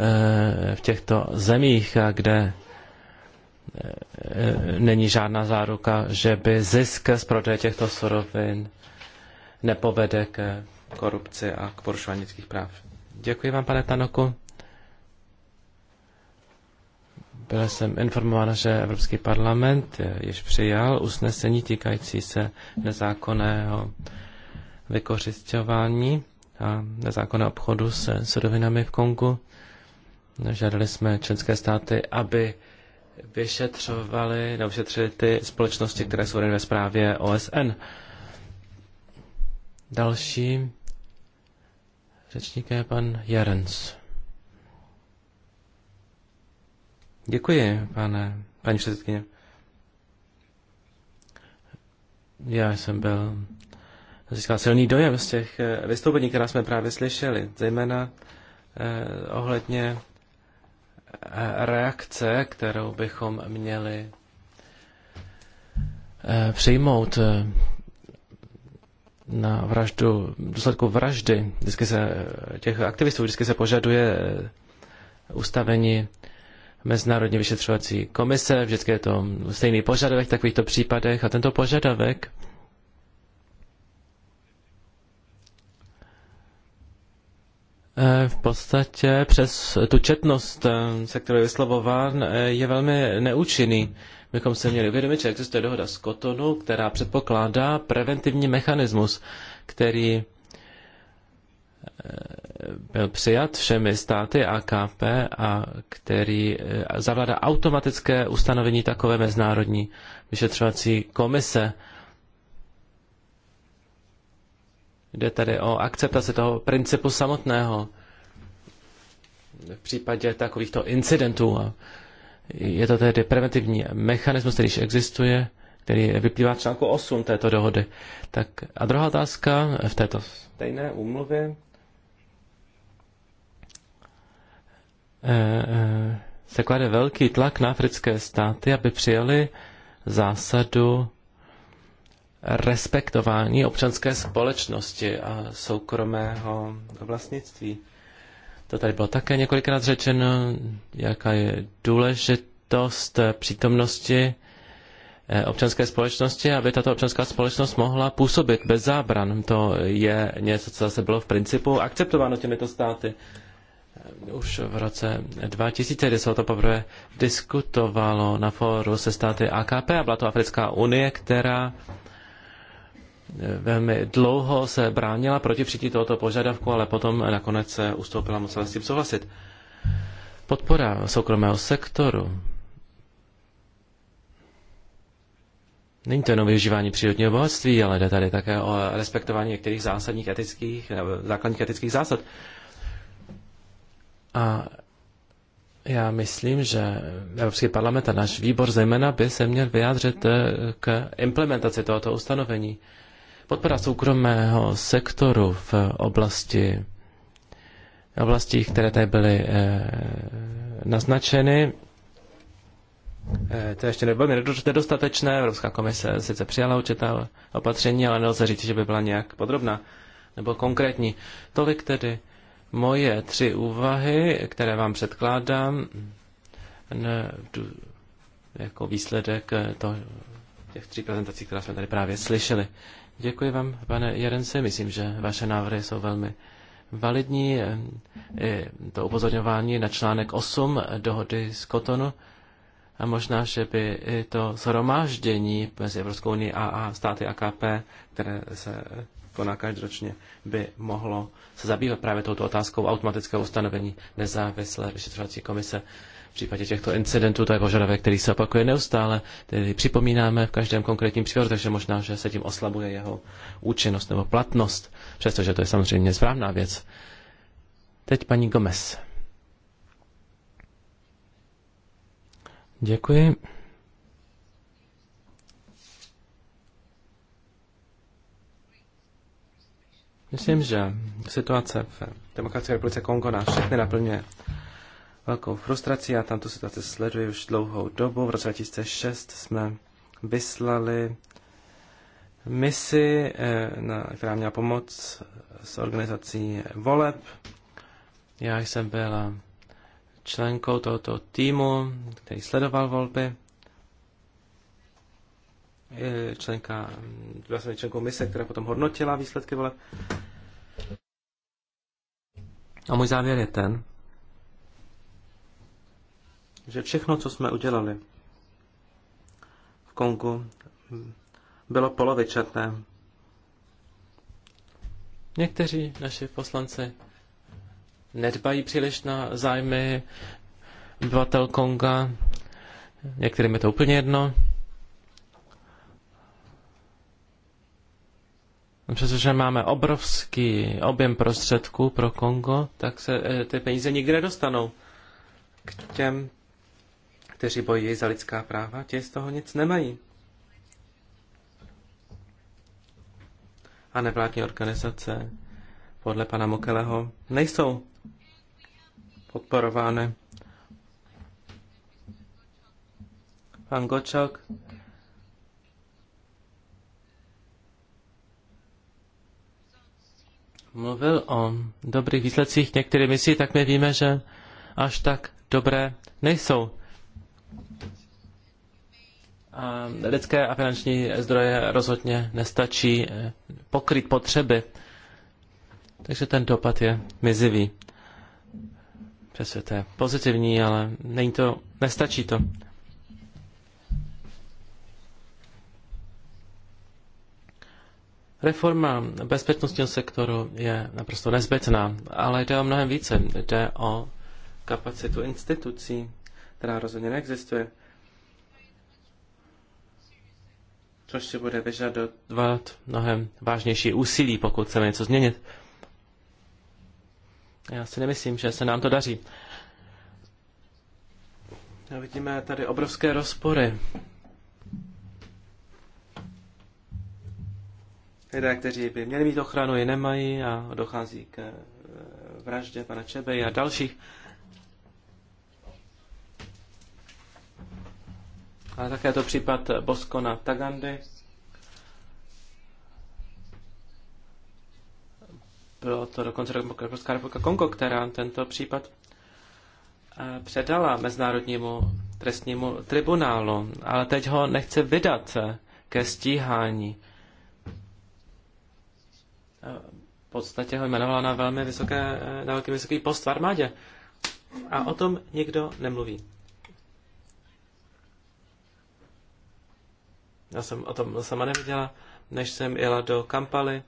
eh, v těchto zemích, kde Eh, eh, není žádná záruka, že by zisk z prodeje těchto surovin nepovede k korupci a k porušování lidských práv. Děkuji vám, pane Tanoku. Byl jsem informován, že Evropský parlament již přijal usnesení týkající se nezákonného vykořišťování a nezákonného obchodu se surovinami v Kongu. Žádali jsme členské státy, aby vyšetřovali, nebo vyšetřili ty společnosti, které jsou ve zprávě OSN. Další řečník je pan Jarens. Děkuji, pane, paní předsedkyně. Já jsem byl, získal silný dojem z těch eh, vystoupení, která jsme právě slyšeli, zejména eh, ohledně reakce, kterou bychom měli eh, přijmout eh, na vraždu, důsledku vraždy vždycky se, těch aktivistů vždycky se požaduje eh, ustavení Mezinárodní vyšetřovací komise, vždycky je to stejný požadavek v takovýchto případech a tento požadavek Eh, v podstatě přes tu četnost, eh, se kterou je vyslovován, eh, je velmi neúčinný. Bychom se měli uvědomit, že existuje dohoda z Kotonu, která předpokládá preventivní mechanismus, který byl přijat všemi státy AKP a který zavládá automatické ustanovení takové mezinárodní vyšetřovací komise Jde tedy o akceptaci toho principu samotného v případě takovýchto incidentů. Je to tedy preventivní mechanismus, který již existuje, který vyplývá článku 8 této dohody. Tak a druhá otázka v této stejné úmluvě. Eh, eh, se klade velký tlak na africké státy, aby přijali zásadu respektování občanské společnosti a soukromého vlastnictví. To tady bylo také několikrát řečeno, jaká je důležitost eh, přítomnosti eh, občanské společnosti, aby tato občanská společnost mohla působit bez zábran. To je něco, co zase bylo v principu akceptováno těmito státy. Eh, už v roce 2000, kdy se o to poprvé diskutovalo na fóru se státy AKP a byla to Africká unie, která velmi dlouho se bránila proti přijetí tohoto požadavku, ale potom nakonec se ustoupila, musela s tím souhlasit. Podpora soukromého sektoru. Není to jenom využívání přírodního bohatství, ale jde tady také o respektování některých zásadních etických, základních etických zásad. A já myslím, že Evropský parlament a náš výbor zejména by se měl vyjádřit eh, k implementaci tohoto ustanovení. Podpora soukromého sektoru v oblasti oblasti, které tady byly e, naznačeny, eh, to je ještě velmi nedostatečné. Evropská komise sice přijala určitá opatření, ale nelze říct, že by byla nějak podrobná nebo konkrétní. Tolik tedy moje tři úvahy, které vám předkládám jako výsledek eh, toho, těch tří prezentací, které jsme tady právě slyšeli. Děkuji vám, pane Jarence. Myslím, že vaše návrhy jsou velmi validní. I to upozorňování na článek 8 dohody z Kotonu a možná, že by i to zhromáždění mezi Evropskou unii a, a státy AKP, které se koná každoročně, by mohlo se zabývat právě touto otázkou automatického ustanovení nezávislé vyšetřovací komise. V případě těchto incidentů to je požadavek, který se opakuje neustále, tedy připomínáme v každém konkrétním případu, takže možná, že se tím oslabuje jeho účinnost nebo platnost, přestože to je samozřejmě správná věc. Teď paní Gomez. Děkuji. Myslím, že situace v Demokratické republice Kongo nás všechny naplňuje velkou frustrací. Já tam tu situaci sleduji už dlouhou dobu. V roce 2006 jsme vyslali misi, eh, na, která měla pomoc s organizací voleb. Já jsem byla členkou tohoto týmu, který sledoval volby. Eh, členka, byla jsem členkou mise, která potom hodnotila výsledky voleb. A můj závěr je ten, že všechno, co jsme udělali v Kongu, bylo polovičaté. Někteří naši poslanci nedbají příliš na zájmy obyvatel Konga, některým je to úplně jedno. Přestože máme obrovský objem prostředků pro Kongo, tak se eh, ty peníze nikdy nedostanou k těm kteří bojují za lidská práva, ti z toho nic nemají. A nevládní organizace podle pana Mokeleho nejsou podporovány. Pan Gočok mluvil o dobrých výsledcích některých misí, tak my víme, že až tak dobré nejsou lidské a finanční zdroje rozhodně nestačí eh, pokryt potřeby. Takže ten dopad je mizivý. Přesně to je pozitivní, ale není to, nestačí to. Reforma bezpečnostního sektoru je naprosto nezbytná, ale jde o mnohem více. Jde o kapacitu institucí, která rozhodně neexistuje. což si bude vyžadovat mnohem vážnější úsilí, pokud chceme něco změnit. Já si nemyslím, že se nám to daří. A vidíme tady obrovské rozpory. Lidé, kteří by měli mít ochranu, ji nemají a dochází k eh, vraždě pana Čebej a dalších. ale také to případ Boskona Tagandy. Bylo to dokonce Demokratická republika Kongo, která tento případ eh, předala Mezinárodnímu trestnímu tribunálu, ale teď ho nechce vydat eh, ke stíhání. Eh, v podstatě ho jmenovala na velmi vysoké, na velký vysoký post v armádě. A o tom nikdo nemluví. Já jsem o tom sama nevěděla, než jsem jela do Kampaly,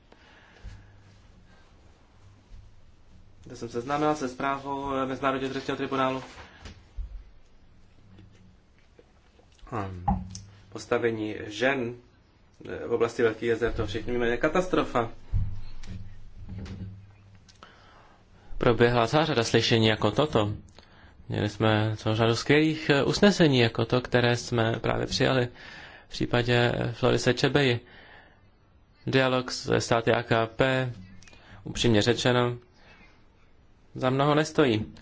kde jsem seznámila se zprávou Mezinárodního trestního tribunálu. Hmm. Postavení žen v oblasti Velkých jezer, to všichni víme, je katastrofa. Proběhla celá řada slyšení jako toto. Měli jsme celou řadu skvělých usnesení jako to, které jsme právě přijali v případě Florise Čebeji. Dialog se státy AKP, upřímně řečeno, za mnoho nestojí.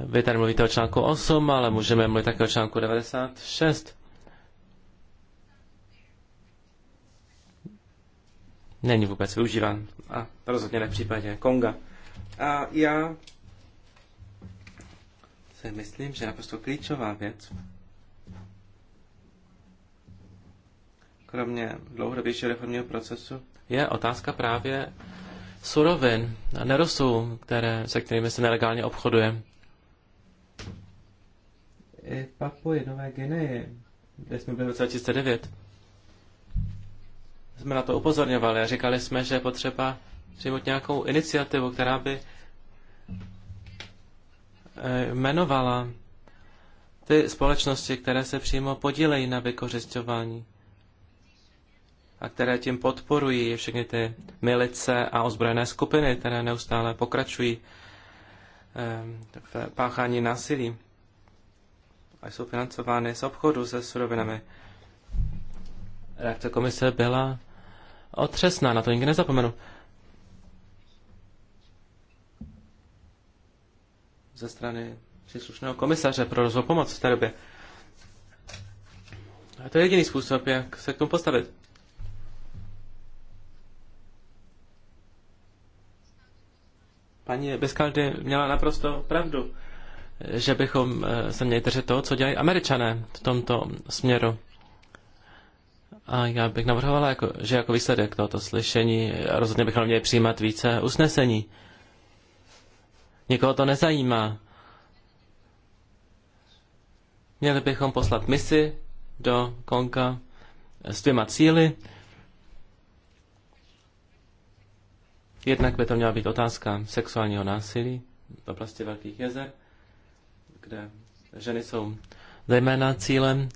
Vy tady mluvíte o článku 8, ale můžeme mluvit také o článku 96. Není vůbec využíván. A rozhodně ne v případě Konga. A já si myslím, že je naprosto klíčová věc kromě dlouhodobějšího reformního procesu, je otázka právě surovin a nerostů, které, se kterými se nelegálně obchoduje. I Papuji, Nové Gineji, kde jsme byli v roce 2009, jsme na to upozorňovali a říkali jsme, že je potřeba přijmout nějakou iniciativu, která by eh, jmenovala ty společnosti, které se přímo podílejí na vykořišťování a které tím podporují všechny ty milice a ozbrojené skupiny, které neustále pokračují ehm, v páchání násilí a jsou financovány z obchodu se surovinami. Reakce komise byla otřesná, na to nikdy nezapomenu. Ze strany příslušného komisaře pro rozvoj pomoc v té době. A to je jediný způsob, jak se k tomu postavit. paní Beskaldy měla naprosto pravdu, že bychom eh, se měli držet toho, co dělají američané v tomto směru. A já bych navrhovala, jako, že jako výsledek tohoto slyšení rozhodně bychom měli přijímat více usnesení. Nikoho to nezajímá. Měli bychom poslat misi do Konka s dvěma cíly. Jednak by to měla být otázka sexuálního násilí v oblasti Velkých jezer, kde ženy jsou zejména cílem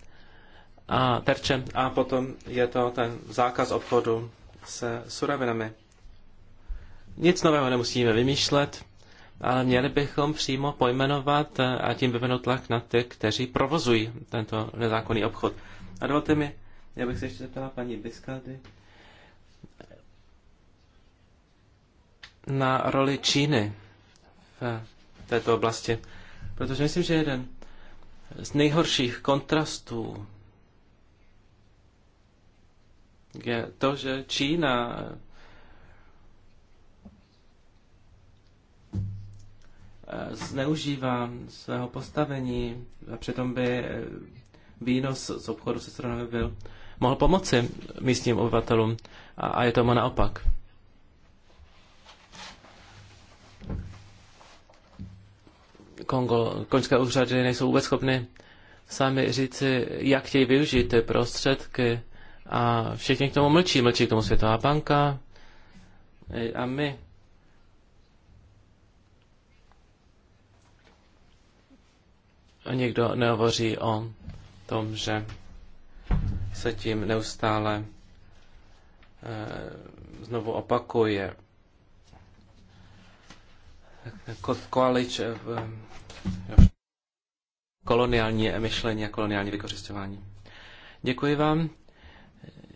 a terčem. A potom je to ten zákaz obchodu se surovinami. Nic nového nemusíme vymýšlet, ale měli bychom přímo pojmenovat a tím vyvinout tlak na ty, kteří provozují tento nezákonný obchod. A dovolte mi, já bych se ještě zeptala paní Biskaldy, na roli Číny v této oblasti, protože myslím, že jeden z nejhorších kontrastů je to, že Čína zneužívá svého postavení a přitom by výnos z obchodu se stranou byl mohl pomoci místním obyvatelům a, a je tomu naopak. Kongo, konžské úřady nejsou vůbec schopny sami říci, jak chtějí využít ty prostředky a všichni k tomu mlčí, mlčí k tomu Světová banka a my. A nikdo nehovoří o tom, že se tím neustále eh, znovu opakuje. Koalič, koloniální myšlení a koloniální vykořišťování. Děkuji vám.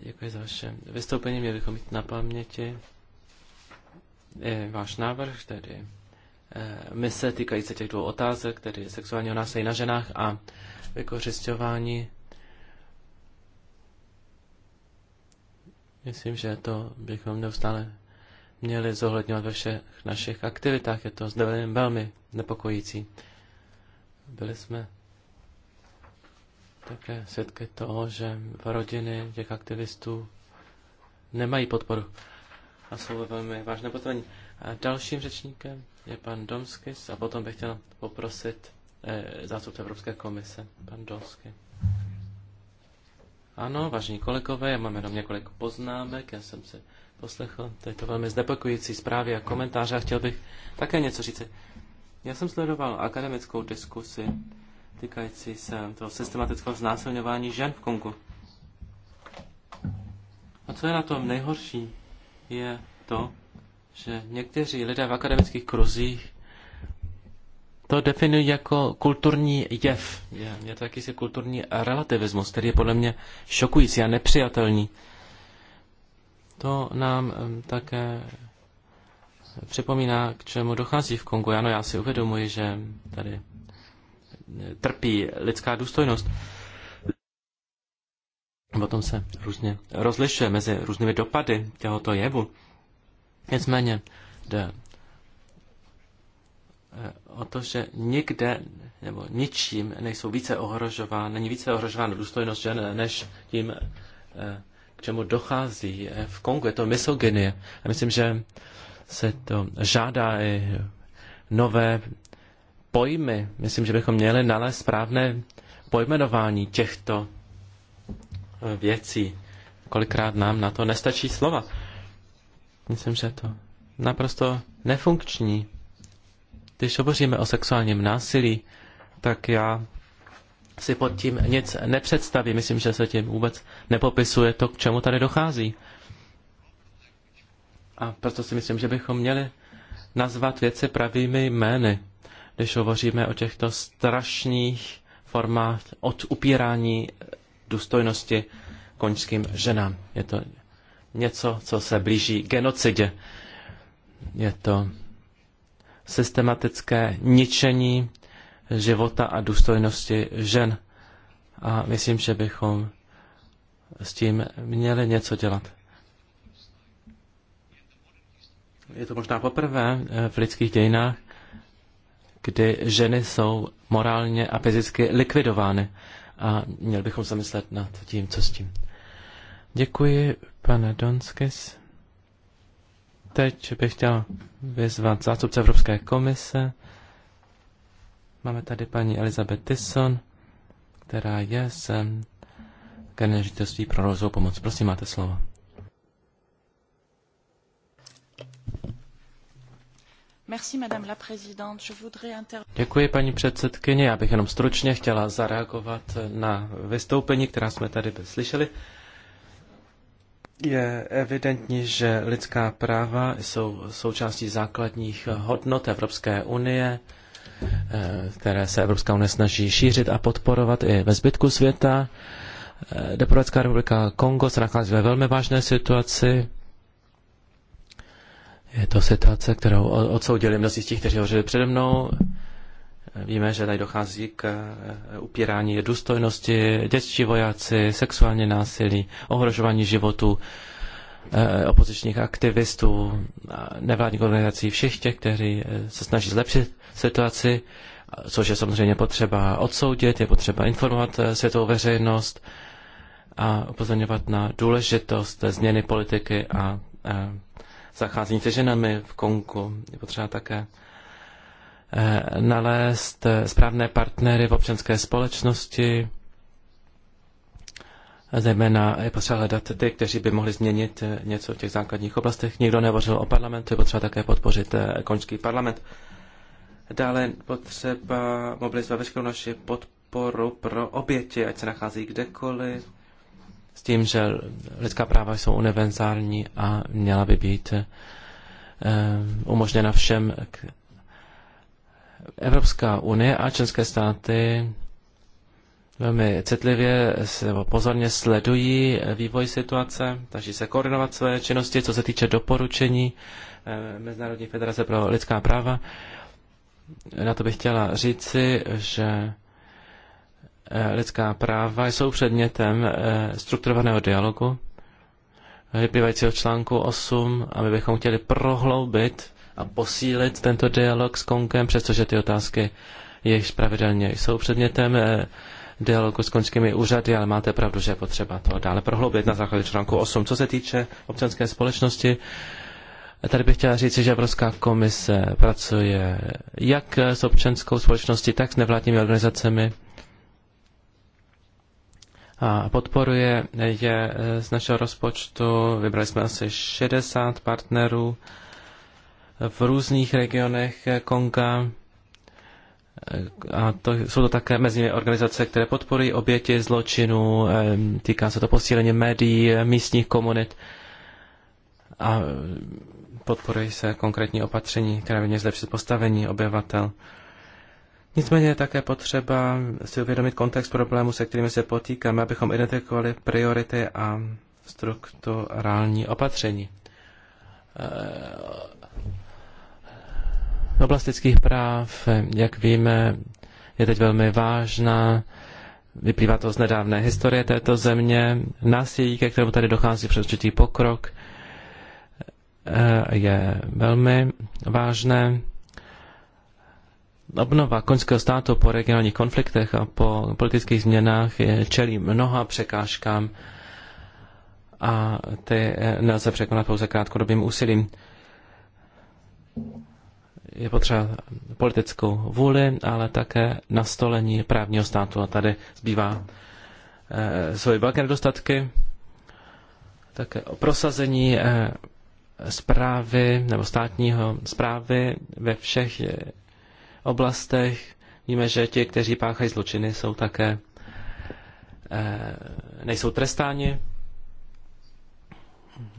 Děkuji za vaše vystoupení. Měli bychom mít na paměti je eh, váš návrh, tedy eh, mise týkající těch dvou otázek, tedy sexuálního násilí na ženách a vykořišťování. Myslím, že to bychom neustále měli zohledňovat ve všech našich aktivitách. Je to velmi nepokojící. Byli jsme také svědky toho, že v rodiny těch aktivistů nemají podporu a jsou ve velmi vážné postavení. A dalším řečníkem je pan Domskis a potom bych chtěl poprosit eh, zástupce Evropské komise, pan Domsky. Ano, vážení kolegové, já mám jenom několik poznámek, já jsem se poslechl této velmi znepokojící zprávy a komentáře a chtěl bych také něco říct. Já jsem sledoval akademickou diskusi týkající se toho systematického znásilňování žen v Kongu. A co je na tom nejhorší, je to, že někteří lidé v akademických kruzích to definují jako kulturní jev. Je, je to jakýsi kulturní relativismus, který je podle mě šokující a nepřijatelný. To nám také připomíná, k čemu dochází v Kongu. Ano, já si uvědomuji, že tady trpí lidská důstojnost. Potom se různě rozlišuje mezi různými dopady tohoto jevu. Nicméně jde eh, o to, že nikde nebo ničím nejsou více ohrožována, není více ohrožována důstojnost žen, než tím, eh, k čemu dochází eh, v Kongu. Je to misogynie. A myslím, že se to žádá i nové pojmy. Myslím, že bychom měli nalézt správné pojmenování těchto eh, věcí. Kolikrát nám na to nestačí slova. Myslím, že to naprosto nefunkční. Když hovoříme o sexuálním násilí, tak já si pod tím nic nepředstavím. Myslím, že se tím vůbec nepopisuje to, k čemu tady dochází. A proto si myslím, že bychom měli nazvat věci pravými jmény, když hovoříme o těchto strašných formách od upírání důstojnosti koňským ženám. Je to něco, co se blíží genocidě. Je to systematické ničení života a důstojnosti žen. A myslím, že bychom s tím měli něco dělat. je to možná poprvé eh, v lidských dějinách, kdy ženy jsou morálně a fyzicky likvidovány. A měli bychom se myslet nad tím, co s tím. Děkuji, pane Donskis. Teď bych chtěl vyzvat zástupce Evropské komise. Máme tady paní Elizabeth Tyson, která je eh, sem k pro rozvoj pomoc. Prosím, máte slovo. Děkuji, paní předsedkyně. Já bych jenom stručně chtěla zareagovat na vystoupení, která jsme tady slyšeli. Je evidentní, že lidská práva jsou součástí základních hodnot Evropské unie, eh, které se Evropská unie snaží šířit a podporovat i ve zbytku světa. Eh, Demokratická republika Kongo se nachází ve velmi vážné situaci je to situace, kterou odsoudili mnozí z těch, kteří hovořili přede mnou. Víme, že tady dochází k eh, upírání důstojnosti, dětští vojáci, sexuální násilí, ohrožování životu eh, opozičních aktivistů, nevládních organizací, všech těch, kteří eh, se snaží zlepšit situaci, což je samozřejmě potřeba odsoudit, je potřeba informovat světovou veřejnost a upozorňovat na důležitost změny politiky a zacházení se ženami v Kongu. Je potřeba také eh, nalézt eh, správné partnery v občanské společnosti, zejména je potřeba hledat ty, kteří by mohli změnit eh, něco v těch základních oblastech. Nikdo nevořil o parlamentu, je potřeba také podpořit končský parlament. Dále potřeba mobilizovat veškerou naši podporu pro oběti, ať se nachází kdekoliv s tím, že lidská práva jsou univerzální a měla by být eh, umožněna všem. Evropská unie a členské státy velmi citlivě se pozorně sledují vývoj situace, takže se koordinovat své činnosti, co se týče doporučení eh, Mezinárodní federace pro lidská práva. Na to bych chtěla říci, že Eh, lidská práva jsou předmětem eh, strukturovaného dialogu vyplývajícího článku 8 aby bychom chtěli prohloubit a posílit tento dialog s Kongem, přestože ty otázky jejichž pravidelně jsou předmětem eh, dialogu s konskými úřady, ale máte pravdu, že je potřeba to dále prohloubit na základě článku 8. Co se týče občanské společnosti, tady bych chtěla říct, že Evropská komise pracuje jak s občanskou společností, tak s nevládními organizacemi podporuje je eh, z našeho rozpočtu. Vybrali jsme asi 60 partnerů v různých regionech eh, Konga. Eh, a to, jsou to také mezi nimi organizace, které podporují oběti zločinů, týká se to posílení médií, místních komunit a podporují se konkrétní opatření, které by měly zlepšit postavení obyvatel. Nicméně je také potřeba si uvědomit kontext problému, se kterými se potýkáme, abychom identifikovali priority a strukturální opatření. Eh, v oblasti lidských práv, jak víme, je teď velmi vážná. Vyplývá to z nedávné historie této země. Násilí, ke kterému tady dochází přes pokrok, eh, je velmi vážné. Obnova koňského státu po regionálních konfliktech a po politických změnách je, čelí mnoha překážkám a ty eh, nelze překonat pouze krátkodobým úsilím. Je potřeba politickou vůli, ale také nastolení právního státu a tady zbývá eh, svoje velké nedostatky, také o prosazení zprávy eh, nebo státního zprávy ve všech oblastech. Víme, že ti, kteří páchají zločiny, jsou také eh, nejsou trestáni.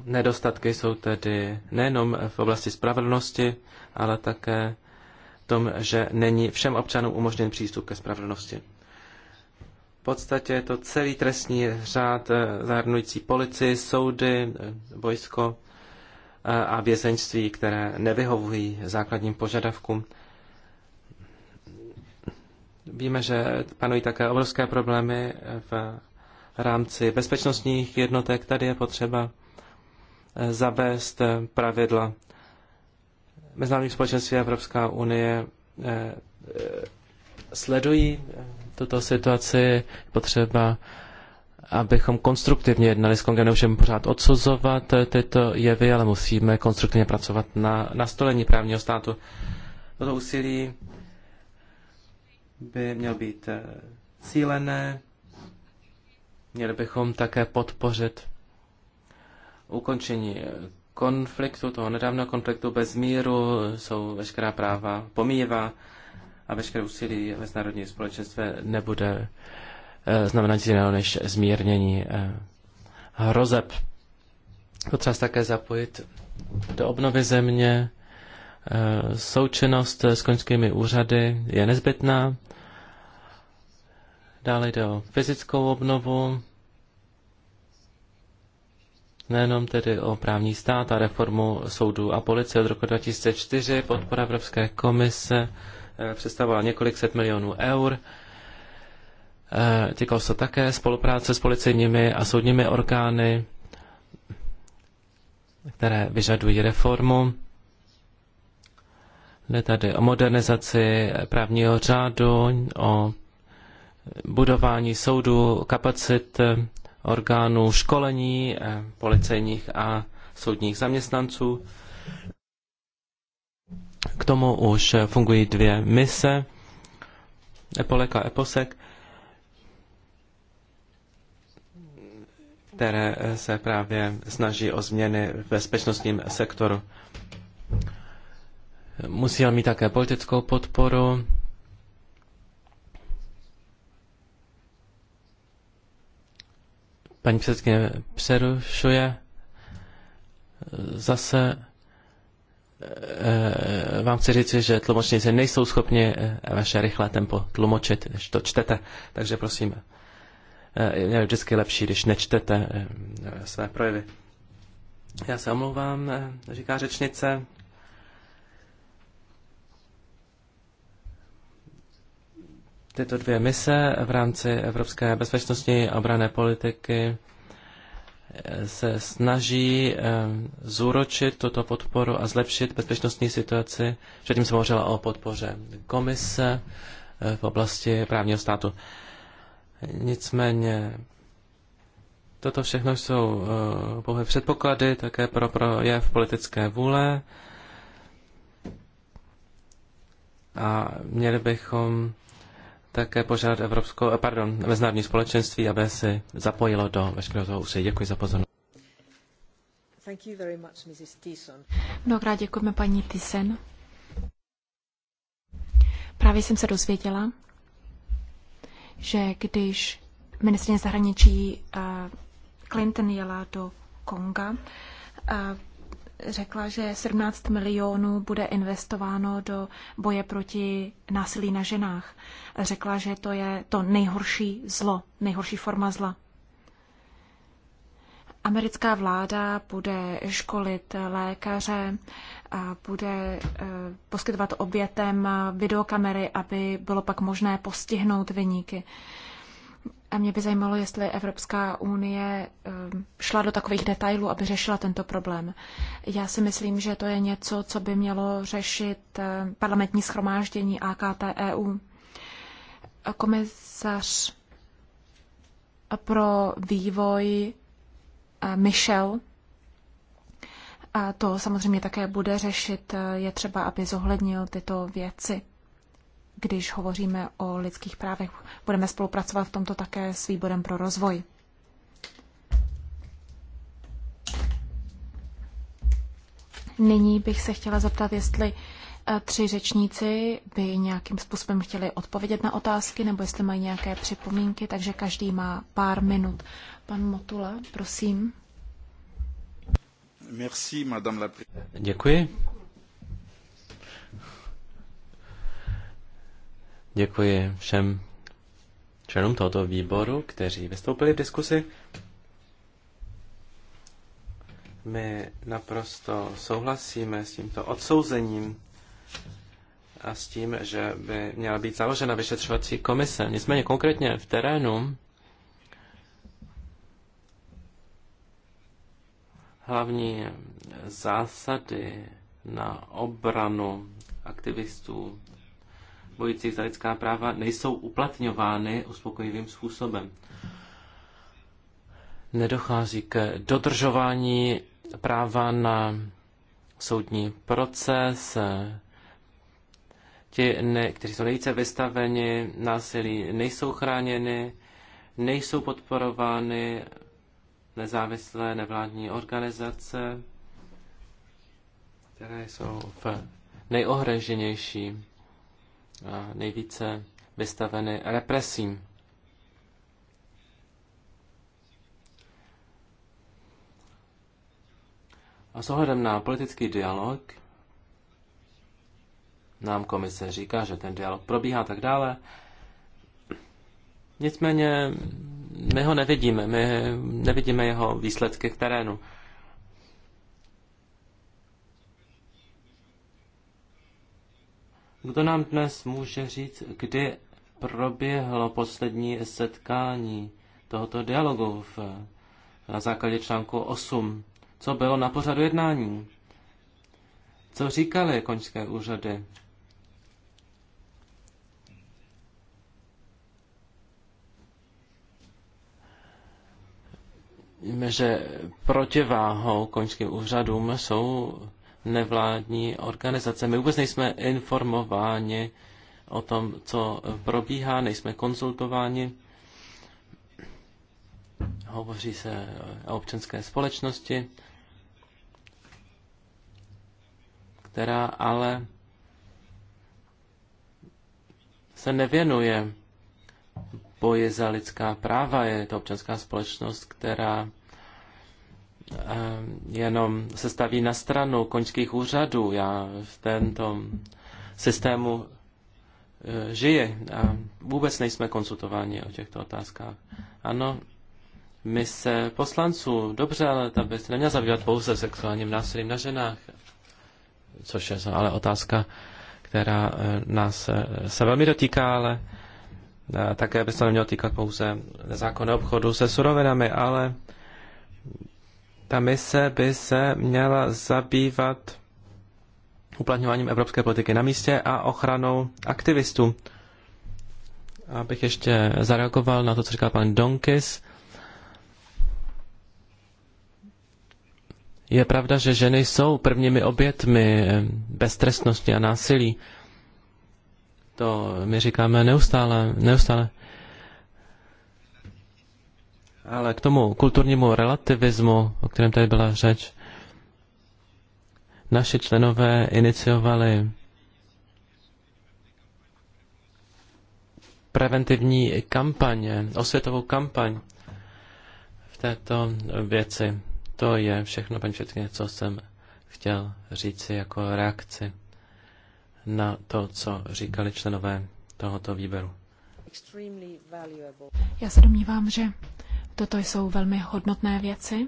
Nedostatky jsou tedy nejenom v oblasti spravedlnosti, ale také v tom, že není všem občanům umožněn přístup ke spravedlnosti. V podstatě je to celý trestní řád eh, zahrnující policii, soudy, eh, vojsko a vězeňství, které nevyhovují základním požadavkům. Víme, že panují také obrovské problémy v rámci bezpečnostních jednotek. Tady je potřeba eh, zavést eh, pravidla. Mezinárodní společenství a Evropská unie eh, sledují tuto situaci. Potřeba abychom konstruktivně jednali s Kongem. Nemůžeme pořád odsuzovat tyto jevy, ale musíme konstruktivně pracovat na nastolení právního státu. Toto úsilí by měl být eh, cílené. Měli bychom také podpořit ukončení eh, konfliktu, toho nedávného konfliktu bez míru, jsou veškerá práva pomíjivá a veškeré úsilí mezinárodní společenství nebude eh, znamenat jiného než zmírnění hrozeb. Potřeba se také zapojit do obnovy země, Eh, součinnost eh, s koňskými úřady je nezbytná. Dále jde o fyzickou obnovu, nejenom tedy o právní stát a reformu soudů a policie od roku 2004. Podpora Evropské komise eh, představovala několik set milionů eur. Týkalo se také spolupráce s policejními a soudními orgány, které vyžadují reformu. Jde tady o modernizaci právního řádu, o budování soudů, kapacit orgánů školení eh, policejních a soudních zaměstnanců. K tomu už fungují dvě mise, Epolek a Eposek, které se právě snaží o změny v bezpečnostním sektoru musel mít také politickou podporu. Paní předsedkyně přerušuje. Zase eh, vám chci říct, že tlumočníci nejsou schopni eh, vaše rychlé tempo tlumočit, když to čtete. Takže prosím, eh, je vždycky lepší, když nečtete své projevy. Já se omlouvám, říká řečnice. tyto dvě mise v rámci Evropské bezpečnostní a obrané politiky eh, se snaží eh, zúročit tuto podporu a zlepšit bezpečnostní situaci. Předtím se hovořila o podpoře komise eh, v oblasti právního státu. Nicméně toto všechno jsou pouhé předpoklady také pro projev politické vůle a měli bychom také požádat Evropskou, pardon, mezinárodní společenství, aby se zapojilo do veškerého toho úsilí. Děkuji za pozornost. Thank you very much, Mrs. Mnohokrát děkujeme paní Tyson. Právě jsem se dozvěděla, že když ministrině zahraničí eh, Clinton jela do Konga, eh, řekla, že 17 milionů bude investováno do boje proti násilí na ženách. Řekla, že to je to nejhorší zlo, nejhorší forma zla. Americká vláda bude školit lékaře, a bude eh, poskytovat obětem videokamery, aby bylo pak možné postihnout vyníky. A mě by zajímalo, jestli Evropská unie eh, šla do takových detailů, aby řešila tento problém. Já si myslím, že to je něco, co by mělo řešit eh, parlamentní schromáždění AKT EU. Komisař pro vývoj eh, Michel a to samozřejmě také bude řešit. Je třeba, aby zohlednil tyto věci když hovoříme o lidských právech. Budeme spolupracovat v tomto také s výborem pro rozvoj. Nyní bych se chtěla zeptat, jestli eh, tři řečníci by nějakým způsobem chtěli odpovědět na otázky, nebo jestli mají nějaké připomínky, takže každý má pár minut. Pan Motula, prosím. Děkuji, Děkuji všem členům tohoto výboru, kteří vystoupili v diskusi. My naprosto souhlasíme s tímto odsouzením a s tím, že by měla být založena vyšetřovací komise. Nicméně konkrétně v terénu hlavní zásady na obranu aktivistů bojujících za lidská práva nejsou uplatňovány uspokojivým způsobem. Nedochází k dodržování práva na soudní proces. Ti, ne, kteří jsou nejvíce vystaveni násilí, nejsou chráněni, nejsou podporovány nezávislé nevládní organizace, které jsou v nejohroženější nejvíce vystaveny represím. A s ohledem na politický dialog nám komise říká, že ten dialog probíhá tak dále. Nicméně my ho nevidíme, my nevidíme jeho výsledky v terénu. Kdo nám dnes může říct, kdy proběhlo poslední setkání tohoto dialogu v, na základě článku 8? Co bylo na pořadu jednání? Co říkali koňské úřady? Víme, že protiváhou koňským úřadům jsou nevládní organizace. My vůbec nejsme informováni o tom, co probíhá, nejsme konzultováni. Hovoří se o občanské společnosti, která ale se nevěnuje boje za lidská práva. Je to občanská společnost, která Eh, jenom se staví na stranu koňských úřadů. Já v tento systému eh, žije a vůbec nejsme konsultováni o těchto otázkách. Ano, my se poslanců, dobře, ale ta by se neměla zabývat pouze sexuálním násilím na ženách, což je ale otázka, která eh, nás se velmi dotýká, ale také by se neměla týkat pouze zákonného obchodu se surovinami, ale ta mise by se měla zabývat uplatňováním evropské politiky na místě a ochranou aktivistů. Abych ještě zareagoval na to, co říkal pan Donkis. Je pravda, že ženy jsou prvními obětmi beztrestnosti a násilí. To my říkáme neustále, neustále. Ale k tomu kulturnímu relativismu, o kterém tady byla řeč, naši členové iniciovali preventivní kampaně, osvětovou kampaň v této věci. To je všechno, paní všetky, co jsem chtěl říci jako reakci na to, co říkali členové tohoto výběru. Já se domnívám, že Toto jsou velmi hodnotné věci,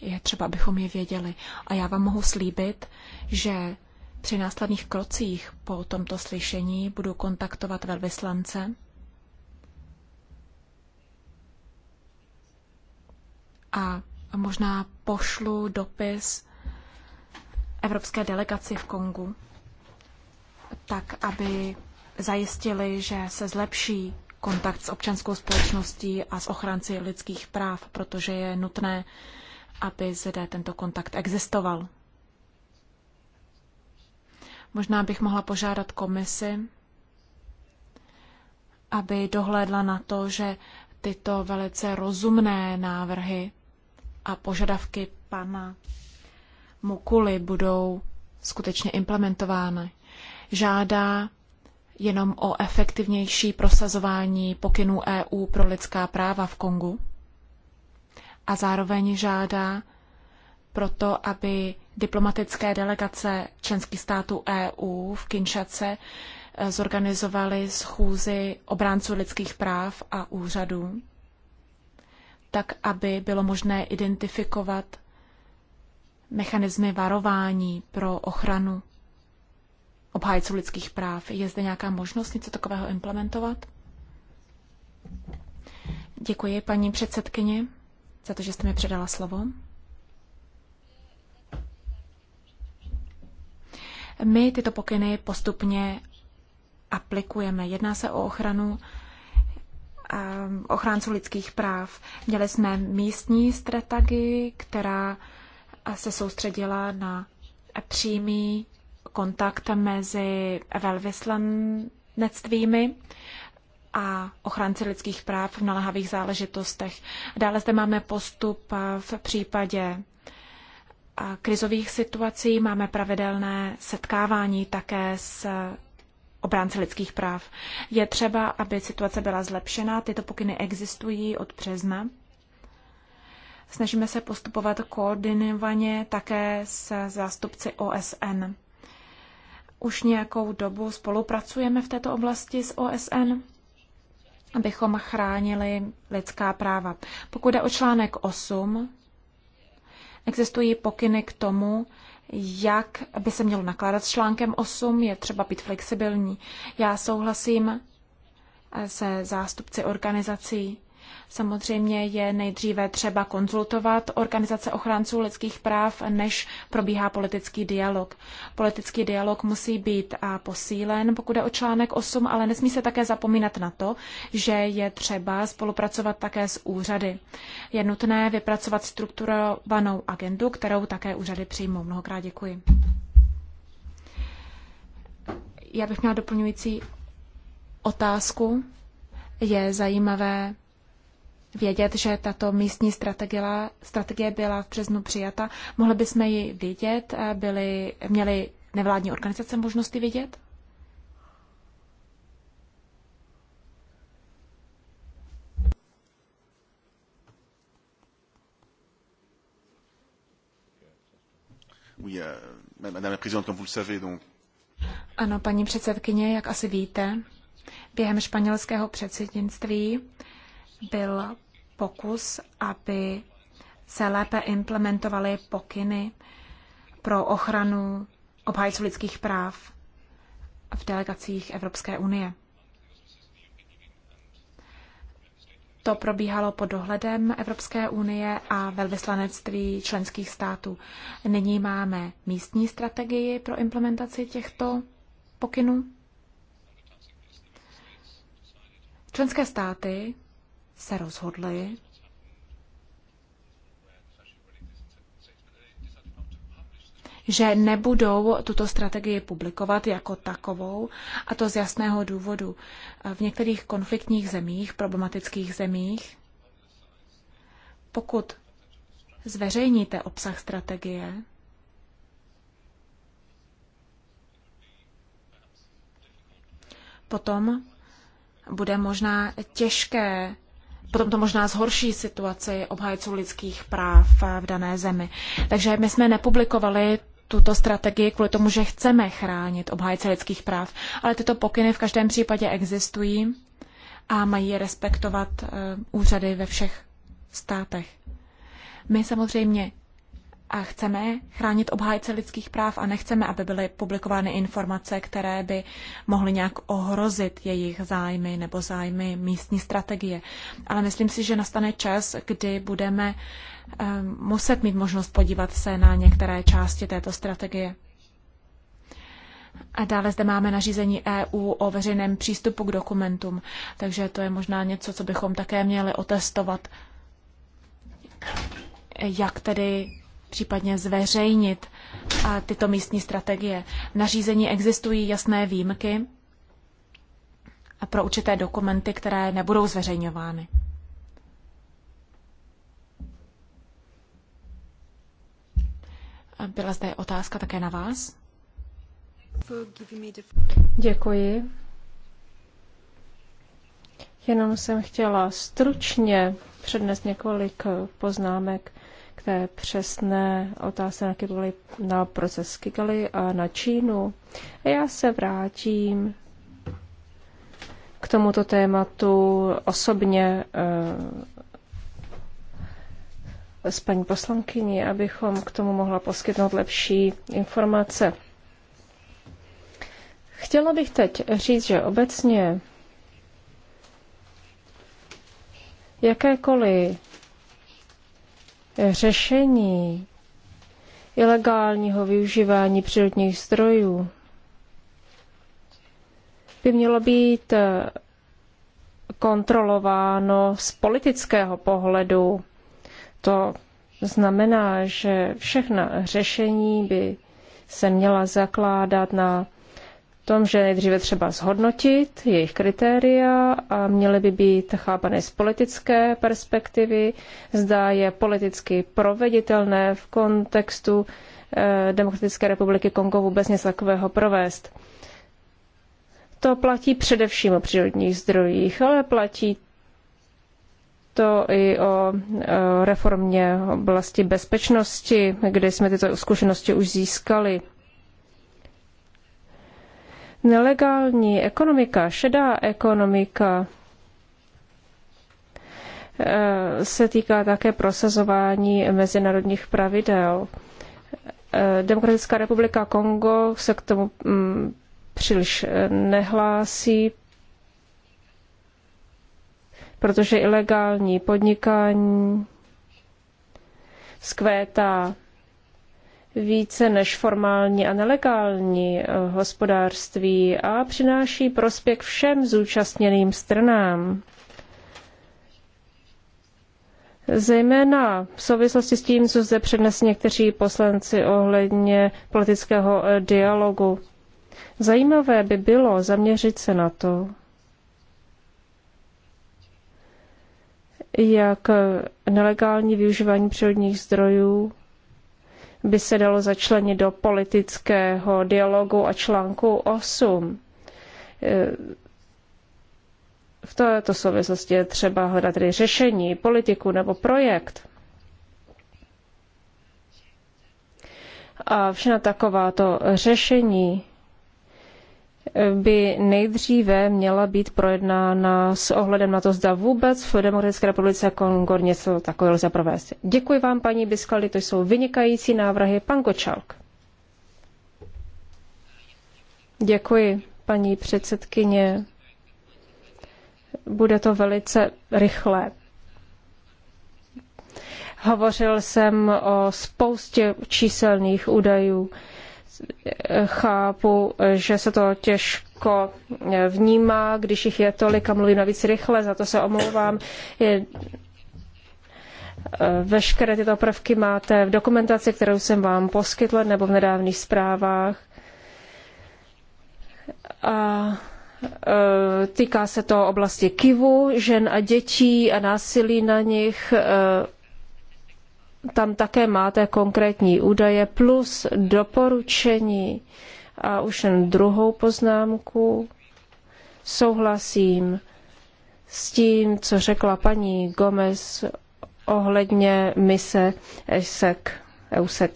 je třeba, abychom je věděli. A já vám mohu slíbit, že při následných krocích po tomto slyšení budu kontaktovat velvyslance a možná pošlu dopis evropské delegaci v Kongu, tak aby zajistili, že se zlepší kontakt s občanskou společností a s ochránci lidských práv, protože je nutné, aby zde tento kontakt existoval. Možná bych mohla požádat komisi, aby dohlédla na to, že tyto velice rozumné návrhy a požadavky pana Mukuly budou skutečně implementovány. Žádá jenom o efektivnější prosazování pokynů EU pro lidská práva v Kongu a zároveň žádá proto, aby diplomatické delegace členských států EU v Kinšace eh, zorganizovali schůzy obránců lidských práv a úřadů, tak aby bylo možné identifikovat mechanismy varování pro ochranu obhájců lidských práv. Je zde nějaká možnost něco takového implementovat? Děkuji, paní předsedkyně, za to, že jste mi předala slovo. My tyto pokyny postupně aplikujeme. Jedná se o ochranu ehm, ochránců lidských práv. Měli jsme místní strategii, která se soustředila na přímý kontakt mezi velvyslanectvími a ochránci lidských práv v naléhavých záležitostech. Dále zde máme postup v případě krizových situací, máme pravidelné setkávání také s obránci lidských práv. Je třeba, aby situace byla zlepšena, tyto pokyny existují od března. Snažíme se postupovat koordinovaně také s zástupci OSN. Už nějakou dobu spolupracujeme v této oblasti s OSN, abychom chránili lidská práva. Pokud jde o článek 8, existují pokyny k tomu, jak by se mělo nakládat s článkem 8, je třeba být flexibilní. Já souhlasím se zástupci organizací Samozřejmě je nejdříve třeba konzultovat organizace ochránců lidských práv, než probíhá politický dialog. Politický dialog musí být a posílen, pokud je o článek 8, ale nesmí se také zapomínat na to, že je třeba spolupracovat také s úřady. Je nutné vypracovat strukturovanou agendu, kterou také úřady přijmou. Mnohokrát děkuji. Já bych měla doplňující otázku. Je zajímavé, vědět, že tato místní strategie, strategie byla v březnu přijata. Mohli bychom ji vidět? Eh, byli, měli nevládní organizace možnosti vidět? Oui, euh, Madame la Présidente, comme vous le savez, donc... Ano, paní předsedkyně, jak asi víte, během španělského předsednictví byl pokus, aby se lépe implementovaly pokyny pro ochranu obhájců lidských práv v delegacích Evropské unie. To probíhalo pod dohledem Evropské unie a velvyslanectví členských států. Nyní máme místní strategii pro implementaci těchto pokynů. Členské státy se rozhodli, že nebudou tuto strategii publikovat jako takovou, a to z jasného důvodu. V některých konfliktních zemích, problematických zemích, pokud zveřejníte obsah strategie, potom bude možná těžké potom to možná zhorší situaci obhajců lidských práv v dané zemi. Takže my jsme nepublikovali tuto strategii kvůli tomu, že chceme chránit obhájce lidských práv, ale tyto pokyny v každém případě existují a mají je respektovat eh, úřady ve všech státech. My samozřejmě a chceme chránit obhájce lidských práv a nechceme, aby byly publikovány informace, které by mohly nějak ohrozit jejich zájmy nebo zájmy místní strategie. Ale myslím si, že nastane čas, kdy budeme ehm, muset mít možnost podívat se na některé části této strategie. A dále zde máme nařízení EU o veřejném přístupu k dokumentům, takže to je možná něco, co bychom také měli otestovat, jak tedy případně zveřejnit tyto místní strategie. V nařízení existují jasné výjimky a pro určité dokumenty, které nebudou zveřejňovány. Byla zde otázka také na vás. Děkuji. Jenom jsem chtěla stručně přednes několik poznámek k té přesné otázce Kigali, na proces Kigali a na Čínu. A já se vrátím k tomuto tématu osobně eh, s paní poslankyní, abychom k tomu mohla poskytnout lepší informace. Chtěla bych teď říct, že obecně jakékoliv řešení ilegálního využívání přírodních zdrojů by mělo být eh, kontrolováno z politického pohledu. To znamená, že všechna řešení by se měla zakládat na tom, že nejdříve třeba zhodnotit jejich kritéria a měly by být chápané z politické perspektivy, zda je politicky proveditelné v kontextu eh, Demokratické republiky Kongo vůbec něco takového provést. To platí především o přírodních zdrojích, ale platí to i o eh, reformě oblasti bezpečnosti, kde jsme tyto zkušenosti už získali. Nelegální ekonomika, šedá ekonomika eh, se týká také prosazování mezinárodních pravidel. Eh, Demokratická republika Kongo se k tomu mm, příliš eh, nehlásí, protože ilegální podnikání zkvétá více než formální a nelegální eh, hospodářství a přináší prospěch všem zúčastněným stranám. Zejména v souvislosti s tím, co zde přednesli někteří poslanci ohledně politického eh, dialogu. Zajímavé by bylo zaměřit se na to, jak eh, nelegální využívání přírodních zdrojů by se dalo začlenit do politického dialogu a článku 8. E, v této souvislosti je třeba hledat tedy řešení, politiku nebo projekt. A všechna takováto řešení by nejdříve měla být projednána s ohledem na to, zda vůbec v Demokratické republice Kongo něco takového lze provést. Děkuji vám, paní Biskali, to jsou vynikající návrhy. Pan Kočalk. Děkuji, paní předsedkyně. Bude to velice rychlé. Hovořil jsem o spoustě číselných údajů chápu, že se to těžko vnímá, když jich je tolik a mluvím navíc rychle, za to se omlouvám. Je, eh, veškeré tyto prvky máte v dokumentaci, kterou jsem vám poskytla, nebo v nedávných zprávách. A eh, týká se to oblasti kivu, žen a dětí a násilí na nich, eh, tam také máte konkrétní údaje plus doporučení. A už jen druhou poznámku. Souhlasím s tím, co řekla paní Gomez ohledně mise ESEC. EUSEC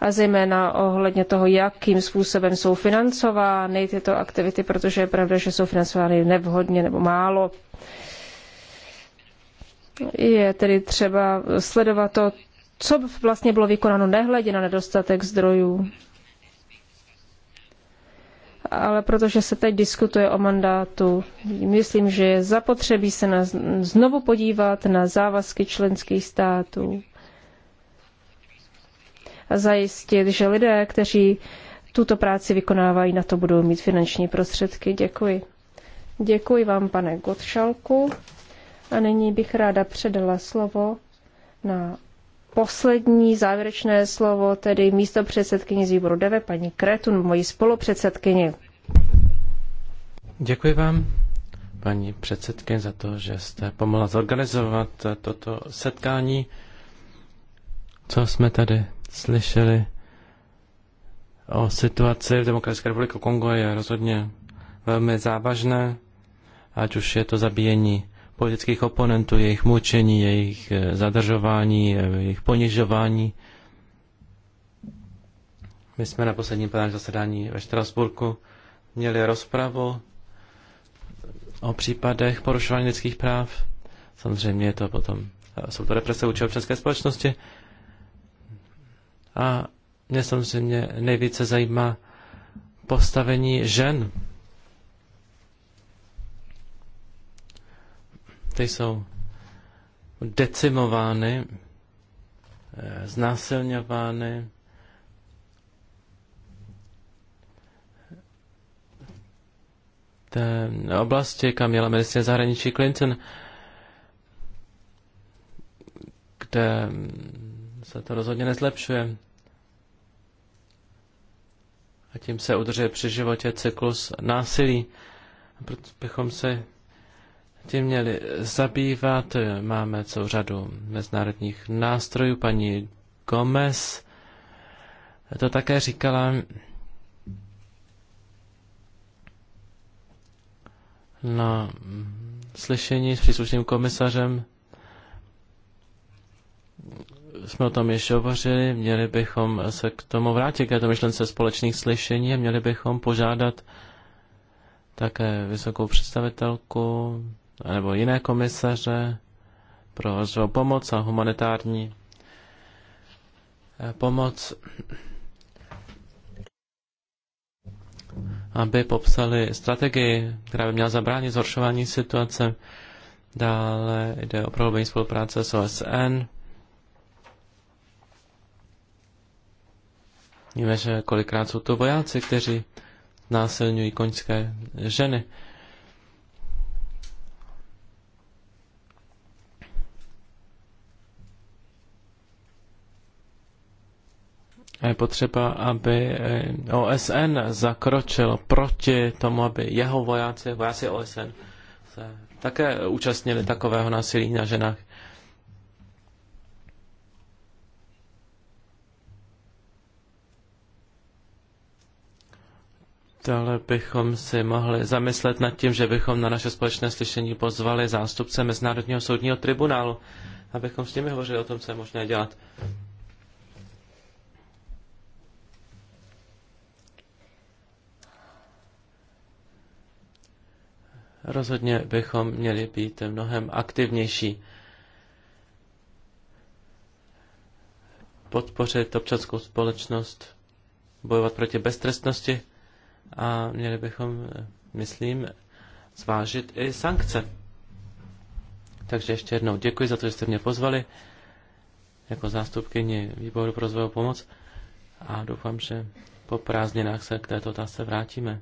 a zejména ohledně toho, jakým způsobem jsou financovány tyto aktivity, protože je pravda, že jsou financovány nevhodně nebo málo. Uh, je tedy třeba sledovat to, co vlastně bylo vykonáno nehledě na nedostatek zdrojů. Ale protože se teď diskutuje o mandátu, myslím, že je zapotřebí se na, znovu podívat na závazky členských států a zajistit, že lidé, kteří tuto práci vykonávají, na to budou mít finanční prostředky. Děkuji. Děkuji vám, pane Gottschalku. A nyní bych ráda předala slovo na poslední závěrečné slovo, tedy místo předsedkyně z výboru DEVE, paní Kretun, moji spolupředsedkyni. Děkuji vám, paní předsedkyně, za to, že jste pomohla zorganizovat toto setkání. Co jsme tady slyšeli o situaci v Demokratické republice Kongo je rozhodně velmi závažné, ať už je to zabíjení politických oponentů, jejich mučení, jejich eh, zadržování, eh, jejich ponižování. My jsme na posledním plenárním zasedání ve Štrasburku měli rozpravu o případech porušování lidských práv. Samozřejmě je to potom, eh, jsou to represe vůči občanské společnosti. A mě samozřejmě nejvíce zajímá postavení žen ty jsou decimovány, eh, znásilňovány, té oblasti, kam jela ministrině zahraničí Clinton, kde se to rozhodně nezlepšuje. A tím se udržuje při životě cyklus násilí. Proto bychom se tím měli zabývat. Máme celou řadu mezinárodních nástrojů. Paní Gomez to také říkala. Na slyšení s příslušným komisařem jsme o tom již hovořili, měli bychom se k tomu vrátit, k této myšlence společných slyšení a měli bychom požádat také vysokou představitelku nebo jiné komisaře pro pomoc a humanitární eh, pomoc, aby popsali strategii, která by měla zabránit zhoršování situace. Dále jde o prohloubení spolupráce s OSN. Víme, že kolikrát jsou to vojáci, kteří násilňují koňské ženy. je potřeba, aby eh, OSN zakročil proti tomu, aby jeho vojáci, vojáci OSN, se také účastnili takového násilí na ženách. Dále bychom si mohli zamyslet nad tím, že bychom na naše společné slyšení pozvali zástupce Mezinárodního soudního tribunálu, abychom s nimi hovořili o tom, co je možné dělat. Rozhodně bychom měli být mnohem aktivnější. Podpořit občanskou společnost, bojovat proti beztrestnosti a měli bychom, myslím, zvážit i sankce. Takže ještě jednou děkuji za to, že jste mě pozvali jako zástupkyni výboru pro rozvojovou pomoc a doufám, že po prázdninách se k této otázce vrátíme.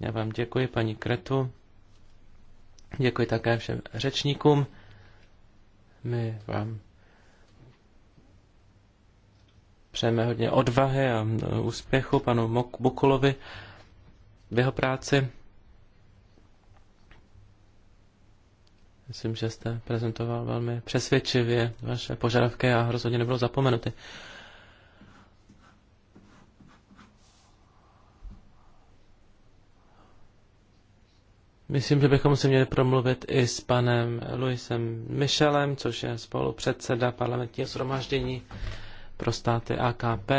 Já vám děkuji, paní Kretu. Děkuji také všem řečníkům. My vám přejeme hodně odvahy a úspěchu panu Bukulovi v jeho práci. Myslím, že jste prezentoval velmi přesvědčivě vaše požadavky a rozhodně nebylo zapomenuty. Myslím, že bychom se měli promluvit i s panem Luisem Michelem, což je spolupředseda parlamentního shromáždění pro státy AKP.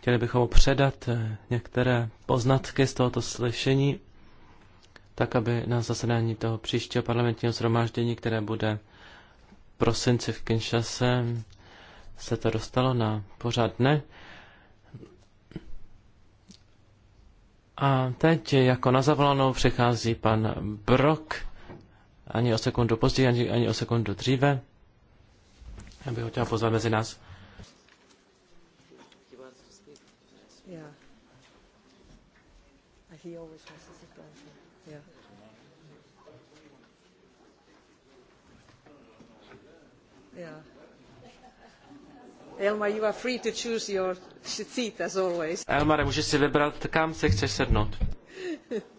Chtěli bychom předat eh, některé poznatky z tohoto slyšení, tak aby na zasedání toho příštího parlamentního shromáždění, které bude v prosinci v Kinshase, se to dostalo na pořád dne. A teď jako na zavolanou přechází pan Brok, ani o sekundu později, ani, ani o sekundu dříve. Já bych ho chtěl pozvat mezi nás. Elmar, you are free to choose your seat as always. Elmare, můžeš si vybrat, kam si chceš sednout. <laughs>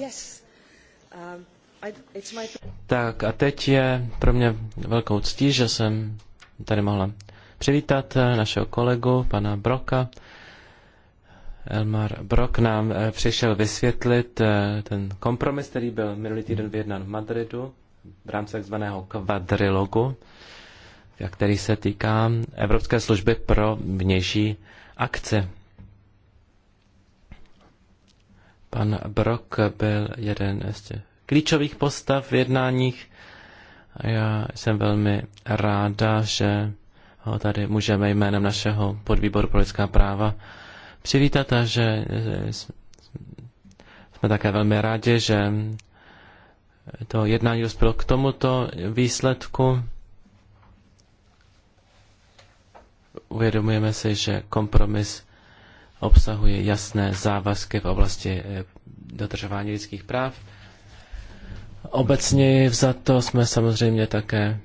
Um, tak a teď je pro mě velkou ctí, že jsem tady mohla přivítat eh, našeho kolegu, pana Broka. Elmar Brok nám eh, přišel vysvětlit eh, ten kompromis, který byl minulý týden vyjednán v Madridu v rámci takzvaného kvadrilogu, který se týká Evropské služby pro vnější akce. Pan Brok byl jeden z těch klíčových postav v jednáních. A já jsem velmi ráda, že ho tady můžeme jménem našeho podvýboru pro lidská práva přivítat a že jsme také velmi rádi, že to jednání dospělo k tomuto výsledku. Uvědomujeme si, že kompromis obsahuje jasné závazky v oblasti eh, dodržování lidských práv. Obecně to jsme samozřejmě také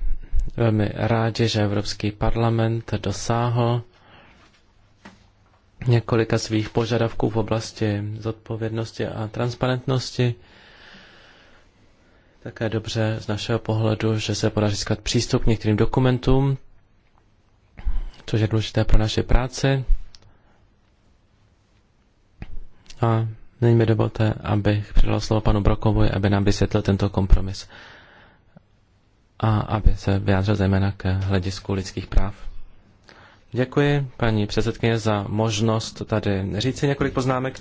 velmi rádi, že Evropský parlament dosáhl několika svých požadavků v oblasti zodpovědnosti a transparentnosti. Také dobře z našeho pohledu, že se podaří získat přístup k některým dokumentům, což je důležité pro naši práci. A nyní mi dovolte, abych předal slovo panu Brokovovi, aby nám vysvětlil tento kompromis a aby se vyjádřil zejména k hledisku lidských práv. Děkuji, paní předsedkyně, za možnost tady říci několik poznámek.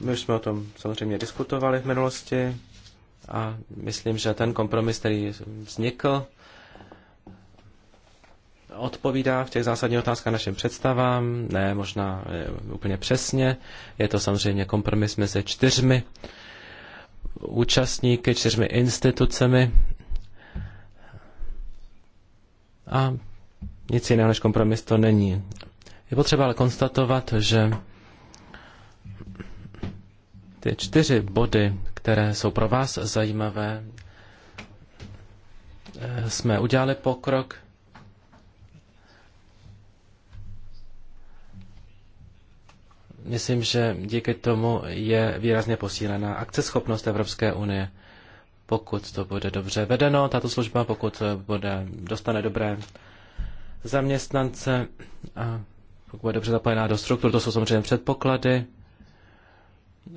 My už jsme o tom samozřejmě diskutovali v minulosti a myslím, že ten kompromis, který vznikl, odpovídá v těch zásadních otázkách našim představám, ne možná eh, úplně přesně. Je to samozřejmě kompromis mezi čtyřmi účastníky, čtyřmi institucemi a nic jiného než kompromis to není. Je potřeba ale konstatovat, že ty čtyři body, které jsou pro vás zajímavé, eh, jsme udělali pokrok, myslím, že díky tomu je výrazně posílená akceschopnost Evropské unie. Pokud to bude dobře vedeno, tato služba, pokud bude, dostane dobré zaměstnance, a pokud bude dobře zapojená do struktur, to jsou samozřejmě předpoklady,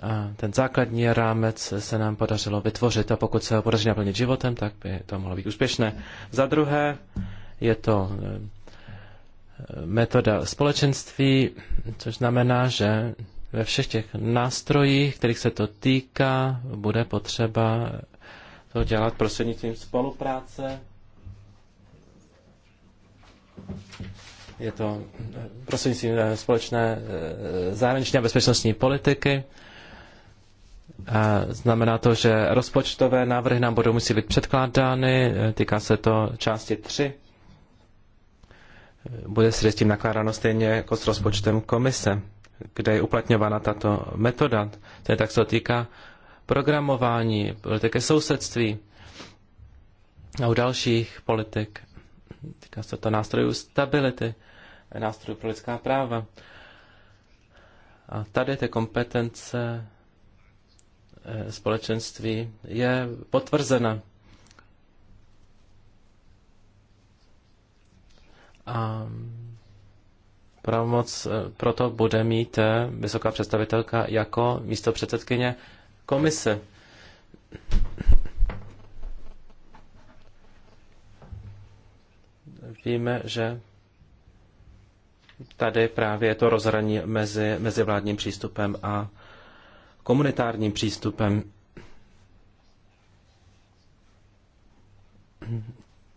a ten základní rámec se nám podařilo vytvořit a pokud se ho podaří naplnit životem, tak by to mohlo být úspěšné. Za druhé je to metoda společenství, což znamená, že ve všech těch nástrojích, kterých se to týká, bude potřeba to dělat prostřednictvím spolupráce. Je to prostřednictvím eh, společné eh, zahraniční a bezpečnostní politiky. A znamená to, že rozpočtové návrhy nám budou muset být předkládány. Eh, týká se to části 3 bude s tím nakládáno stejně jako s rozpočtem komise, kde je uplatňována tato metoda. To je tak, co týká programování, politiky sousedství a u dalších politik. Týká se to nástrojů stability, nástrojů pro lidská práva. A tady ty kompetence eh, společenství je potvrzena A pravomoc eh, proto bude mít eh, vysoká představitelka jako místo předsedkyně komise. Víme, že tady právě je to rozhraní mezi, mezi vládním přístupem a komunitárním přístupem.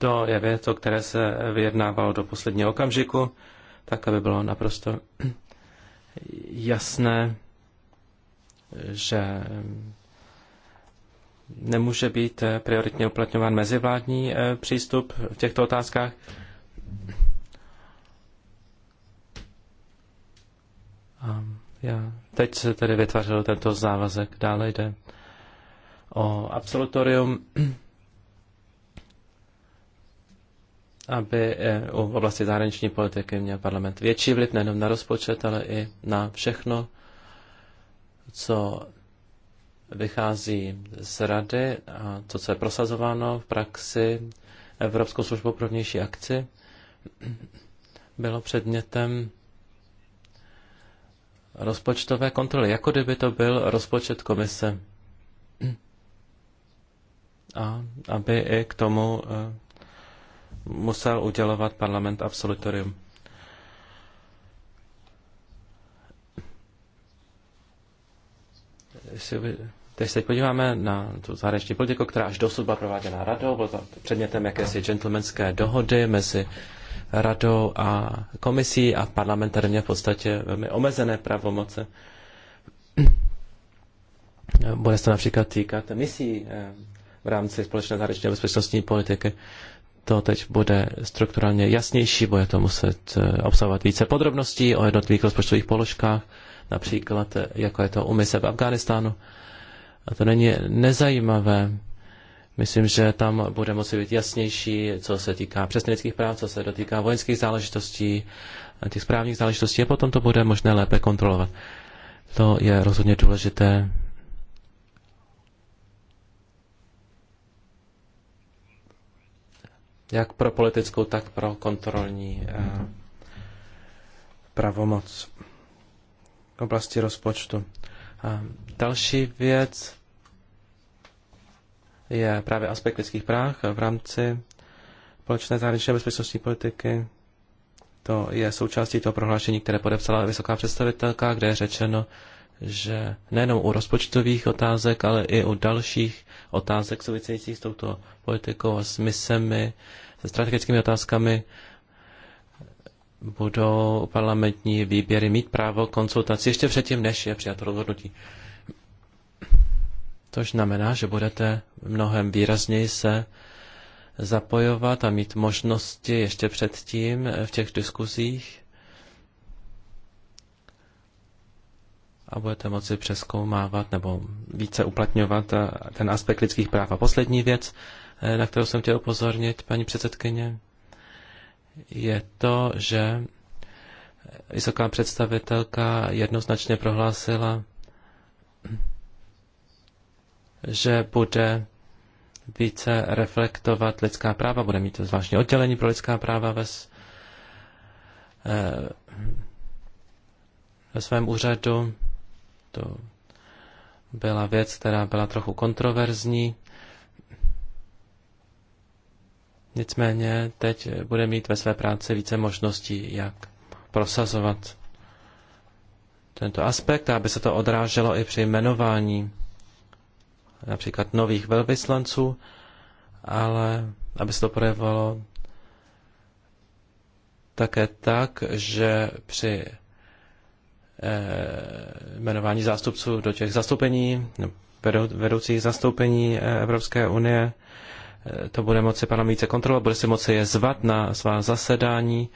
To je věc, o které se vyjednávalo do posledního okamžiku, tak aby bylo naprosto <clears throat> jasné, že nemůže být prioritně uplatňován mezivládní eh, přístup v těchto otázkách. A já teď se tedy vytvořil tento závazek. Dále jde o absolutorium <clears throat> aby eh, u oblasti zahraniční politiky měl parlament větší vliv nejenom na rozpočet, ale i na všechno, co vychází z rady a to, co je prosazováno v praxi Evropskou službou pro vnější akci, bylo předmětem rozpočtové kontroly, jako kdyby to byl rozpočet komise. A aby i k tomu eh, musel udělovat parlament absolutorium. Když se podíváme na tu zahraniční politiku, která až dosud byla prováděna radou, byl to předmětem jakési gentlemanské dohody mezi radou a komisí a parlament tady měl v podstatě velmi omezené pravomoce. Bude se to například týkat misí eh, v rámci společné zahraniční bezpečnostní politiky to teď bude strukturálně jasnější, bude to muset eh, obsahovat více podrobností o jednotlivých rozpočtových položkách, například eh, jako je to umise v Afganistánu. A to není nezajímavé. Myslím, že tam bude moci být jasnější, co se týká přesnických práv, co se dotýká vojenských záležitostí, těch správních záležitostí a potom to bude možné lépe kontrolovat. To je rozhodně důležité jak pro politickou, tak pro kontrolní eh, pravomoc v oblasti rozpočtu. další věc je právě aspekt lidských práv v rámci společné zahraniční bezpečnostní politiky. To je součástí toho prohlášení, které podepsala vysoká představitelka, kde je řečeno, že nejenom u rozpočtových otázek, ale i u dalších otázek souvisejících s touto politikou a s misemi, se strategickými otázkami, budou parlamentní výběry mít právo konzultaci ještě předtím, než je přijato rozhodnutí. Tož znamená, že budete mnohem výrazněji se zapojovat a mít možnosti ještě předtím v těch diskuzích a budete moci přeskoumávat nebo více uplatňovat eh, ten aspekt lidských práv. A poslední věc, eh, na kterou jsem chtěl upozornit, paní předsedkyně, je to, že vysoká představitelka jednoznačně prohlásila, že bude více reflektovat lidská práva, bude mít zvláštní oddělení pro lidská práva ve, eh, ve svém úřadu to byla věc, která byla trochu kontroverzní. Nicméně teď bude mít ve své práci více možností, jak prosazovat tento aspekt, aby se to odráželo i při jmenování například nových velvyslanců, ale aby se to projevovalo také tak, že při Eh, jmenování zástupců do těch zastoupení, vedoucích zastoupení eh, Evropské unie. Eh, to bude moci pana více kontrolovat, bude si moci je zvat na svá zasedání,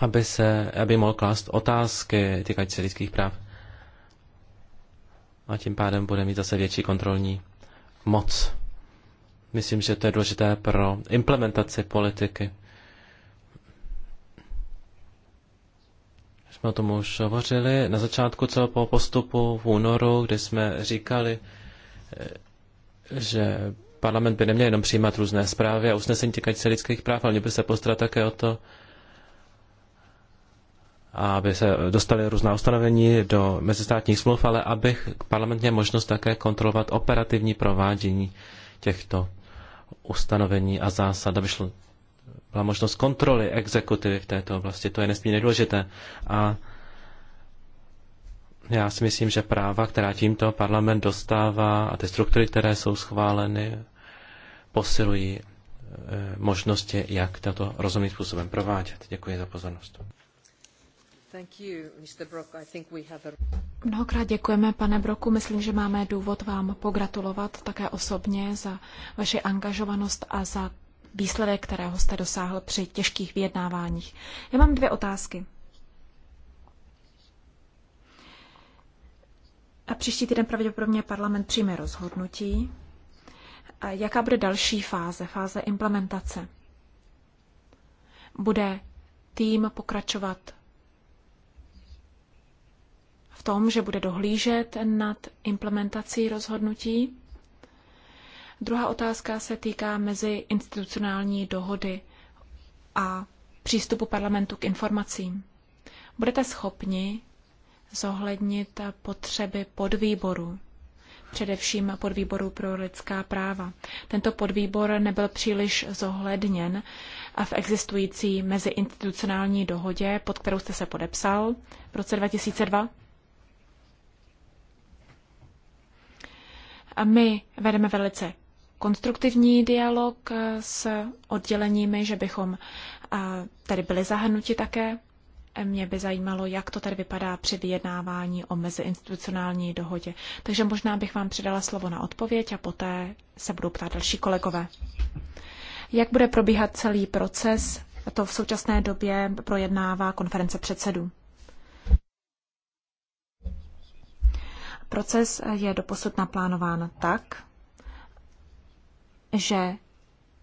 aby, se, aby mohl klást otázky týkající se lidských práv. A tím pádem bude mít zase větší kontrolní moc. Myslím, že to je důležité pro implementaci politiky. jsme o tom už hovořili na začátku celého postupu v únoru, kdy jsme říkali, eh, že parlament by neměl jenom přijímat různé zprávy a usnesení týkající se lidských práv, ale měl by se postarat také o to, aby se dostali různá ustanovení do mezistátních smluv, ale aby parlament měl možnost také kontrolovat operativní provádění těchto ustanovení a zásad, aby šlo byla možnost kontroly exekutivy v této oblasti. To je nesmírně důležité. A já si myslím, že práva, která tímto parlament dostává a ty struktury, které jsou schváleny, posilují e, možnosti, jak toto rozumným způsobem provádět. Děkuji za pozornost. Mnohokrát děkujeme, pane Broku. Myslím, že máme důvod vám pogratulovat také osobně za vaši angažovanost a za výsledek, kterého jste dosáhl při těžkých vyjednáváních. Já mám dvě otázky. A příští týden pravděpodobně parlament přijme rozhodnutí. A jaká bude další fáze, fáze implementace? Bude tým pokračovat v tom, že bude dohlížet nad implementací rozhodnutí? Druhá otázka se týká meziinstitucionální dohody a přístupu parlamentu k informacím. Budete schopni zohlednit potřeby podvýboru, především podvýboru pro lidská práva. Tento podvýbor nebyl příliš zohledněn v existující meziinstitucionální dohodě, pod kterou jste se podepsal v roce 2002. A my vedeme velice konstruktivní dialog eh, s odděleními, že bychom eh, tady byli zahrnuti také. Eh, mě by zajímalo, jak to tady vypadá při vyjednávání o meziinstitucionální dohodě. Takže možná bych vám předala slovo na odpověď a poté se budou ptát další kolegové. Jak bude probíhat celý proces? To v současné době projednává konference předsedů. Proces je doposud naplánován tak, že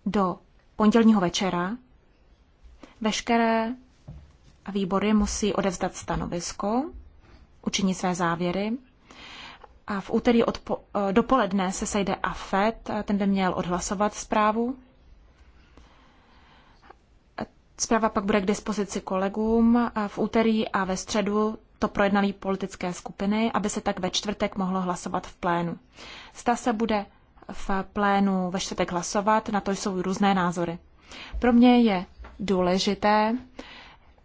do pondělního večera veškeré výbory musí odevzdat stanovisko, učinit své závěry. A v úterý odpo- eh, dopoledne se sejde AFET, eh, ten by měl odhlasovat zprávu. Zpráva pak bude k dispozici kolegům eh, v úterý a ve středu to projednaly politické skupiny, aby se tak ve čtvrtek mohlo hlasovat v plénu. Zda se bude v plénu ve čtvrtek hlasovat, na to jsou různé názory. Pro mě je důležité,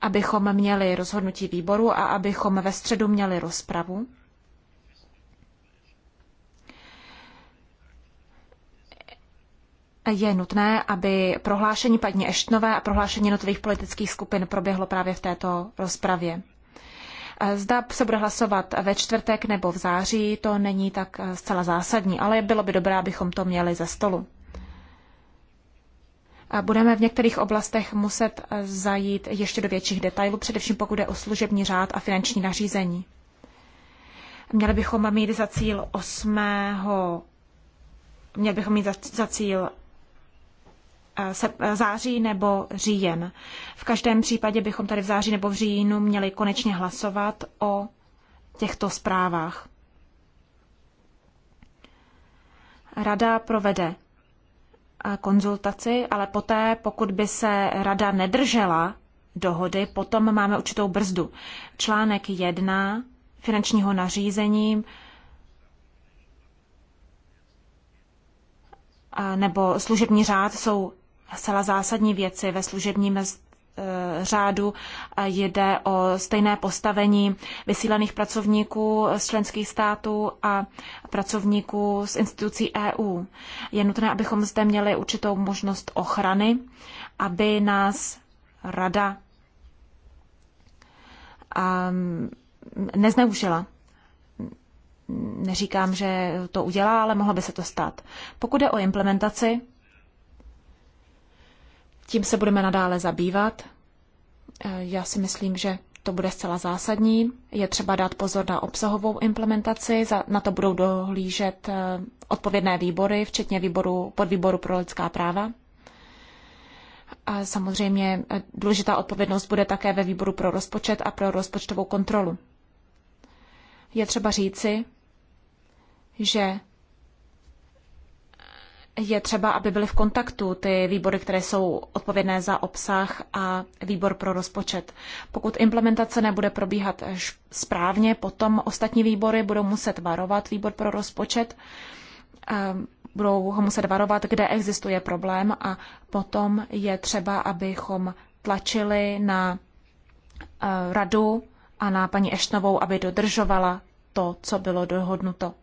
abychom měli rozhodnutí výboru a abychom ve středu měli rozpravu. Je nutné, aby prohlášení paní Eštnové a prohlášení notových politických skupin proběhlo právě v této rozpravě. Zda se bude hlasovat ve čtvrtek nebo v září, to není tak eh, zcela zásadní, ale bylo by dobré, abychom to měli ze stolu. A budeme v některých oblastech muset eh, zajít ještě do větších detailů, především pokud je o služební řád a finanční nařízení. Měli bychom mít za cíl 8. Měli bychom mít za, za cíl Eh, eh, září nebo říjen. V každém případě bychom tady v září nebo v říjnu měli konečně hlasovat o těchto zprávách. Rada provede eh, konzultaci, ale poté, pokud by se rada nedržela dohody, potom máme určitou brzdu. Článek 1 finančního nařízení nebo služební řád jsou zcela zásadní věci ve služebním eh, řádu. Eh, jde o stejné postavení vysílaných pracovníků z členských států a pracovníků z institucí EU. Je nutné, abychom zde měli určitou možnost ochrany, aby nás rada ehm, nezneužila. Neříkám, že to udělá, ale mohlo by se to stát. Pokud je o implementaci, tím se budeme nadále zabývat. Eh, já si myslím, že to bude zcela zásadní. Je třeba dát pozor na obsahovou implementaci, na to budou dohlížet eh, odpovědné výbory, včetně výboru, podvýboru pro lidská práva. A samozřejmě eh, důležitá odpovědnost bude také ve výboru pro rozpočet a pro rozpočtovou kontrolu. Je třeba říci, že je třeba, aby byly v kontaktu ty výbory, které jsou odpovědné za obsah a výbor pro rozpočet. Pokud implementace nebude probíhat správně, potom ostatní výbory budou muset varovat výbor pro rozpočet, budou ho muset varovat, kde existuje problém a potom je třeba, abychom tlačili na radu a na paní Eštnovou, aby dodržovala to, co bylo dohodnuto.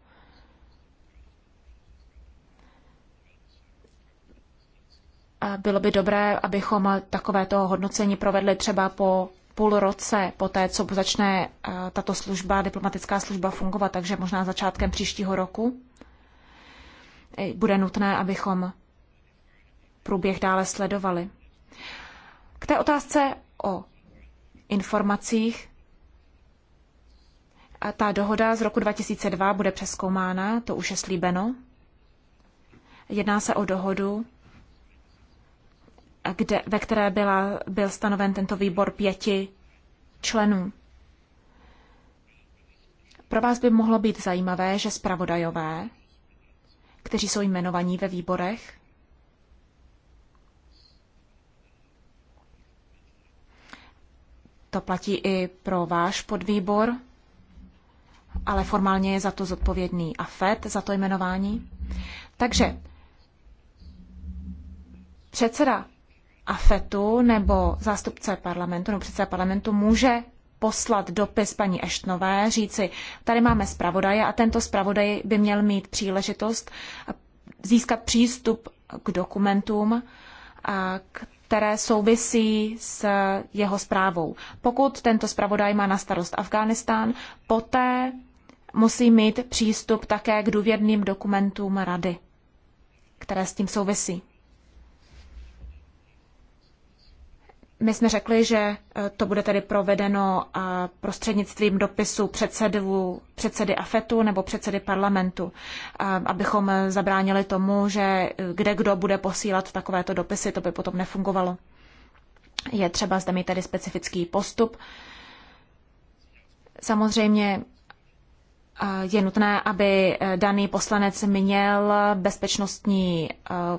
Bylo by dobré, abychom takovéto hodnocení provedli třeba po půl roce po té, co začne eh, tato služba, diplomatická služba fungovat, takže možná začátkem příštího roku eh, bude nutné, abychom průběh dále sledovali. K té otázce o informacích. A ta dohoda z roku 2002 bude přeskoumána, to už je slíbeno. Jedná se o dohodu, kde, ve které byla, byl stanoven tento výbor pěti členů. Pro vás by mohlo být zajímavé, že zpravodajové, kteří jsou jmenovaní ve výborech, to platí i pro váš podvýbor, ale formálně je za to zodpovědný a FED za to jmenování. Takže předseda AFETu nebo zástupce parlamentu nebo předseda parlamentu může poslat dopis paní Eštnové, říci, tady máme zpravodaje a tento zpravodaj by měl mít příležitost získat přístup k dokumentům, které souvisí s jeho zprávou. Pokud tento zpravodaj má na starost Afghánistán, poté musí mít přístup také k důvěrným dokumentům rady, které s tím souvisí. My jsme řekli, že e, to bude tedy provedeno e, prostřednictvím dopisu předsedu, předsedy AFETu nebo předsedy parlamentu, e, abychom zabránili tomu, že kde kdo bude posílat takovéto dopisy, to by potom nefungovalo. Je třeba zde mít tedy specifický postup. Samozřejmě je nutné, aby daný poslanec měl bezpečnostní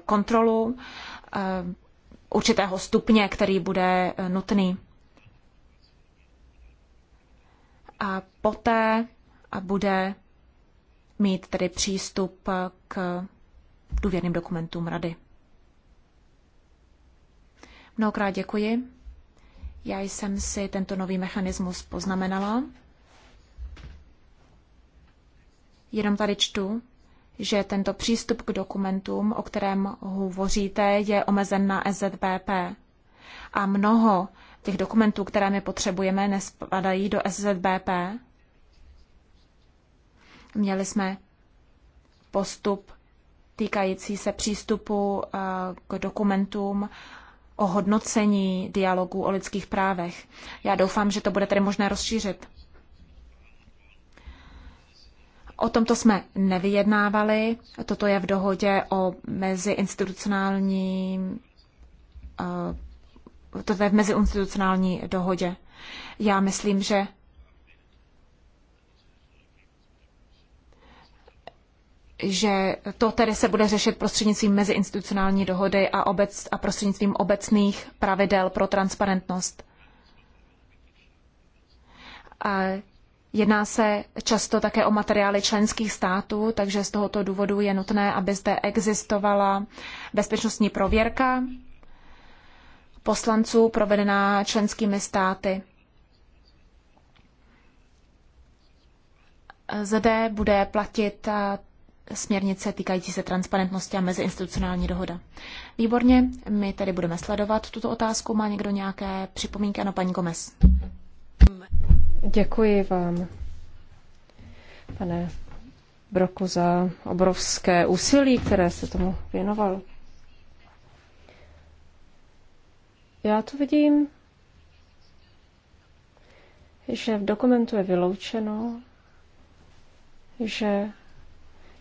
kontrolu, určitého stupně, který bude eh, nutný. A poté a eh, bude mít tedy přístup eh, k důvěrným dokumentům rady. Mnohokrát děkuji. Já jsem si tento nový mechanismus poznamenala. Jenom tady čtu, že tento přístup k dokumentům, o kterém hovoříte, je omezen na SZBP. A mnoho těch dokumentů, které my potřebujeme, nespadají do SZBP. Měli jsme postup týkající se přístupu eh, k dokumentům o hodnocení dialogu o lidských právech. Já doufám, že to bude tedy možné rozšířit. O tomto jsme nevyjednávali. Toto je v dohodě o meziinstitucionálním eh, to je v meziinstitucionální dohodě. Já myslím, že že to tedy se bude řešit prostřednictvím meziinstitucionální dohody a, obec, a prostřednictvím obecných pravidel pro transparentnost. A Jedná se často také o materiály členských států, takže z tohoto důvodu je nutné, aby zde existovala bezpečnostní prověrka poslanců provedená členskými státy. Zde bude platit směrnice týkající se transparentnosti a meziinstitucionální dohoda. Výborně, my tedy budeme sledovat tuto otázku. Má někdo nějaké připomínky? Ano, paní Gomez. Děkuji vám, pane Broku, za obrovské úsilí, které se tomu věnoval. Já to vidím, že v dokumentu je vyloučeno, že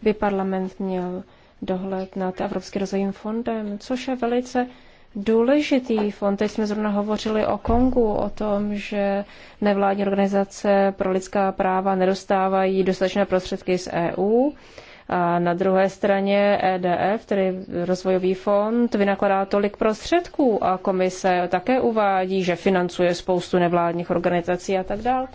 by parlament měl dohled nad Evropským rozvojovým fondem, což je velice důležitý fond. Teď jsme zrovna hovořili o Kongu, o tom, že nevládní organizace pro lidská práva nedostávají dostatečné prostředky z EU. A na druhé straně EDF, tedy rozvojový fond, vynakladá tolik prostředků a komise také uvádí, že financuje spoustu nevládních organizací a tak dále.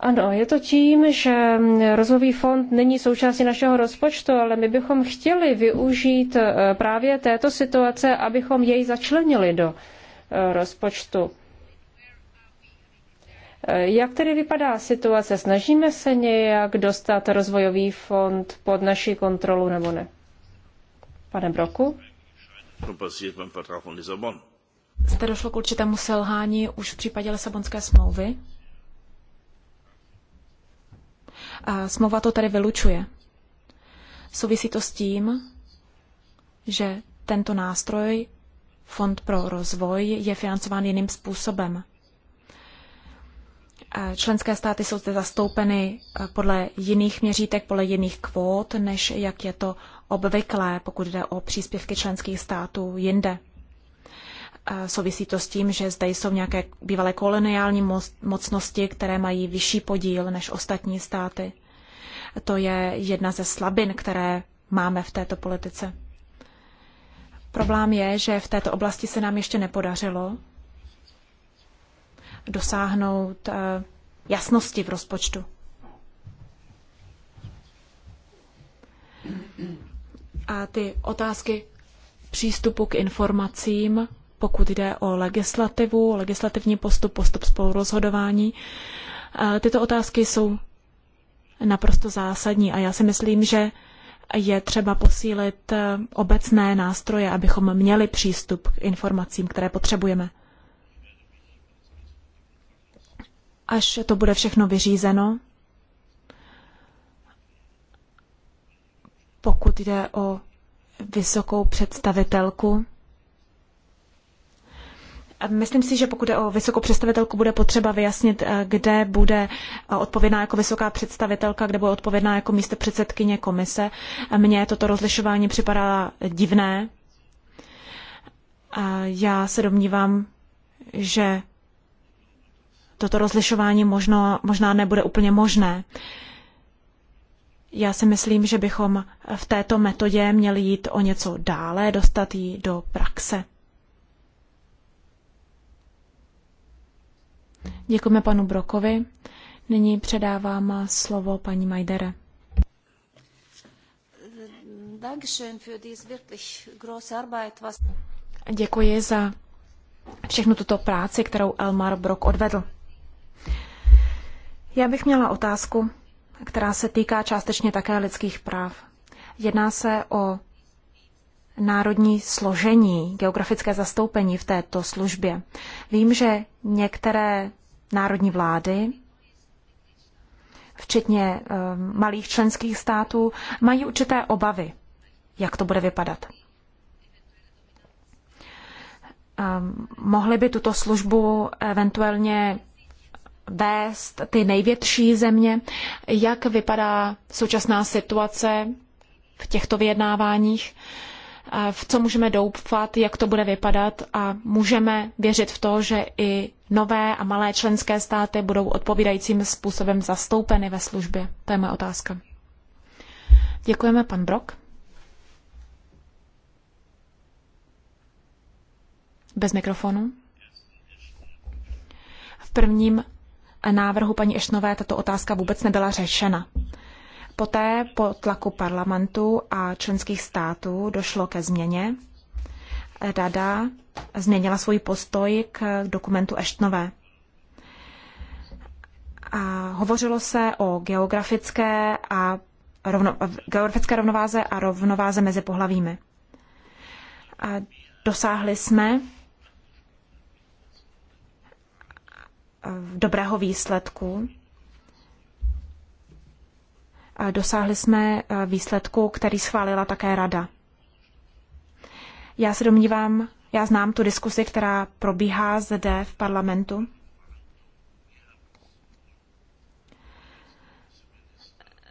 Ano, je to tím, že rozvojový fond není součástí našeho rozpočtu, ale my bychom chtěli využít eh, právě této situace, abychom jej začlenili do eh, rozpočtu. Eh, jak tedy vypadá situace? Snažíme se nějak dostat rozvojový fond pod naši kontrolu nebo ne? Pane Broku? Zde došlo k určitému selhání už v případě Lisabonské smlouvy. smlouva to tady vylučuje. Souvisí to s tím, že tento nástroj, Fond pro rozvoj, je financován jiným způsobem. Členské státy jsou zde zastoupeny eh, podle jiných měřítek, podle jiných kvót, než jak je to obvyklé, pokud jde o příspěvky členských států jinde. Souvisí to s tím, že zde jsou nějaké bývalé koloniální mocnosti, které mají vyšší podíl než ostatní státy. To je jedna ze slabin, které máme v této politice. Problém je, že v této oblasti se nám ještě nepodařilo dosáhnout eh, jasnosti v rozpočtu. A ty otázky přístupu k informacím pokud jde o legislativu, o legislativní postup, postup spolurozhodování. Tyto otázky jsou naprosto zásadní a já si myslím, že je třeba posílit eh, obecné nástroje, abychom měli přístup k informacím, které potřebujeme. Až to bude všechno vyřízeno, pokud jde o vysokou představitelku, Myslím si, že pokud je o vysokou představitelku, bude potřeba vyjasnit, eh, kde bude eh, odpovědná jako vysoká představitelka, kde bude odpovědná jako místo předsedkyně komise. Mně toto rozlišování připadá divné. Já se domnívám, že toto rozlišování možno, možná nebude úplně možné. Já si myslím, že bychom v této metodě měli jít o něco dále, dostat ji do praxe. Děkujeme panu Brokovi. Nyní předávám slovo paní Majdere. Děkuji za všechnu tuto práci, kterou Elmar Brok odvedl. Já bych měla otázku, která se týká částečně také lidských práv. Jedná se o národní složení, geografické zastoupení v této službě. Vím, že některé národní vlády, včetně eh, malých členských států, mají určité obavy, jak to bude vypadat. Ehm, mohly by tuto službu eventuálně vést ty největší země. Jak vypadá současná situace v těchto vyjednáváních? v co můžeme doufat, jak to bude vypadat a můžeme věřit v to, že i nové a malé členské státy budou odpovídajícím způsobem zastoupeny ve službě. To je moje otázka. Děkujeme, pan Brok. Bez mikrofonu. V prvním návrhu paní Ešnové tato otázka vůbec nebyla řešena. Poté po tlaku parlamentu a členských států došlo ke změně. Rada změnila svůj postoj k dokumentu Eštnové. A hovořilo se o geografické a rovno, geografické rovnováze a rovnováze mezi pohlavími. A dosáhli jsme eh, dobrého výsledku dosáhli jsme eh, výsledku, který schválila také rada. Já se domnívám, já znám tu diskusi, která probíhá zde v parlamentu.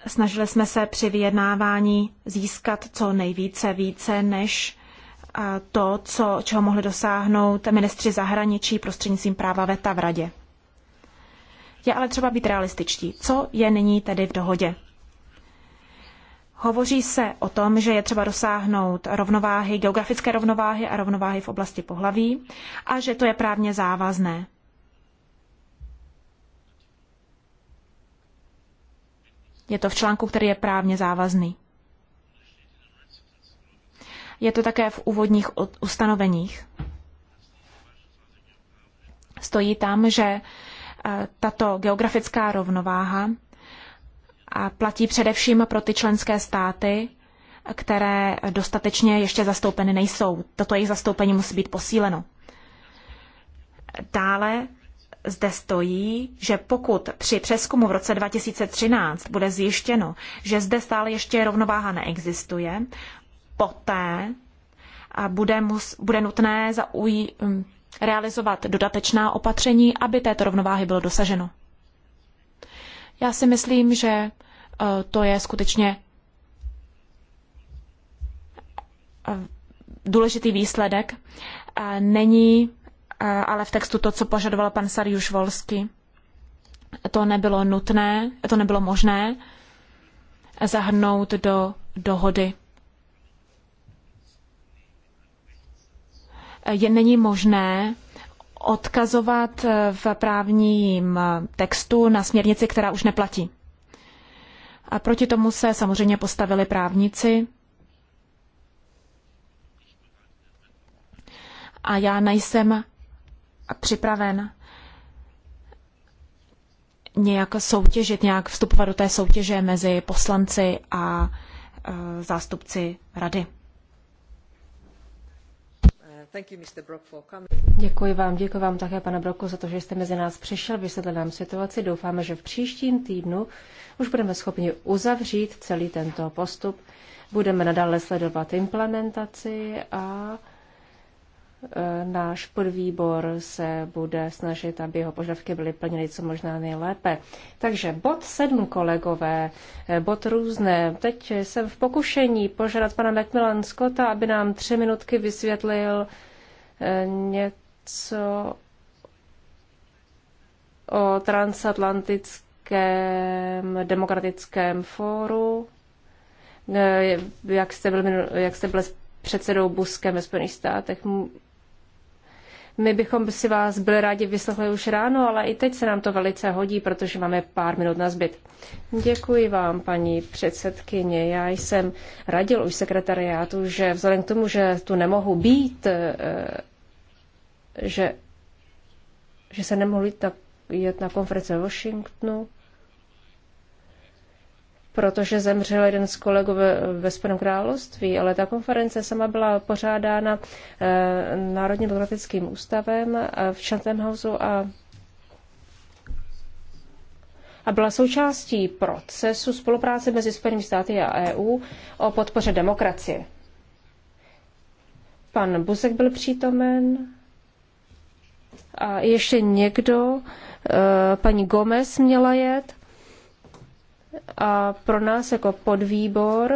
Snažili jsme se při vyjednávání získat co nejvíce, více než eh, to, co, čeho mohli dosáhnout ministři zahraničí prostřednictvím práva VETA v radě. Je ale třeba být realističtí. Co je nyní tedy v dohodě? Hovoří se o tom, že je třeba dosáhnout rovnováhy, geografické rovnováhy a rovnováhy v oblasti pohlaví a že to je právně závazné. Je to v článku, který je právně závazný. Je to také v úvodních ustanoveních. Stojí tam, že eh, tato geografická rovnováha a platí především pro ty členské státy, které dostatečně ještě zastoupeny nejsou. Toto jejich zastoupení musí být posíleno. Dále zde stojí, že pokud při přeskumu v roce 2013 bude zjištěno, že zde stále ještě rovnováha neexistuje, poté bude, mus, bude nutné zaují, realizovat dodatečná opatření, aby této rovnováhy bylo dosaženo. Já si myslím, že eh, to je skutečně eh, důležitý výsledek. Není eh, ale v textu to, co požadoval pan Sarjuš Volsky. To nebylo nutné, to nebylo možné zahrnout do dohody. Je není možné odkazovat v právním textu na směrnici, která už neplatí. A proti tomu se samozřejmě postavili právníci. A já nejsem připraven nějak soutěžit, nějak vstupovat do té soutěže mezi poslanci a e, zástupci rady. Děkuji vám, děkuji vám také, pane Broku, za to, že jste mezi nás přišel, vysvětlil nám situaci. Doufáme, že v příštím týdnu už budeme schopni uzavřít celý tento postup. Budeme nadále sledovat implementaci a e, náš podvýbor se bude snažit, aby jeho požadavky byly plněny co možná nejlépe. Takže bod sedm kolegové, e, bod různé. Teď jsem v pokušení požádat pana Macmillan Scotta, aby nám tři minutky vysvětlil, Eh, něco o transatlantickém demokratickém fóru, eh, jak jste byl, jak jste byl předsedou Buskem ve Spojených státech. My bychom si vás byli rádi vyslechli už ráno, ale i teď se nám to velice hodí, protože máme pár minut na zbyt. Děkuji vám, paní předsedkyně. Já jsem radil už sekretariátu, že vzhledem k tomu, že tu nemohu být, eh, že, že se nemohu jít na, jít na konference v Washingtonu, protože zemřel jeden z kolegů ve, ve Spojeném království, ale ta konference sama byla pořádána e, Národním demokratickým ústavem e, v Chathamhouse a, a byla součástí procesu spolupráce mezi Spojenými státy a EU o podpoře demokracie. Pan Buzek byl přítomen a ještě někdo, e, paní Gomez měla jet a pro nás jako podvýbor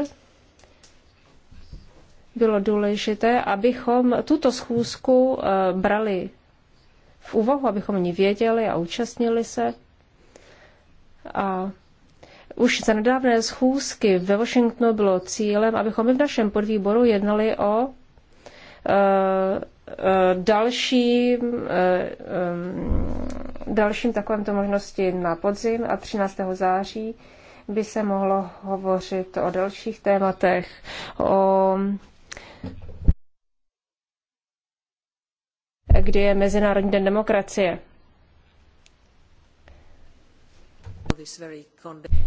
bylo důležité, abychom tuto schůzku eh, brali v úvahu, abychom ní věděli a účastnili se. A už za nedávné schůzky ve Washingtonu bylo cílem, abychom i v našem podvýboru jednali o eh, eh, dalším, dalším takovémto možnosti na podzim a 13. září by se mohlo hovořit o dalších tématech, o kdy je Mezinárodní den demokracie.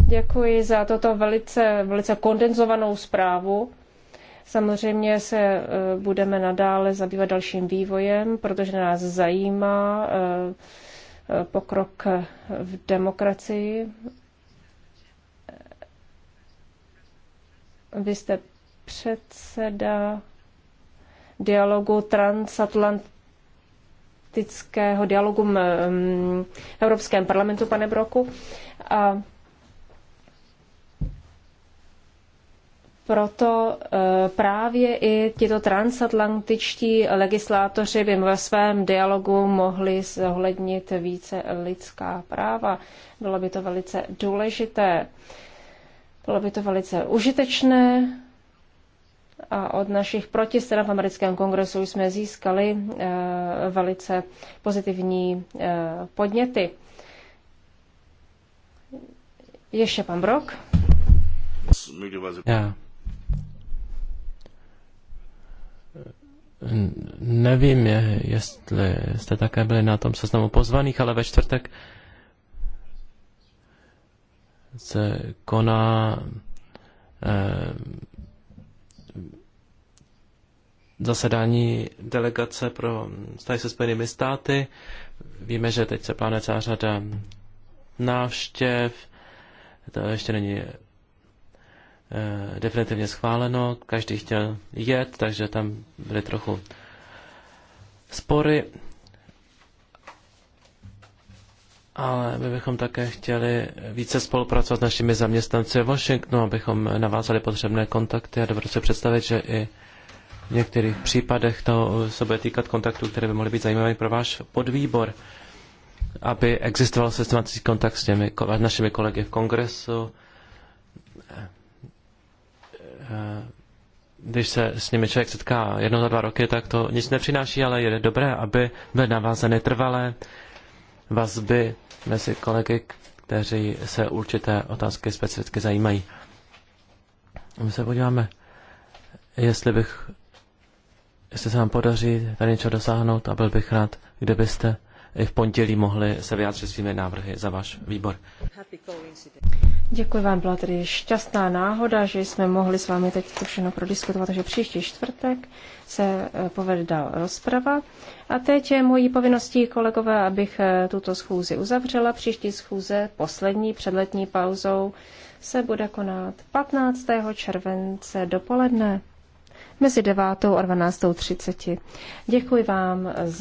Děkuji za toto velice, velice kondenzovanou zprávu. Samozřejmě se e, budeme nadále zabývat dalším vývojem, protože nás zajímá e, e, pokrok v demokracii Vy jste předseda dialogu transatlantického dialogu v mm, Evropském parlamentu, pane Broku. A proto e, právě i tito transatlantičtí legislátoři by ve svém dialogu mohli zohlednit více lidská práva. Bylo by to velice důležité. Bylo by to velice užitečné a od našich protistran v americkém kongresu jsme získali eh, velice pozitivní eh, podněty. Ještě pan Brok. Já. Nevím, jestli jste také byli na tom seznamu pozvaných, ale ve čtvrtek se koná eh, zasedání delegace pro vztahy se Spojenými státy. Víme, že teď se plánuje celá řada návštěv. To ještě není eh, definitivně schváleno. Každý chtěl jet, takže tam byly trochu spory. ale my bychom také chtěli více spolupracovat s našimi zaměstnanci v Washingtonu, abychom navázali potřebné kontakty a dobře se představit, že i v některých případech to se bude týkat kontaktů, které by mohly být zajímavé pro váš podvýbor, aby existoval systematický kontakt s těmi s našimi kolegy v kongresu, když se s nimi člověk setká jedno za dva roky, tak to nic nepřináší, ale je dobré, aby byly navázeny trvalé vazby mezi kolegy, kteří se určité otázky specificky zajímají. My se podíváme, jestli bych, jestli se vám podaří tady něco dosáhnout a byl bych rád, kdybyste v pondělí mohli se vyjádřit svými návrhy za váš výbor. Děkuji vám, byla tedy šťastná náhoda, že jsme mohli s vámi teď to všechno prodiskutovat, takže příští čtvrtek se eh, povede dál rozprava. A teď je mojí povinností, kolegové, abych eh, tuto schůzi uzavřela. Příští schůze, poslední předletní pauzou, se bude konat 15. července dopoledne mezi 9. a 12.30. Děkuji vám za